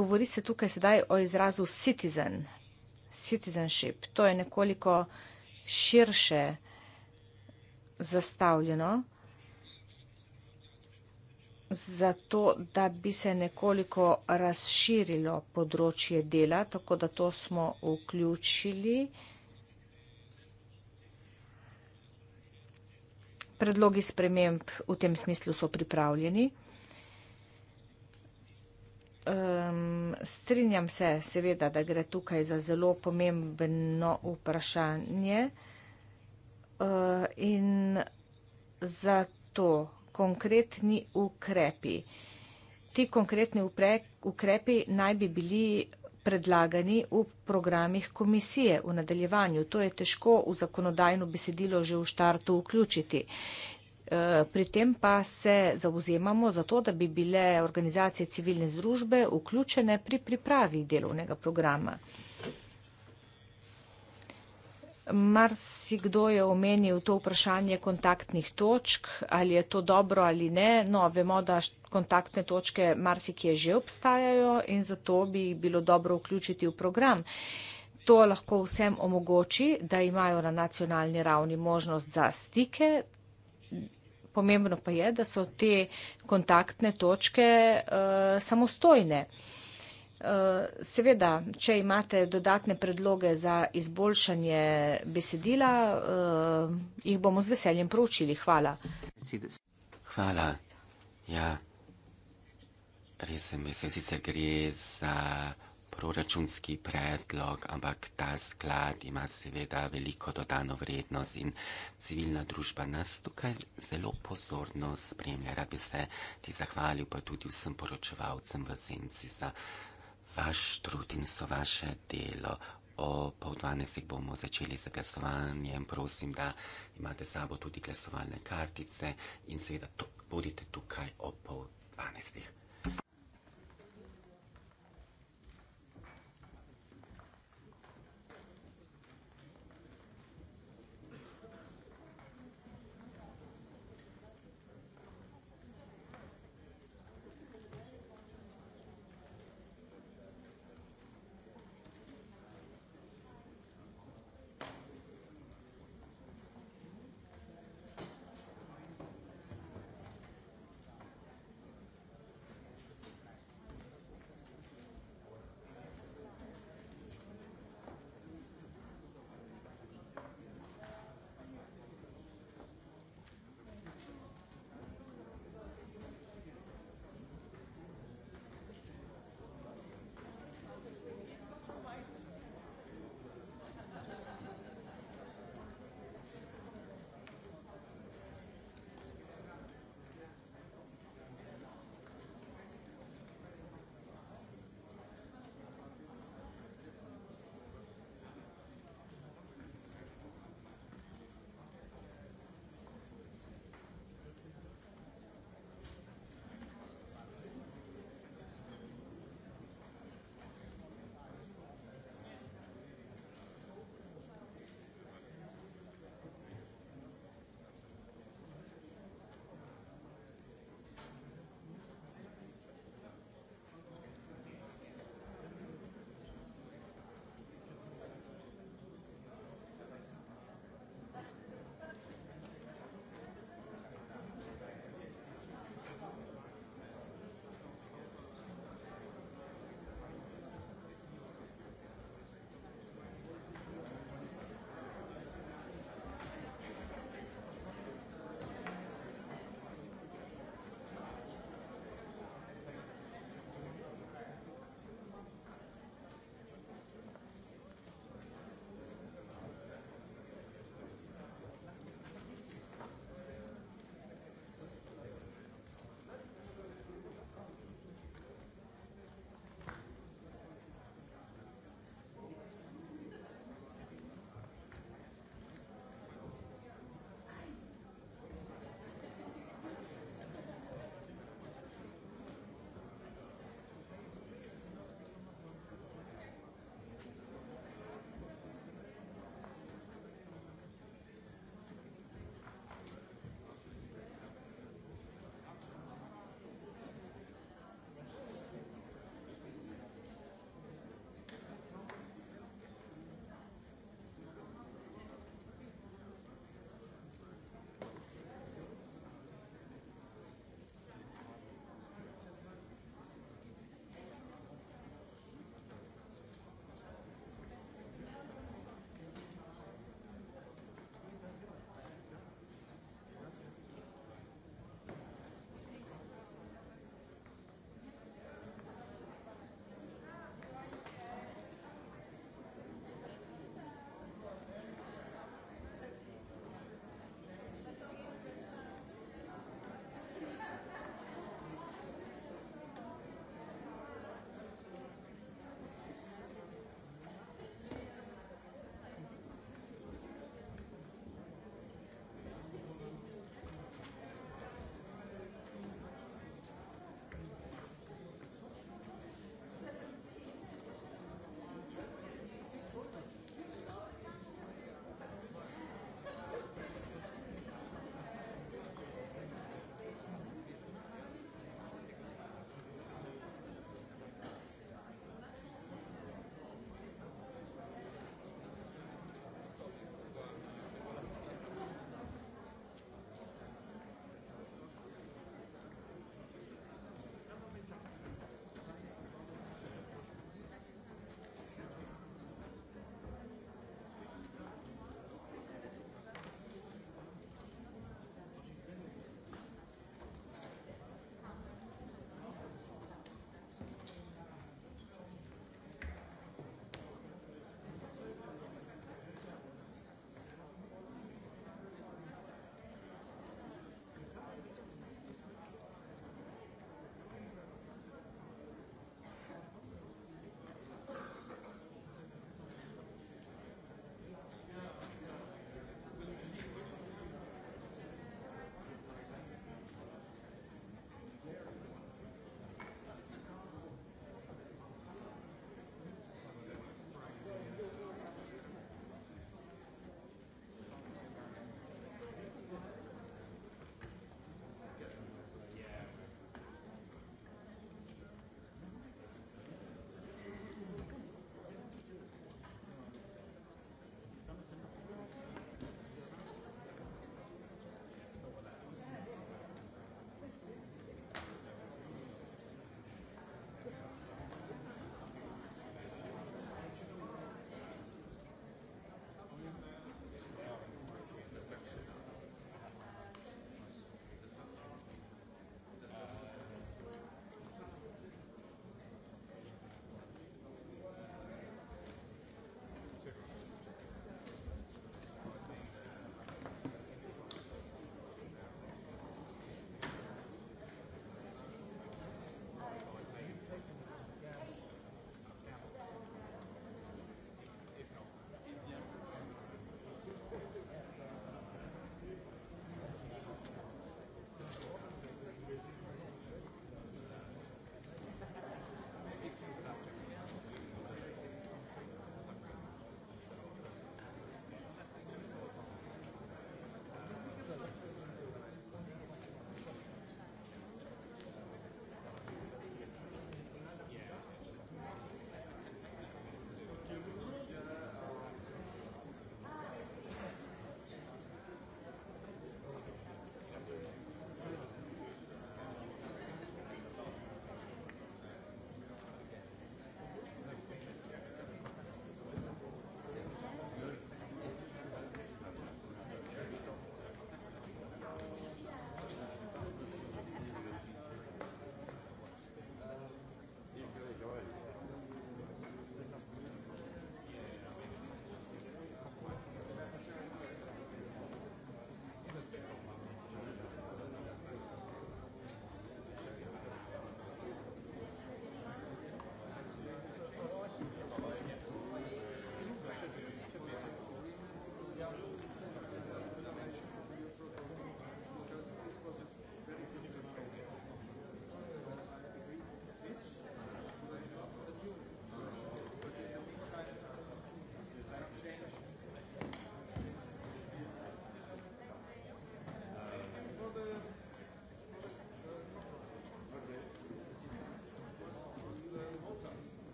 Govori se tukaj sedaj o izrazu citizen, citizenship. To je nekoliko širše zastavljeno zato, da bi se nekoliko razširilo področje dela, tako da to smo vključili. Predlogi sprememb v tem smislu so pripravljeni. Um, strinjam se seveda, da gre tukaj za zelo pomembno vprašanje uh, in zato konkretni ukrepi. Ti konkretni ukrepi naj bi bili predlagani v programih komisije v nadaljevanju. To je težko v zakonodajno besedilo že v štartu vključiti. E, pri tem pa se zauzemamo za to, da bi bile organizacije civilne združbe vključene pri pripravi delovnega programa. Marsikdo je omenil to vprašanje kontaktnih točk, ali je to dobro ali ne. No, vemo, da kontaktne točke marsikje že obstajajo in zato bi jih bilo dobro vključiti v program. To lahko vsem omogoči, da imajo na nacionalni ravni možnost za stike. Pomembno pa je, da so te kontaktne točke uh, samostojne. Seveda, če imate dodatne predloge za izboljšanje besedila, eh, jih bomo z veseljem proučili. Hvala. Hvala. Ja, res sem mislil, sicer gre za proračunski predlog, ampak ta sklad ima seveda veliko dodano vrednost in civilna družba nas tukaj zelo pozorno spremlja. Rad bi se ti zahvalil, pa tudi vsem poročevalcem v Zenci za vsega vaš trud in so vaše delo. O pol dvanajstih bomo začeli z glasovanjem. Prosim, da imate sabo tudi glasovalne kartice in seveda to, bodite tukaj o pol dvanajstih.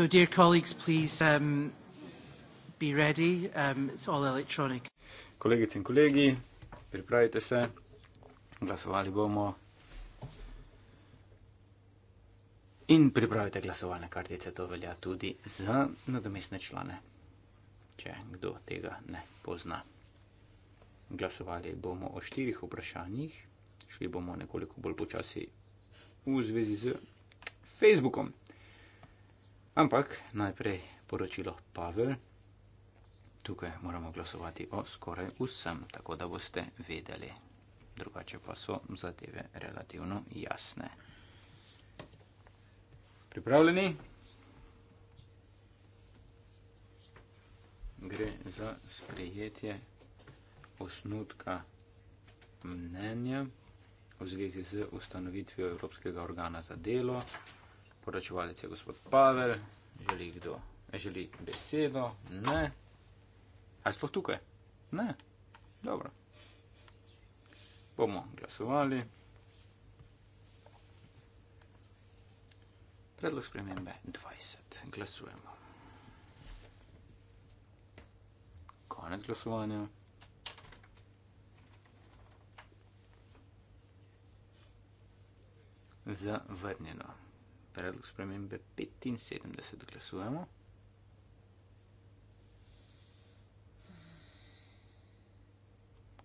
So, dear colleagues, please um, be ready. Um, it's all electronic. Kolegice in kolegi, pripravite se. Glasovali bomo. In pripravite glasovalne kartice, to velja tudi za nadomestne člane, če kdo tega ne pozna. Glasovali bomo o štirih vprašanjih, šli bomo nekoliko bolj počasi v zvezi z Facebookom. Ampak najprej poročilo Pavel. Tukaj moramo glasovati o skoraj vsem, tako da boste vedeli. Drugače pa so zadeve relativno jasne. Pripravljeni? Gre za sprejetje osnutka mnenja v zvezi z ustanovitvijo Evropskega organa za delo, poročevalec je gospod Pavel, želi kdo, želi besedo, ne. A je sploh tukaj? Ne. Dobro. Bomo glasovali. Predlog spremembe 20. Glasujemo. Konec glasovanja. Zavrnjeno predlog spremembe 75 glasujemo.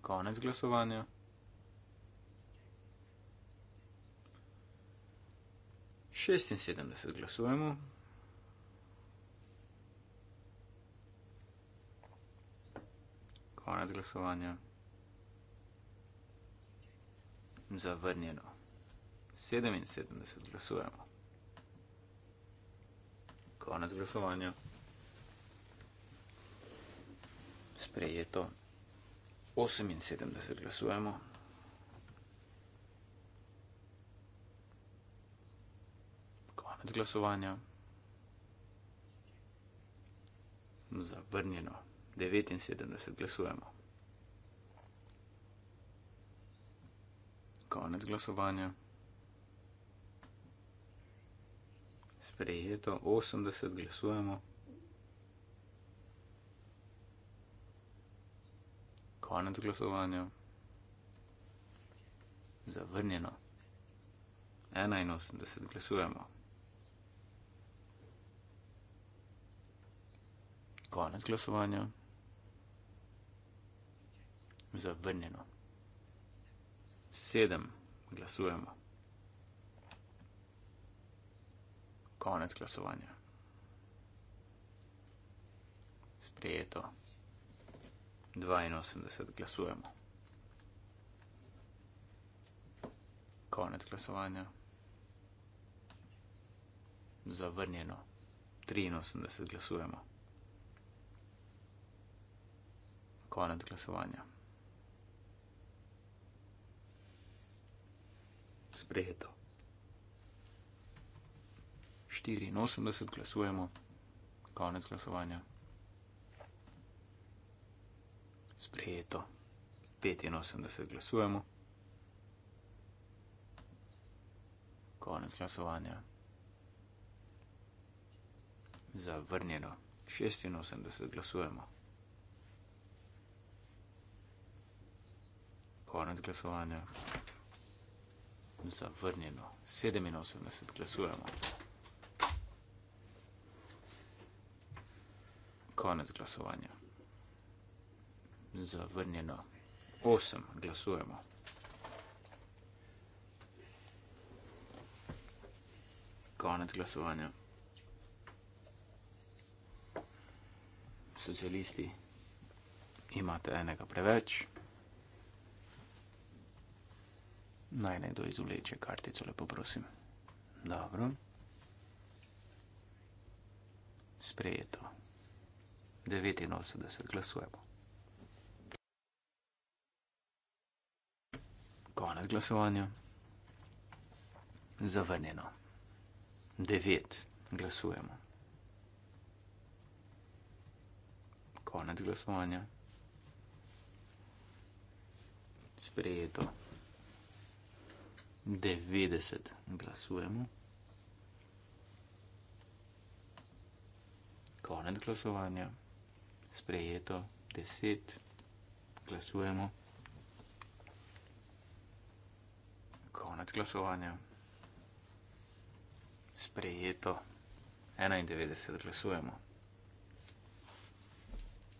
Konec glasovanja. Šestinsedemdeset glasujemo. Konec glasovanja. Zavrnjeno. Sedeminsedemdeset glasujemo. Konec glasovanja. Sprejeto. 78 glasujemo. Konec glasovanja. Zavrnjeno. 79 glasujemo. Konec glasovanja. sprejeto, 80 glasujemo. Konec glasovanja. Zavrnjeno. 81 glasujemo. Konec glasovanja. Zavrnjeno. 7 glasujemo. konec glasovanja. Sprijeto. 82 glasujemo. Konec glasovanja. Zavrnjeno. 83 glasujemo. Konec glasovanja. Sprijeto. 84 glasujemo, konec glasovanja. Sprejeto, 85 glasujemo, konec glasovanja. Zavrnjeno, 86 glasujemo, konec glasovanja. Zavrnjeno, 87 glasujemo. konec glasovanja. Zavrnjeno. Osem glasujemo. Konec glasovanja. Socialisti, imate enega preveč. Naj nekdo izvleče kartico, lepo prosim. Dobro. Sprejeto. 89 glasujemo. Konec glasovanja. Zavrnjeno. 9 glasujemo. Konec glasovanja. Sprejeto. 90 glasujemo. Konec glasovanja sprejeto, deset, glasujemo. Konec glasovanja. Sprejeto, 91 glasujemo.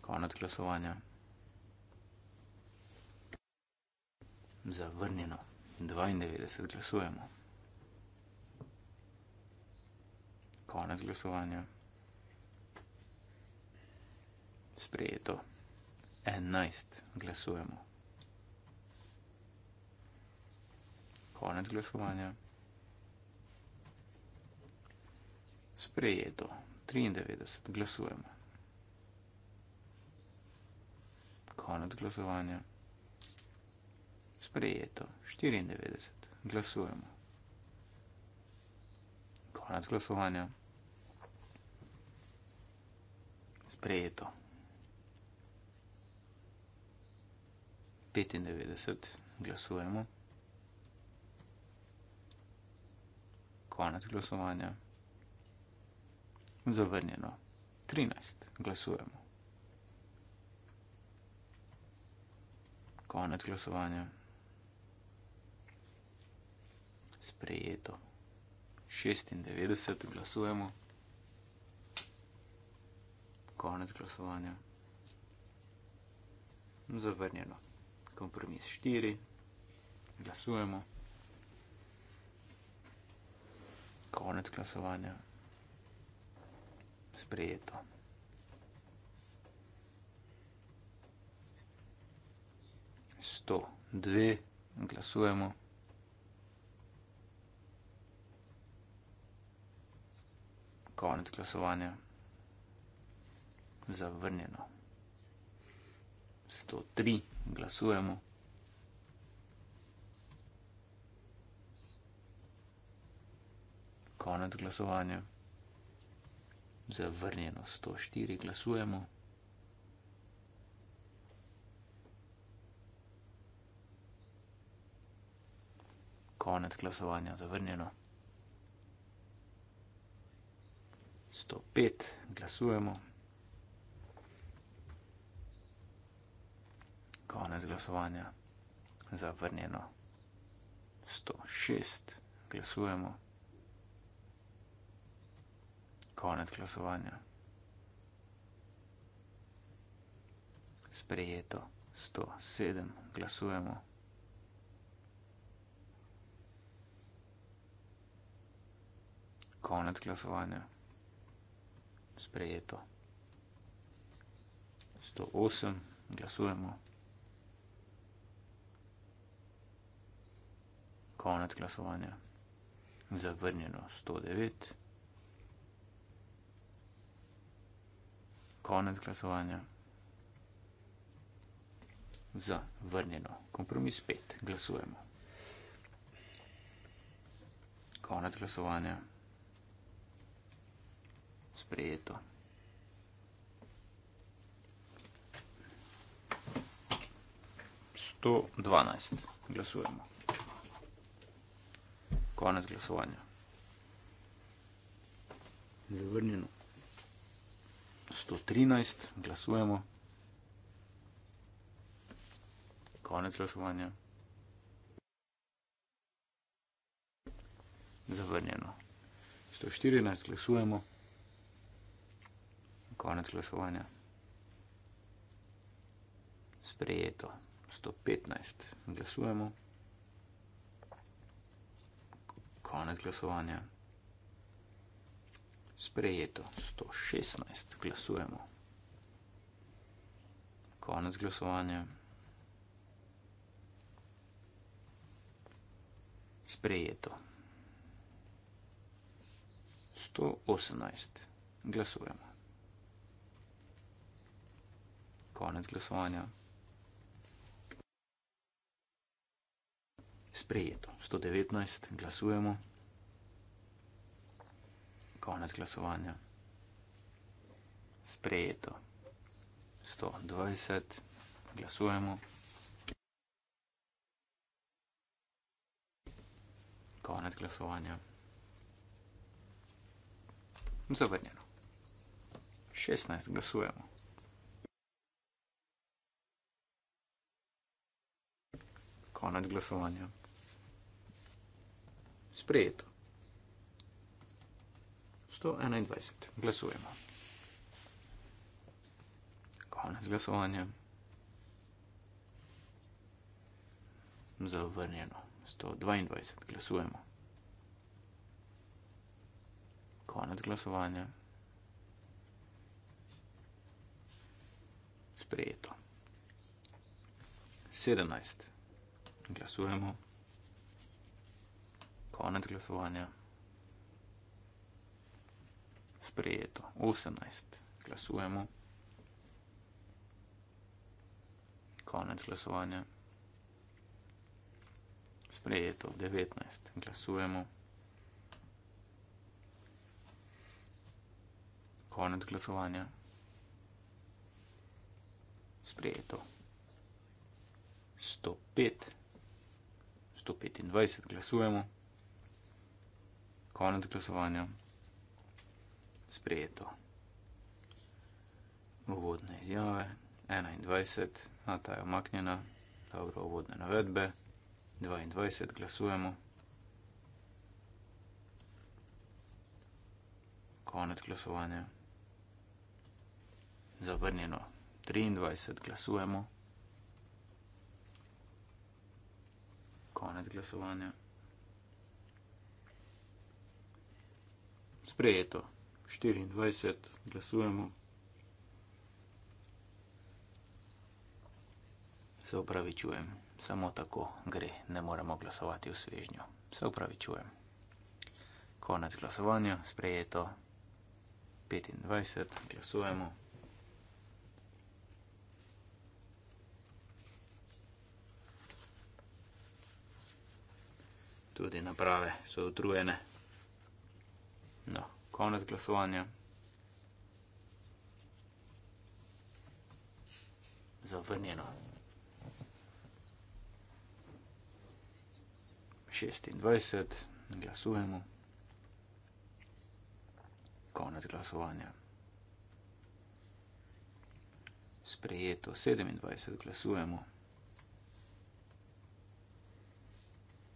Konec glasovanja. Zavrnjeno, 92 glasujemo. Konec glasovanja sprejeto. 11 glasujemo. Konec glasovanja. Sprejeto. 93 glasujemo. Konec glasovanja. Sprejeto. 94 glasujemo. Konec glasovanja. Sprejeto. 95, glasujemo. Konec glasovanja. Zavrnjeno. 13, glasujemo. Konec glasovanja. Sprejeto. 96, glasujemo. Konec glasovanja. Zavrnjeno kompromis 4, glasujemo. Konec glasovanja. Sprejeto. Sto dve, glasujemo. Konec glasovanja. Zavrnjeno. 103. Glasujemo. Konec glasovanja. Zavrnjeno 104. Glasujemo. Konec glasovanja. Zavrnjeno. 105. Glasujemo. konec glasovanja. Zavrnjeno 106, glasujemo. Konec glasovanja. Sprejeto 107, glasujemo. Konec glasovanja. Sprejeto 108, glasujemo. Konec glasovanja. Zavrnjeno 109. Konec glasovanja. Zavrnjeno. Kompromis 5. Glasujemo. Konec glasovanja. Sprejeto. Sto dvanajst. Glasujemo. Konec glasovanja. Zavrnjeno. 113, glasujemo. Konec glasovanja. Zavrnjeno. 114, glasujemo. Konec glasovanja. Sprejeto. 115, glasujemo konec glasovanja. Sprejeto 116, glasujemo. Konec glasovanja. Sprejeto 118, glasujemo. Konec glasovanja. sprejeto. 119 glasujemo, konec glasovanja, sprejeto. 120 glasujemo, konec glasovanja, zavrnjeno. 16 glasujemo. Konec glasovanja sprejeto. 121. Glasujemo. Konec glasovanja. Zavrnjeno. 122. Glasujemo. Konec glasovanja. Sprejeto. 17. Glasujemo. Konec glasovanja. Sprejeto. 18. Glasujemo. Konec glasovanja. Sprejeto. 19. Glasujemo. Konec glasovanja. Sprejeto. 105. 125. Glasujemo. Konec glasovanja. Sprejeto. Uvodne izjave. 21. A ta je omaknjena. Dobro, uvodne navedbe. 22. Glasujemo. Konec glasovanja. Zavrnjeno. 23. Glasujemo. Konec glasovanja. sprejeto. 24 glasujemo. Se upravičujem, samo tako gre, ne moremo glasovati v svežnju. Se upravičujem. Konec glasovanja, sprejeto. 25 glasujemo. Tudi naprave so utrujene. No, konec glasovanja. Zavrnjeno. 26, glasujemo. Konec glasovanja. Sprejeto 27, glasujemo.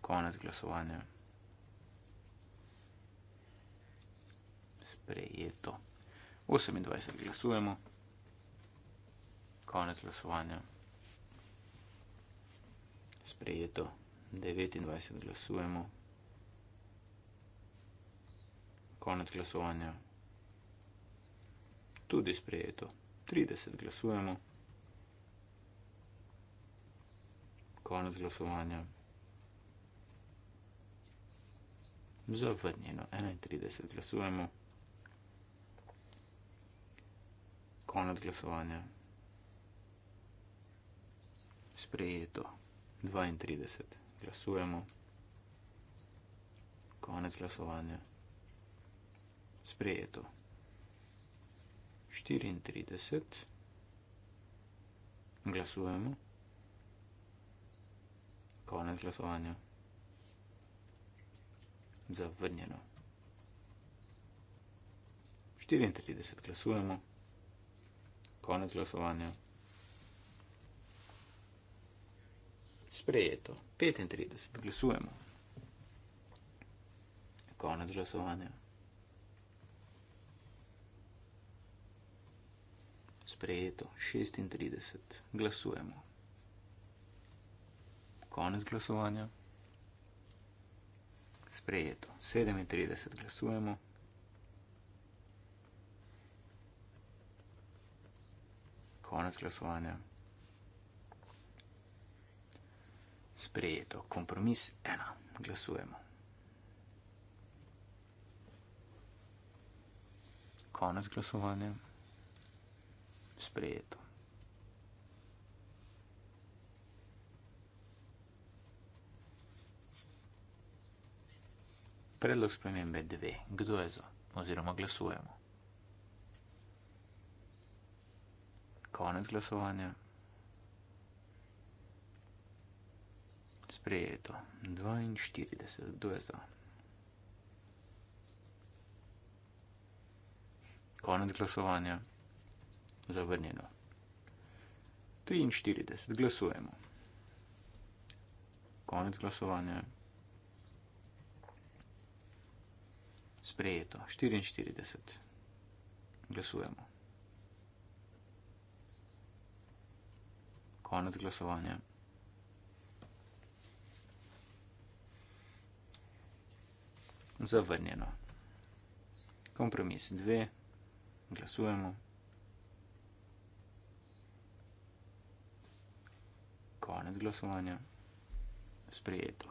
Konec glasovanja. sprejeto. 28 glasujemo, konec glasovanja. Sprejeto, 29 glasujemo, konec glasovanja. Tudi sprejeto, 30 glasujemo, konec glasovanja. Zavrnjeno, 31 glasujemo. konec glasovanja. Sprejeto. 32. Glasujemo. Konec glasovanja. Sprejeto. 34. Glasujemo. Konec glasovanja. Zavrnjeno. 34. Glasujemo. Glasujemo. Konec glasovanja. Sprejeto. 35. Glasujemo. Konec glasovanja. Sprejeto. 36. Glasujemo. Konec glasovanja. Sprejeto. 37. Glasujemo. konec glasovanja. Sprejeto. Kompromis ena. Glasujemo. Konec glasovanja. Sprejeto. Predlog spremembe dve. Kdo je za? Oziroma glasujemo. konec glasovanja. Sprejeto 42, kdo je za? Konec glasovanja, zavrnjeno. 43, glasujemo. Konec glasovanja, sprejeto 44, glasujemo. Konec glasovanja. Zavrnjeno. Kompromis 2. Glasujemo. Konec glasovanja. Sprejeto.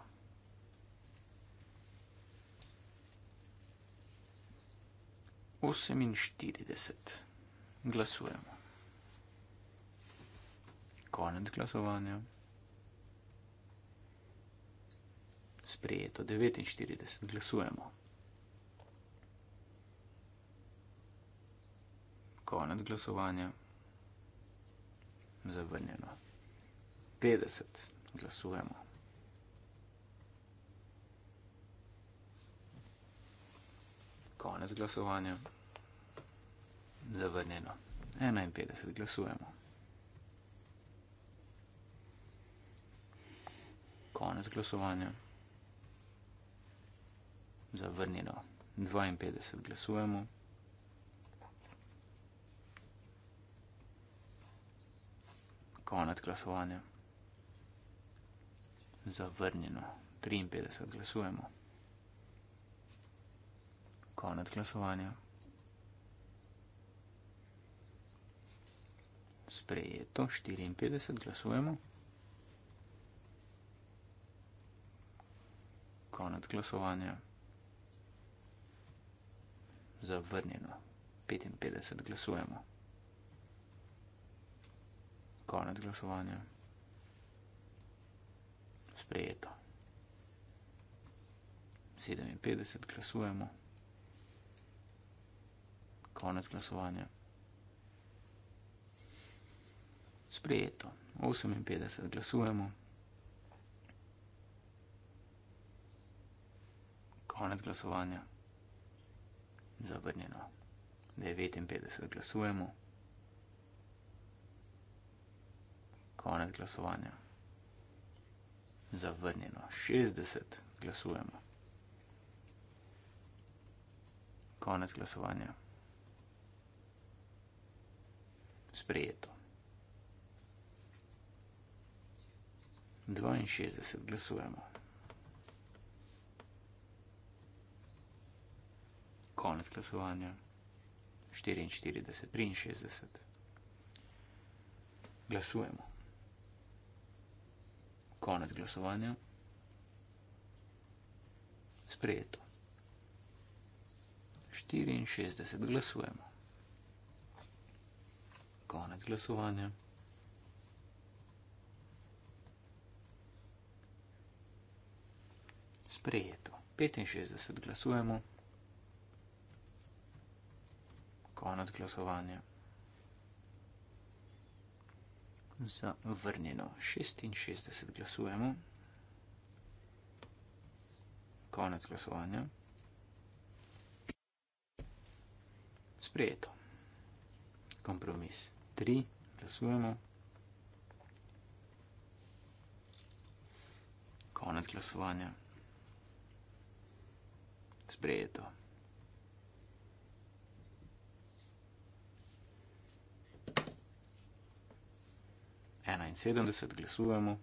Oseminštirideset. Glasujemo konec glasovanja. Sprejeto 49, glasujemo. Konec glasovanja, zavrnjeno. 50, glasujemo. Konec glasovanja, zavrnjeno. 51, glasujemo. konec glasovanja. Zavrnjeno 52 glasujemo. Konec glasovanja. Zavrnjeno 53 glasujemo. Konec glasovanja. Sprejeto 54 glasujemo. konec glasovanja. Zavrnjeno. 55 glasujemo. Konec glasovanja. Sprejeto. 57 glasujemo. Konec glasovanja. Sprejeto. 58 glasujemo. konec glasovanja. Zavrnjeno. 59 glasujemo. Konec glasovanja. Zavrnjeno. 60 glasujemo. Konec glasovanja. Sprejeto. 62 glasujemo. konec glasovanja 44, 63. Glasujemo. Konec glasovanja. Sprejeto. 64 glasujemo. Konec glasovanja. Sprejeto. 65 glasujemo konec glasovanja. Za vrnjeno 66 glasujemo. Konec glasovanja. Sprejeto. Kompromis 3. Glasujemo. Konec glasovanja. Sprejeto. 71, glasujemo.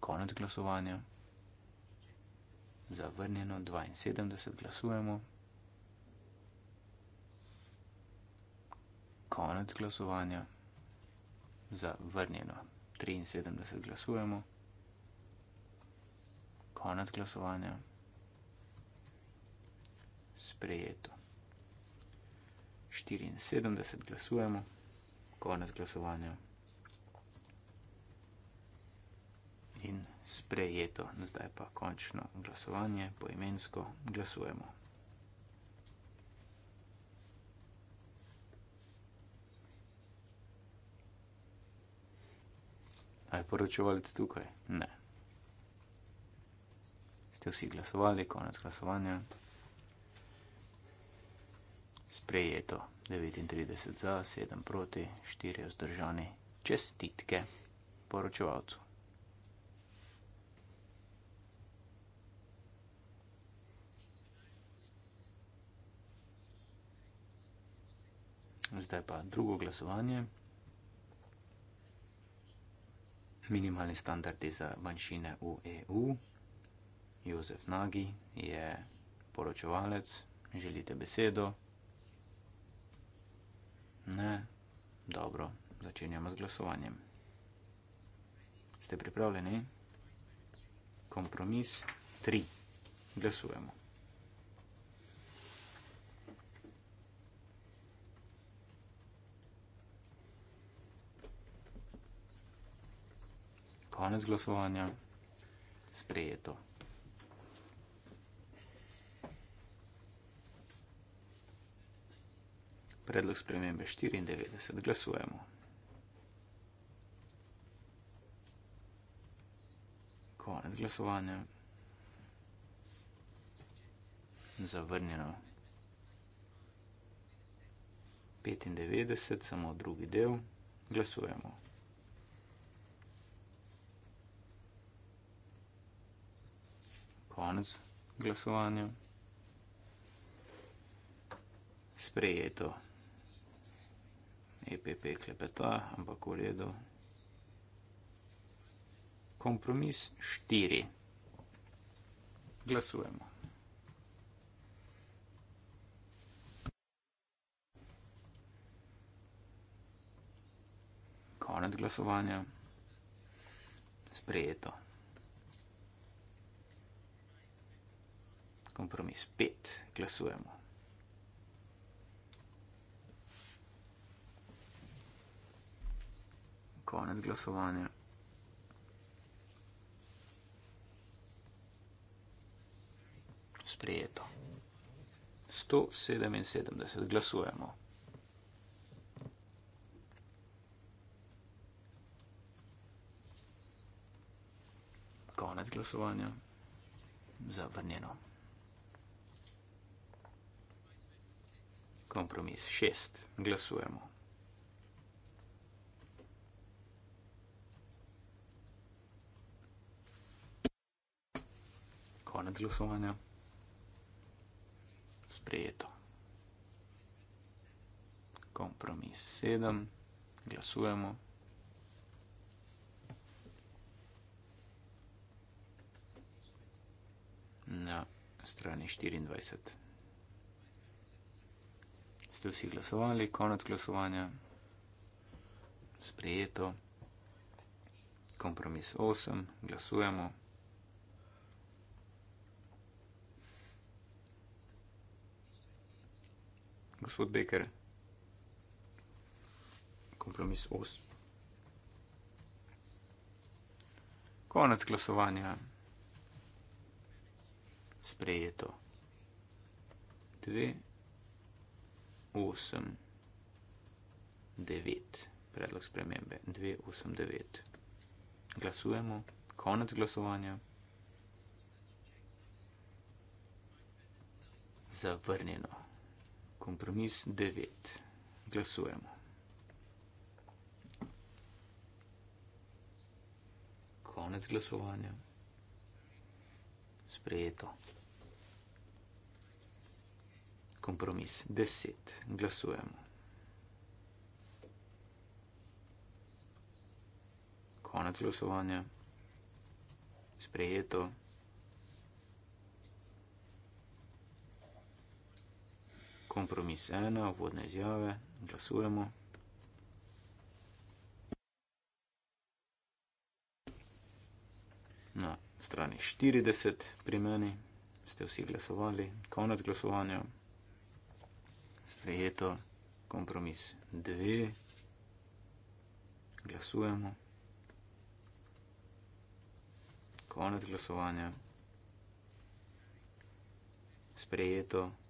Konec glasovanja. Zavrnjeno 72, glasujemo. Konec glasovanja. Zavrnjeno 73, glasujemo. Konec glasovanja. Sprejeto. 74 glasujemo, konec glasovanja. In sprejeto, zdaj pa končno glasovanje, poimensko glasujemo. Ali je poročevalec tukaj? Ne. Ste vsi glasovali, konec glasovanja sprejeto. 39 za, 7 proti, 4 vzdržani. Čestitke poročevalcu. Zdaj pa drugo glasovanje. Minimalni standardi za manjšine v EU. Jozef Nagi je poročevalec. Želite besedo? Ne. Dobro, začenjamo z glasovanjem. Ste pripravljeni? Kompromis 3. Glasujemo. Konec glasovanja. Sprejeto. predlog spremembe 94. Glasujemo. Konec glasovanja. Zavrnjeno 95, samo drugi del. Glasujemo. Konec glasovanja. Sprejeto EPP klepeta, ampak v redu. Kompromis 4. Glasujemo. Konec glasovanja. Sprejeto. Kompromis 5. Glasujemo. konec glasovanja. Sprejeto. 177 glasujemo. Konec glasovanja. Zavrnjeno. Kompromis 6. Glasujemo. konec glasovanja. Sprejeto. Kompromis 7, glasujemo. Na strani 24. Ste vsi glasovali, konec glasovanja. Sprejeto. Kompromis 8, glasujemo. gospod Beker. Kompromis 8. Konec glasovanja. Sprejeto. 2, 8, 9. Predlog spremembe. 2, 8, 9. Glasujemo. Konec glasovanja. Zavrnjeno kompromis 9. Glasujemo. Konec glasovanja. Sprejeto. Kompromis 10. Glasujemo. Konec glasovanja. Sprejeto. kompromis ena, vodne izjave, glasujemo. Na strani 40 pri meni ste vsi glasovali, konec glasovanja, sprejeto, kompromis 2, glasujemo, konec glasovanja, sprejeto, glasujemo.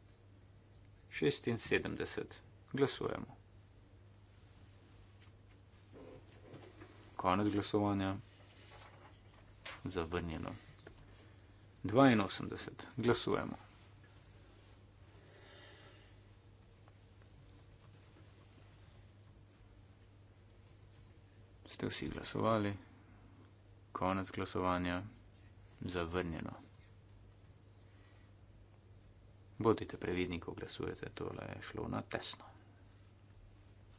76. Glasujemo. Konec glasovanja. Zavrnjeno. 82. Glasujemo. Ste vsi glasovali? Konec glasovanja. Zavrnjeno. Bodite previdni, ko glasujete, tole je šlo na tesno.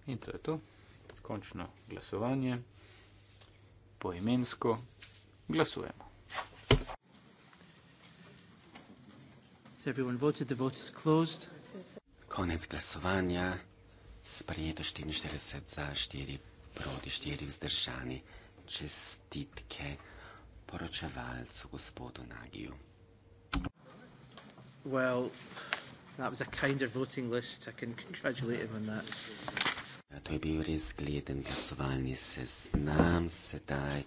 In to je to, končno glasovanje, poimensko glasujemo. Konec glasovanja, sprejeto 44 za 4 proti 4 vzdržani. Čestitke poročevalcu gospodu Nagiju. Well, that was a kinder voting list. I can congratulate him on that. Ja, to je bil res gleden glasovalni seznam, sedaj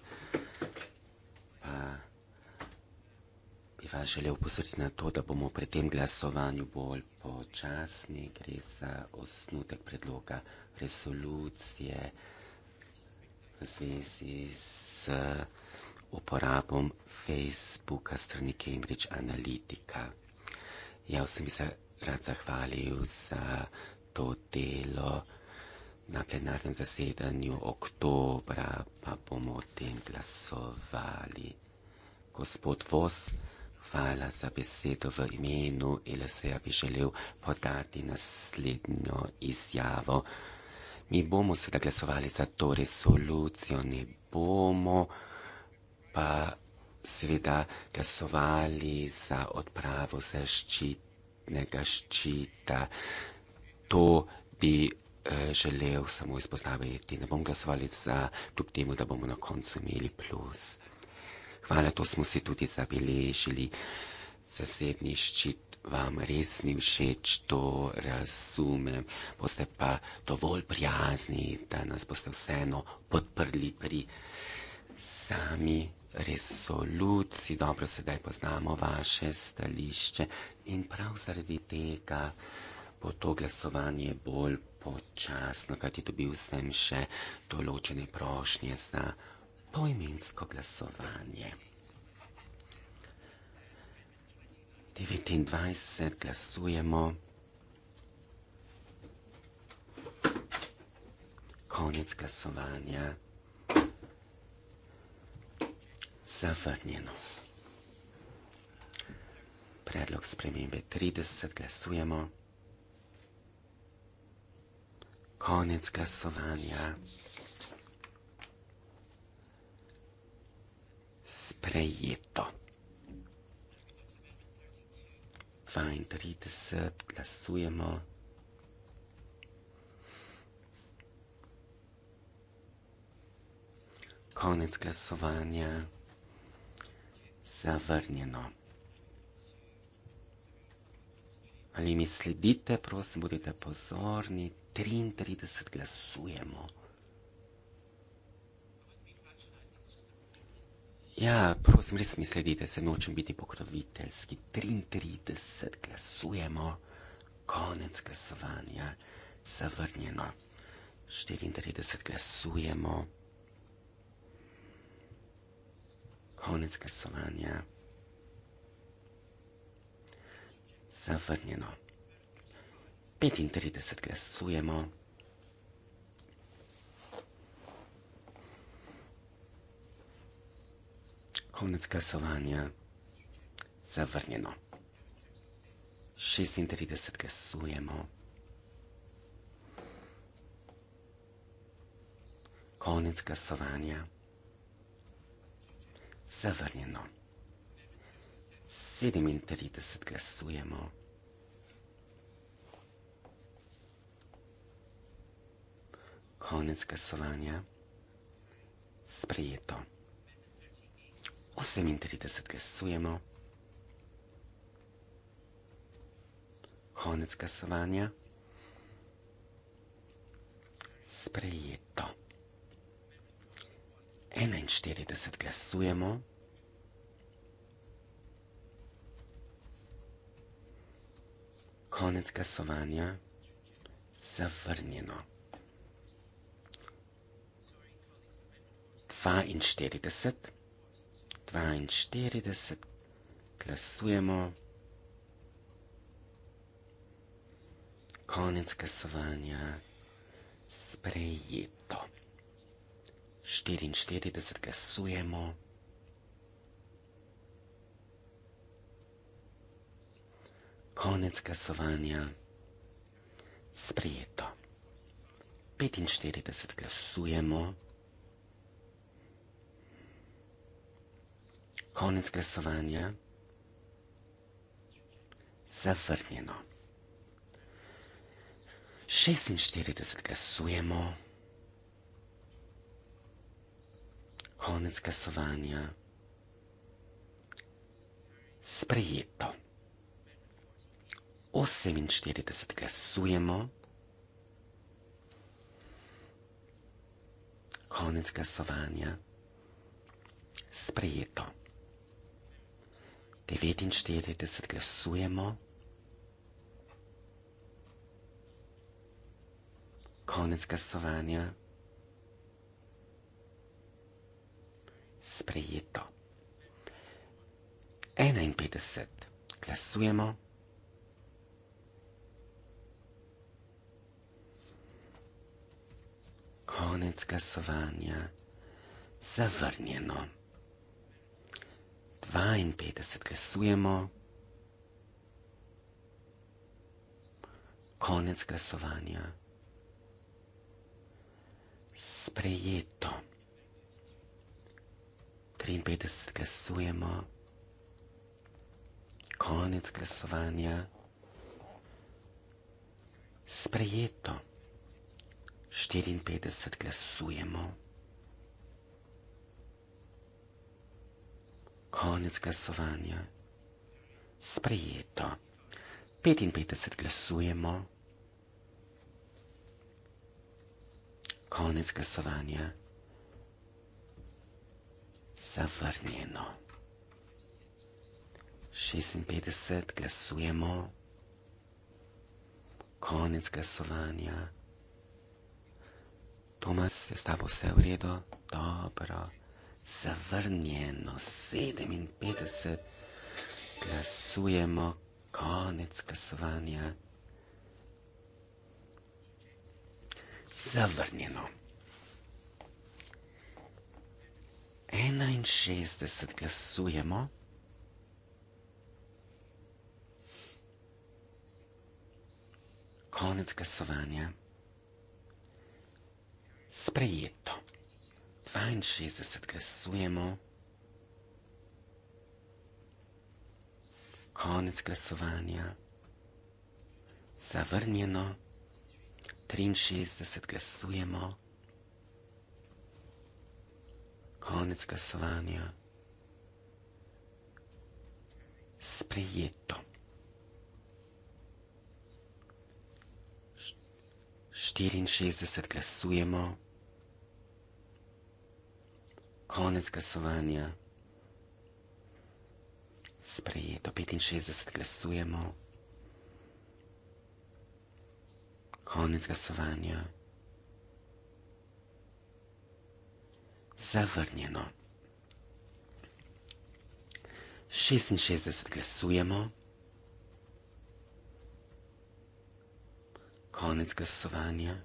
pa bi vas želel posrediti na to, da bomo pri tem glasovanju bolj počasni, gre za osnutek predloga resolucije v zvezi s uporabom Facebooka strani Cambridge Analytica jaz sem se rad zahvalil za to delo na plenarnem zasedanju oktobra, pa bomo o tem glasovali. Gospod Vos, hvala za besedo v imenu LSE-ja bi želel podati naslednjo izjavo. Mi bomo seveda glasovali za to resolucijo, ne bomo pa seveda glasovali za odpravo zaščitnega ščita. To bi eh, želel samo izpostaviti. Ne bom glasovali za, kljub temu, da bomo na koncu imeli plus. Hvala, to smo si tudi zabeležili. Zasebni ščit vam res ni všeč, to razumem. Boste pa dovolj prijazni, da nas boste vseeno podprli pri sami resoluciji, dobro sedaj poznamo vaše stališče in prav zaradi tega bo to glasovanje bolj počasno, kajti dobil sem še določene prošnje za poimensko glasovanje. 29 glasujemo. Konec glasovanja zavrnjeno. Predlog spremembe 30 glasujemo. Konec glasovanja. Sprejeto. 32 glasujemo. Konec glasovanja zavrnjeno. Ali mi sledite, prosim, budite pozorni, 33 glasujemo. Ja, prosim, res mi sledite, se nočem biti pokroviteljski. 33 glasujemo, konec glasovanja, zavrnjeno. 34 glasujemo. konec glasovanja. Zavrnjeno. 35 glasujemo. Konec glasovanja. Zavrnjeno. 36 glasujemo. Konec glasovanja. Zavrnjeno. 37 glasujemo. Konec glasovanja. Sprejeto. 38 glasujemo. Konec glasovanja. Sprejeto. 41 glasujemo. Konec glasovanja zavrnjeno. 42, 42 glasujemo. Konec glasovanja sprejet. 44 glasujemo. Konec glasovanja. Sprijeto. 45 glasujemo. Konec glasovanja. Zavrnjeno. 46 glasujemo. konec glasovanja sprejeto. 48 glasujemo. Konec glasovanja sprejeto. 49 glasujemo. Konec glasovanja. sprejeto. 51. Glasujemo. Konec glasovanja. Zavrnjeno. 52. Glasujemo. Konec glasovanja. Sprejeto. 53 glasujemo. Konec glasovanja. Sprejeto. 54 glasujemo. Konec glasovanja. Sprejeto. 55 glasujemo. Konec glasovanja zavrnjeno. 56 glasujemo, konec glasovanja. Tomas, je s tabo vse v redu? Dobro. Zavrnjeno, 57 glasujemo, konec glasovanja. Zavrnjeno. 61 glasujemo. Konec glasovanja. Sprejeto. 62 glasujemo. Konec glasovanja. Zavrnjeno. 63 glasujemo konec glasovanja. Sprejeto. Štiriinšestdeset glasujemo, konec glasovanja. Sprejeto. Petinšestdeset glasujemo, konec glasovanja. zavrnjeno. 66 glasujemo. Konec glasovanja.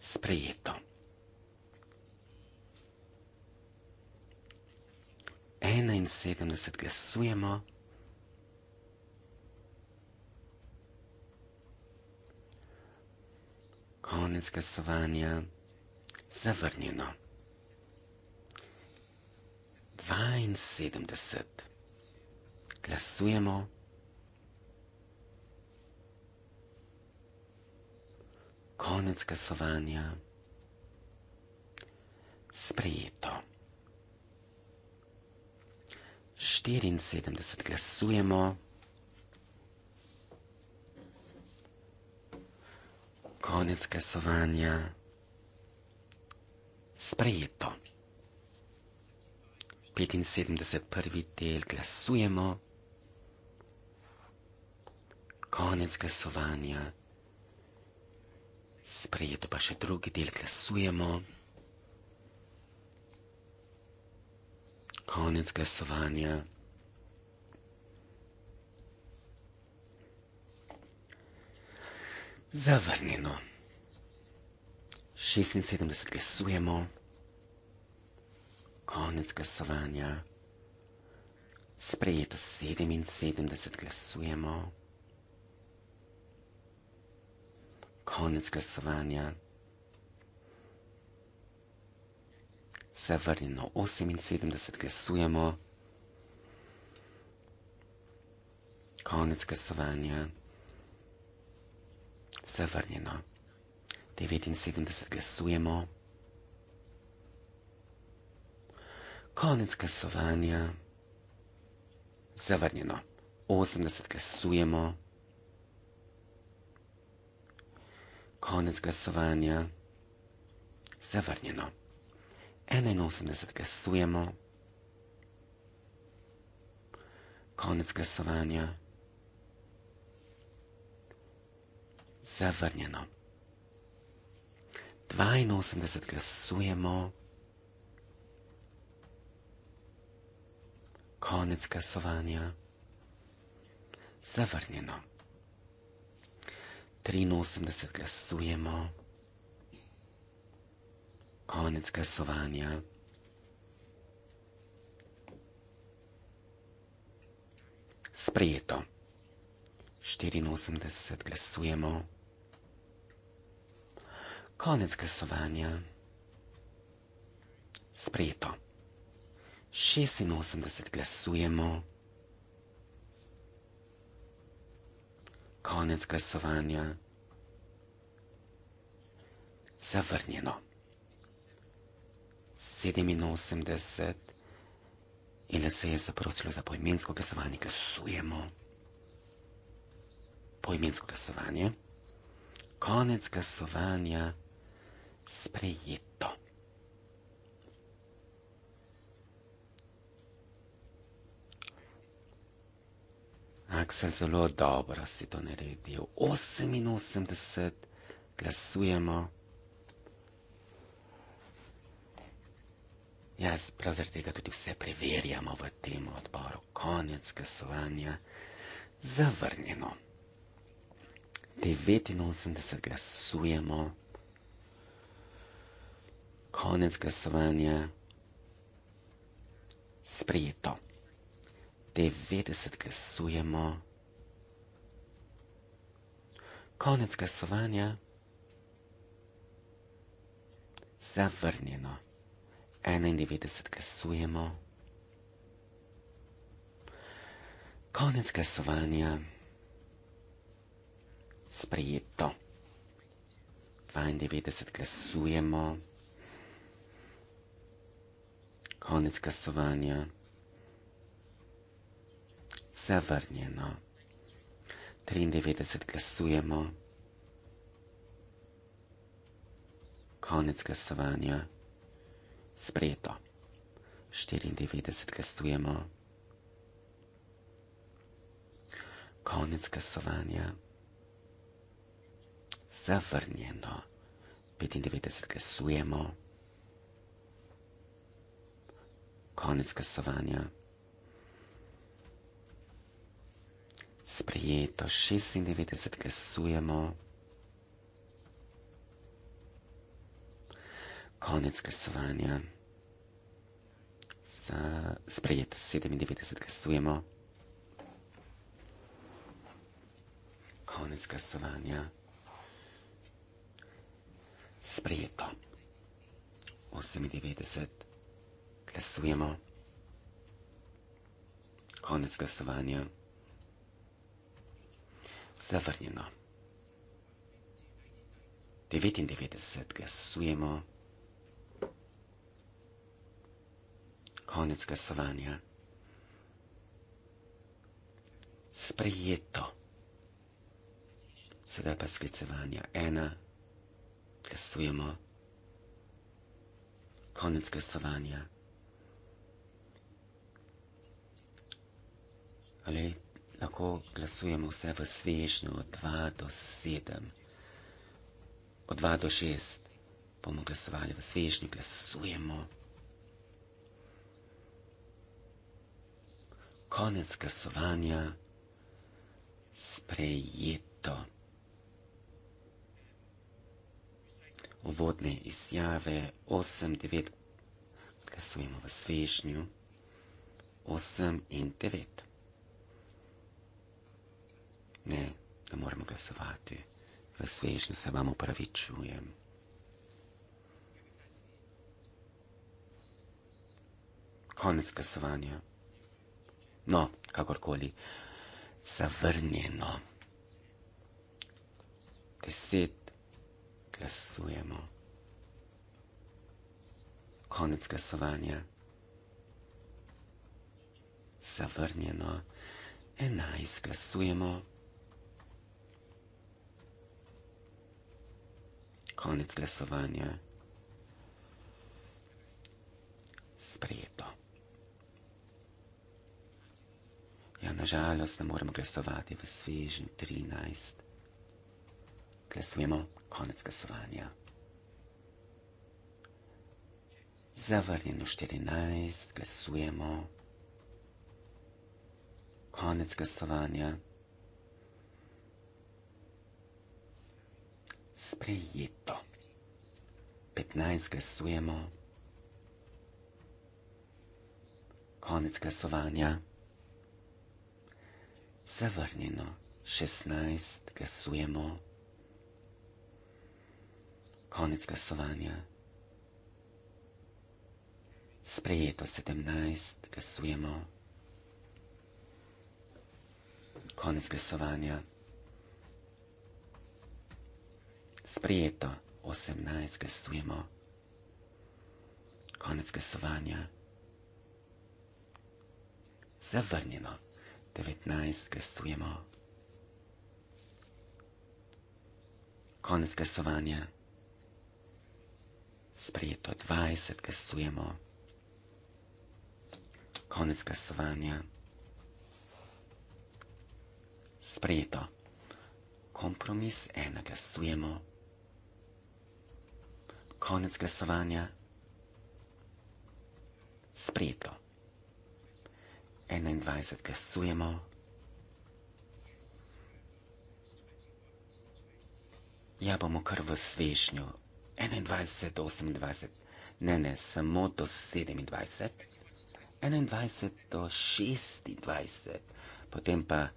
Sprejeto. Enainsedemdeset glasujemo. Konec glasovanja zavrnjeno. 72. Glasujemo. Konec glasovanja. Sprejeto. 74. Glasujemo. Konec glasovanja sprejeto. 75. prvi del glasujemo, konec glasovanja, sprejeto pa še drugi del glasujemo, konec glasovanja. Zavrnjeno. 76 glasujemo. Konec glasovanja. Sprejeto 77 glasujemo. Konec glasovanja. Zavrnjeno 78 glasujemo. Konec glasovanja. Zavrnjeno. 79 glasujemo. Konec glasovanja. Zavrnjeno. 80 glasujemo. Konec glasovanja. Zavrnjeno. 81 glasujemo. Konec glasovanja. Zavrnjeno. 82 glasujemo. Konec glasovanja. Zavrnjeno. 83 glasujemo. Konec glasovanja. Sprejeto. 84 glasujemo. Konec glasovanja. Sprejeto. 86 glasujemo. Konec glasovanja. Zavrnjeno. 87. Ile se je zaprosilo za poimensko glasovanje. Glasujemo. Poimensko glasovanje. Konec glasovanja sprejeto. Aksel, zelo dobro si to naredil. 88, glasujemo. Jaz prav zaradi tega tudi vse preverjamo v tem odboru. Konec glasovanja. Zavrnjeno. 89 glasujemo konec glasovanja sprejeto. 90 glasujemo. Konec glasovanja zavrnjeno. 91 glasujemo. Konec glasovanja sprejeto. 92 glasujemo konec glasovanja. Zavrnjeno. 93 glasujemo. Konec glasovanja. Sprejeto. 94 glasujemo. Konec glasovanja. Zavrnjeno. 95 glasujemo. konec kasovanja. Sprejeto 96 glasujemo. Konec glasovanja. Za sprejeto 97 glasujemo. Konec glasovanja. Sprejeto 98 glasujemo. Konec glasovanja. Zavrnjeno. 99 glasujemo. Konec glasovanja. Sprejeto. Sedaj pa sklicevanja. Ena. Glasujemo. Konec glasovanja. ali lahko glasujemo vse v svežnju od 2 do 7. Od 2 do 6 bomo glasovali v svežnju, glasujemo. Konec glasovanja, sprejeto. Uvodne izjave 8, 9, glasujemo v svežnju 8 in 9 ne, da moramo glasovati. V svežnju se vam upravičujem. Konec glasovanja. No, kakorkoli, zavrnjeno. Deset glasujemo. Konec glasovanja. Zavrnjeno. Enajst glasujemo. konec glasovanja. Sprejeto. Ja, nažalost, ne moremo glasovati v svežnju 13. Glasujemo konec glasovanja. Zavrnjeno 14, glasujemo konec glasovanja. sprejeto. 15 glasujemo. Konec glasovanja. Zavrnjeno. 16 glasujemo. Konec glasovanja. Sprejeto 17 glasujemo. Konec glasovanja. Sprijeto. 18. Glasujemo. Konec glasovanja. Zavrnjeno. 19. Glasujemo. Konec glasovanja. Sprijeto. 20. Glasujemo. Konec glasovanja. Sprijeto. Kompromis ena glasujemo konec glasovanja. Sprejeto. 21 glasujemo. Ja, bomo kar v svežnju. 21, 28, ne, ne, samo do 27. 21 do 26, potem pa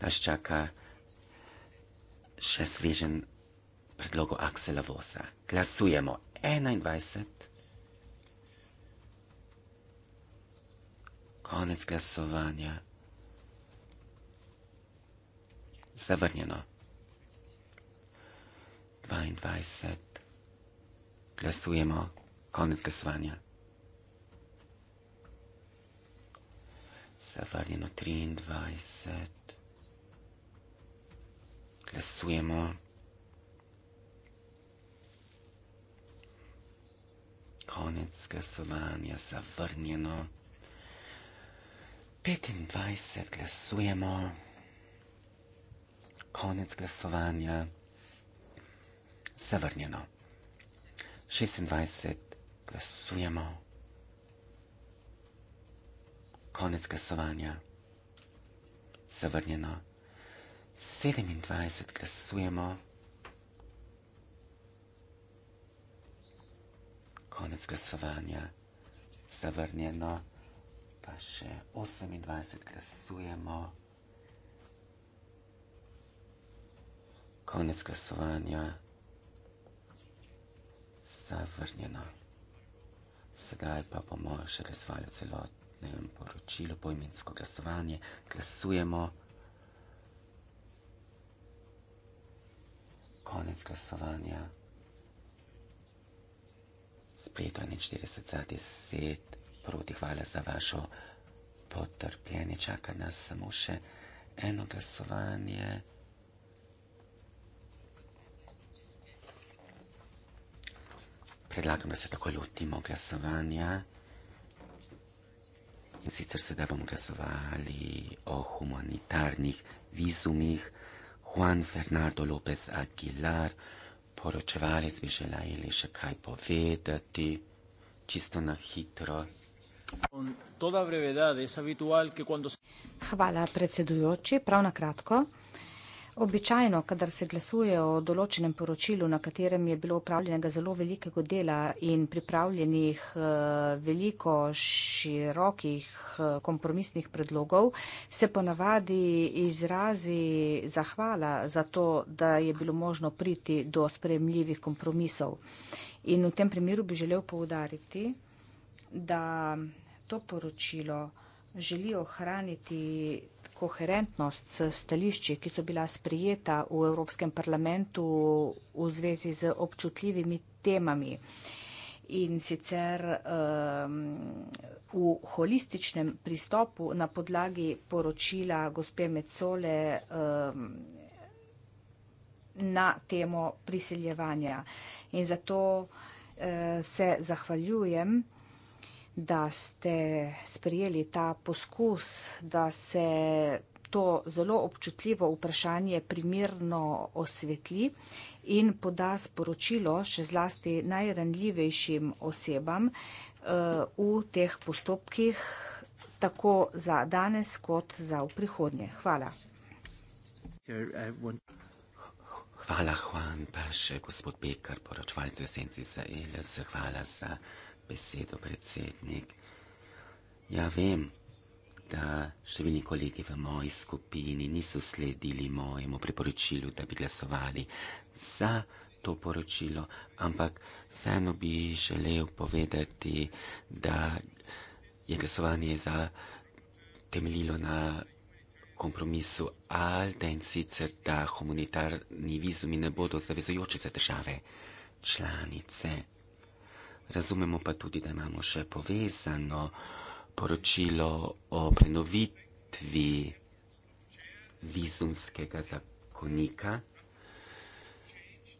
nas čaka še svežen predlogu Aksela Vosa. Glasujemo 21. Konec glasovanja. Zavrnjeno. 22. Glasujemo. Konec glasovanja. Zavrnjeno 23. Glasujemo. konec glasovanja zavrnjeno. 25 glasujemo, konec glasovanja zavrnjeno. 26 glasujemo, konec glasovanja zavrnjeno. 27 glasujemo, konec glasovanja. Zavrnjeno, pa še 28 glasujemo. Konec glasovanja. Zavrnjeno. Sedaj pa bomo še glasovali v celotnem poročilu, pojmensko glasovanje. Glasujemo. Konec glasovanja spletu 41 za 10, proti hvala za vašo potrpljenje, čaka nas samo še eno glasovanje. Predlagam, da se tako lotimo glasovanja. In sicer sedaj bomo glasovali o humanitarnih vizumih Juan Fernando López Aguilar, poročevalec bi želeli še kaj povedati, čisto na hitro. Hvala predsedujoči, prav na kratko. Običajno, kadar se glasuje o določenem poročilu, na katerem je bilo upravljenega zelo velikega dela in pripravljenih eh, veliko širokih eh, kompromisnih predlogov, se ponavadi izrazi zahvala za to, da je bilo možno priti do spremljivih kompromisov. In v tem primeru bi želel poudariti, da to poročilo želi ohraniti koherentnost s stališči, ki so bila sprijeta v Evropskem parlamentu v zvezi z občutljivimi temami in sicer um, v holističnem pristopu na podlagi poročila gospe Mecole um, na temo priseljevanja. In zato uh, se zahvaljujem da ste sprejeli ta poskus, da se to zelo občutljivo vprašanje primirno osvetli in poda sporočilo še zlasti najranljivejšim osebam eh, v teh postopkih, tako za danes kot za v prihodnje. Hvala. Hvala, Juan, pa še gospod Pekar, poročevalec Vesenci Saele, se hvala za besedo, predsednik. Ja vem, da številni kolegi v moji skupini niso sledili mojemu priporočilu, da bi glasovali za to poročilo, ampak vseeno bi želel povedati, da je glasovanje za temeljilo na kompromisu Alde in sicer, da humanitarni vizumi ne bodo zavezujoči za države članice razumemo pa tudi, da imamo še povezano poročilo o prenovitvi vizumskega zakonika.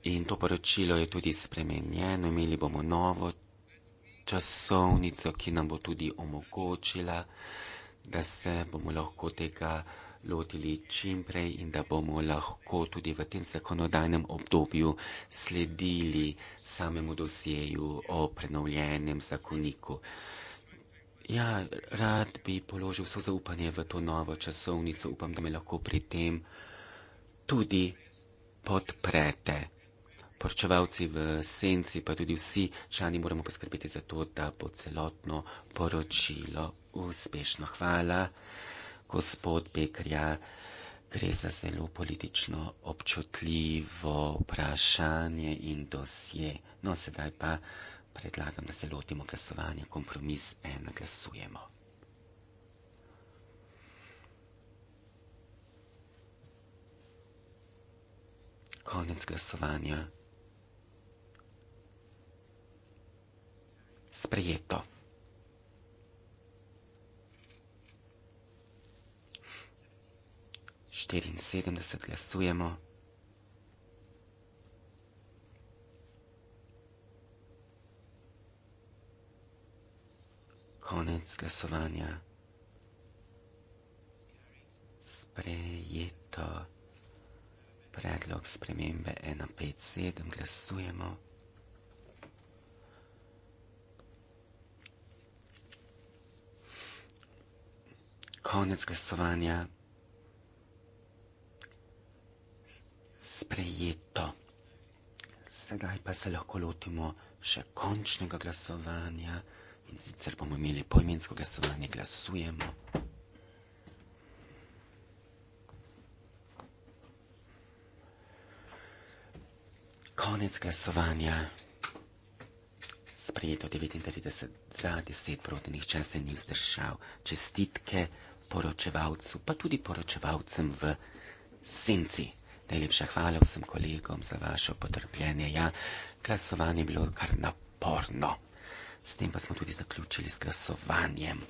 In to poročilo je tudi spremenjeno, imeli bomo novo časovnico, ki nam bo tudi omogočila, da se bomo lahko tega lotili čim prej in da bomo lahko tudi v tem zakonodajnem obdobju sledili samemu dosjeju o prenovljenem zakoniku. Ja, rad bi položil vso zaupanje v to novo časovnico, upam, da me lahko pri tem tudi podprete. Poročevalci v senci, pa tudi vsi člani moramo poskrbeti za to, da bo celotno poročilo uspešno. Hvala gospod Bekrja, gre za zelo politično občutljivo vprašanje in dosje. No, sedaj pa predlagam, da se lotimo glasovanja, kompromis ena glasujemo. Konec glasovanja. Sprejeto. 74 glasujemo. Konec glasovanja. Sprejeto predlog spremembe 157 glasujemo. Konec glasovanja. sprejeto. Sedaj pa se lahko lotimo še končnega glasovanja in sicer bomo imeli poimensko glasovanje, glasujemo. Konec glasovanja. Sprejeto 39 za 10 proti, nihče se ni vzdržal. Čestitke poročevalcu, pa tudi poročevalcem v senci. Najlepša hvala vsem kolegom za vaše potrpljenje. Ja, glasovanje je bilo kar naporno. S tem pa smo tudi zaključili s glasovanjem.